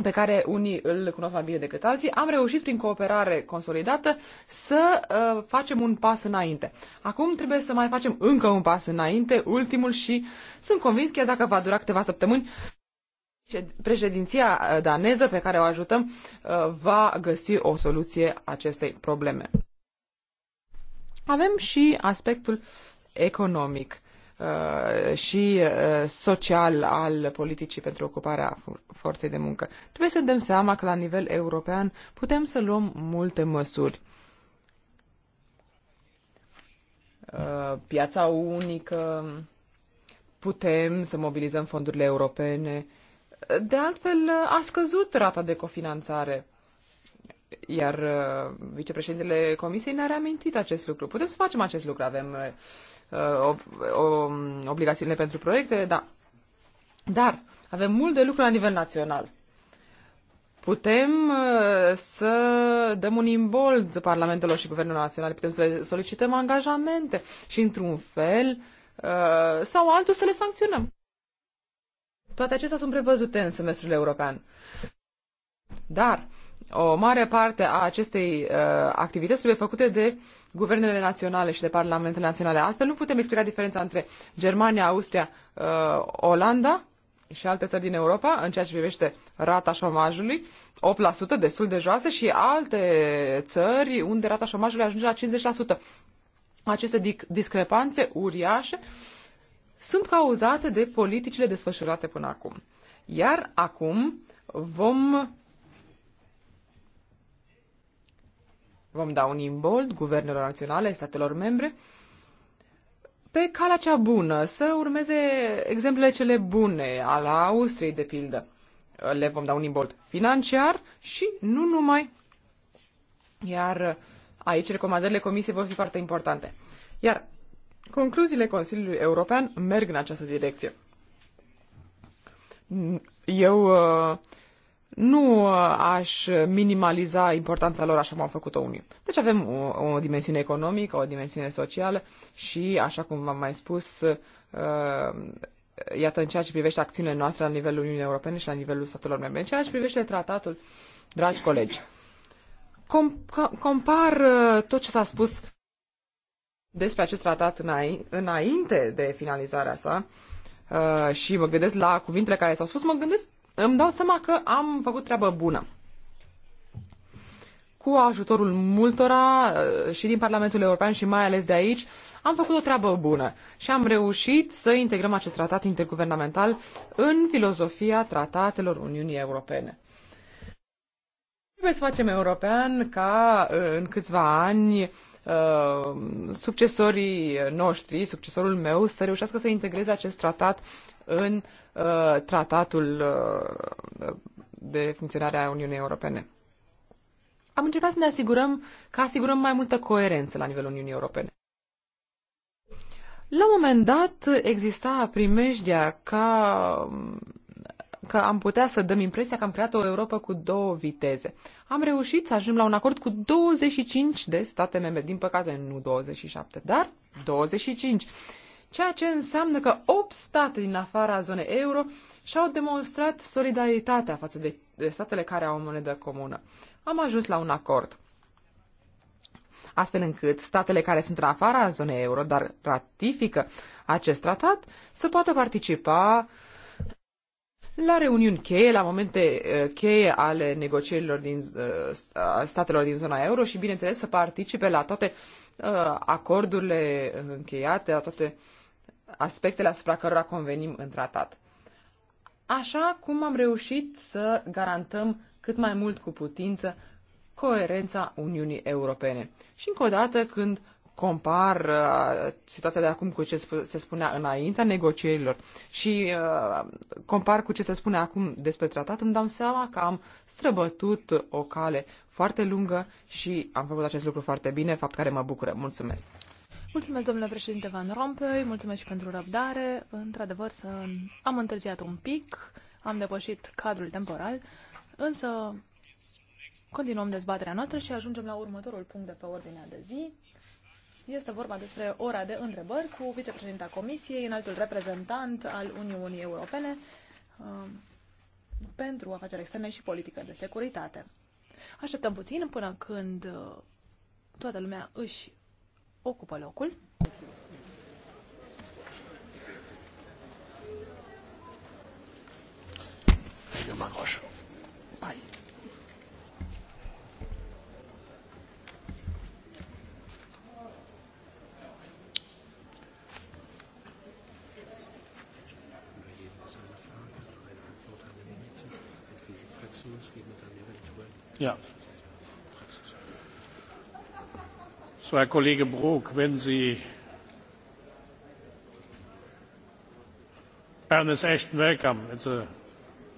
pe care unii îl cunosc mai bine decât alții, am reușit prin cooperare consolidată să uh, facem un pas înainte. Acum trebuie să mai facem încă un pas înainte, ultimul și sunt convins că dacă va dura câteva săptămâni, președinția uh, daneză pe care o ajutăm uh, va găsi o soluție acestei probleme. Avem și aspectul economic. Uh, și uh, social al politicii pentru ocuparea forței de muncă. Trebuie să dăm seama că la nivel european putem să luăm multe măsuri. Uh, piața unică, putem să mobilizăm fondurile europene. De altfel, a scăzut rata de cofinanțare. Iar vicepreședintele Comisiei ne-a reamintit acest lucru. Putem să facem acest lucru. Avem uh, Uh, obligațiunile pentru proiecte, da. Dar avem mult de lucru la nivel național. Putem uh, să dăm un imbold parlamentelor și guvernelor naționale, putem să le solicităm angajamente și, într-un fel uh, sau altul, să le sancționăm. Toate acestea sunt prevăzute în semestrul european. Dar o mare parte a acestei uh, activități trebuie făcute de uh, guvernele naționale și de parlamentele naționale. Altfel nu putem explica diferența între Germania, Austria, uh, Olanda și alte țări din Europa în ceea ce privește rata șomajului, 8% destul de joasă și alte țări unde rata șomajului ajunge la 50%. Aceste discrepanțe uriașe sunt cauzate de politicile desfășurate până acum. Iar acum vom Vom da un imbold guvernelor naționale, statelor membre, pe calea cea bună, să urmeze exemplele cele bune, ale Austriei, de pildă. Le vom da un imbold financiar și nu numai. Iar aici recomandările comisiei vor fi foarte importante. Iar concluziile Consiliului European merg în această direcție. Eu uh, nu uh, aș minimaliza importanța lor așa cum am făcut-o unii. Deci avem o, o dimensiune economică, o dimensiune socială și, așa cum v-am mai spus, uh, iată în ceea ce privește acțiunile noastre la nivelul Uniunii Europene și la nivelul statelor membre. În ceea ce privește tratatul, dragi colegi, com, compar uh, tot ce s-a spus despre acest tratat înainte de finalizarea sa uh, și mă gândesc la cuvintele care s-au spus, mă gândesc îmi dau seama că am făcut treabă bună. Cu ajutorul multora uh, și din Parlamentul European și mai ales de aici, am făcut o treabă bună și am reușit să integrăm acest tratat interguvernamental în filozofia tratatelor Uniunii Europene. Trebuie să facem european ca uh, în câțiva ani Uh, succesorii noștri, succesorul meu, să reușească să integreze acest tratat în uh, tratatul uh, de funcționare a Uniunii Europene. Am încercat să ne asigurăm că asigurăm mai multă coerență la nivelul Uniunii Europene. La un moment dat exista primejdea ca că am putea să dăm impresia că am creat o Europa cu două viteze am reușit să ajung la un acord cu 25 de state membre. Din păcate, nu 27, dar 25. Ceea ce înseamnă că 8 state din afara zonei euro și-au demonstrat solidaritatea față de, de statele care au o monedă comună. Am ajuns la un acord astfel încât statele care sunt în afara zonei euro, dar ratifică acest tratat, să poată participa uh, la reuniuni cheie, la momente uh, cheie ale negocierilor din uh, uh, statelor din zona euro și, bineînțeles, să participe la toate acordurile încheiate, la toate aspectele asupra cărora convenim în tratat. Așa cum am reușit să garantăm cât mai mult cu putință coerența Uniunii Europene. Și încă o dată, când compar uh, situația de acum cu ce se spunea înaintea negocierilor și uh, compar cu ce se spune acum despre tratat, îmi dau seama că am străbătut o cale foarte lungă și am făcut acest lucru foarte bine, fapt care mă bucură. Mulțumesc! Mulțumesc, domnule președinte Van Rompuy, mulțumesc și pentru răbdare. Într-adevăr, să am întârziat un pic, am depășit cadrul temporal, însă continuăm dezbaterea noastră și ajungem la următorul punct de pe ordinea de zi. Este vorba despre ora de întrebări cu vicepreședinta Comisiei, înaltul reprezentant al Uniunii Europene uh, pentru afaceri externe și politică de securitate. Așteptăm puțin până când uh, toată lumea își ocupă locul. Eu mă Bye. So, Herr Kollege Brok, wenn Sie Baroness Ashton, welcome. It's a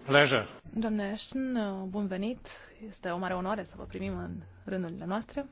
pleasure. Doamne Ashton, bun venit. Este o mare onoare să vă primim în rândurile noastre.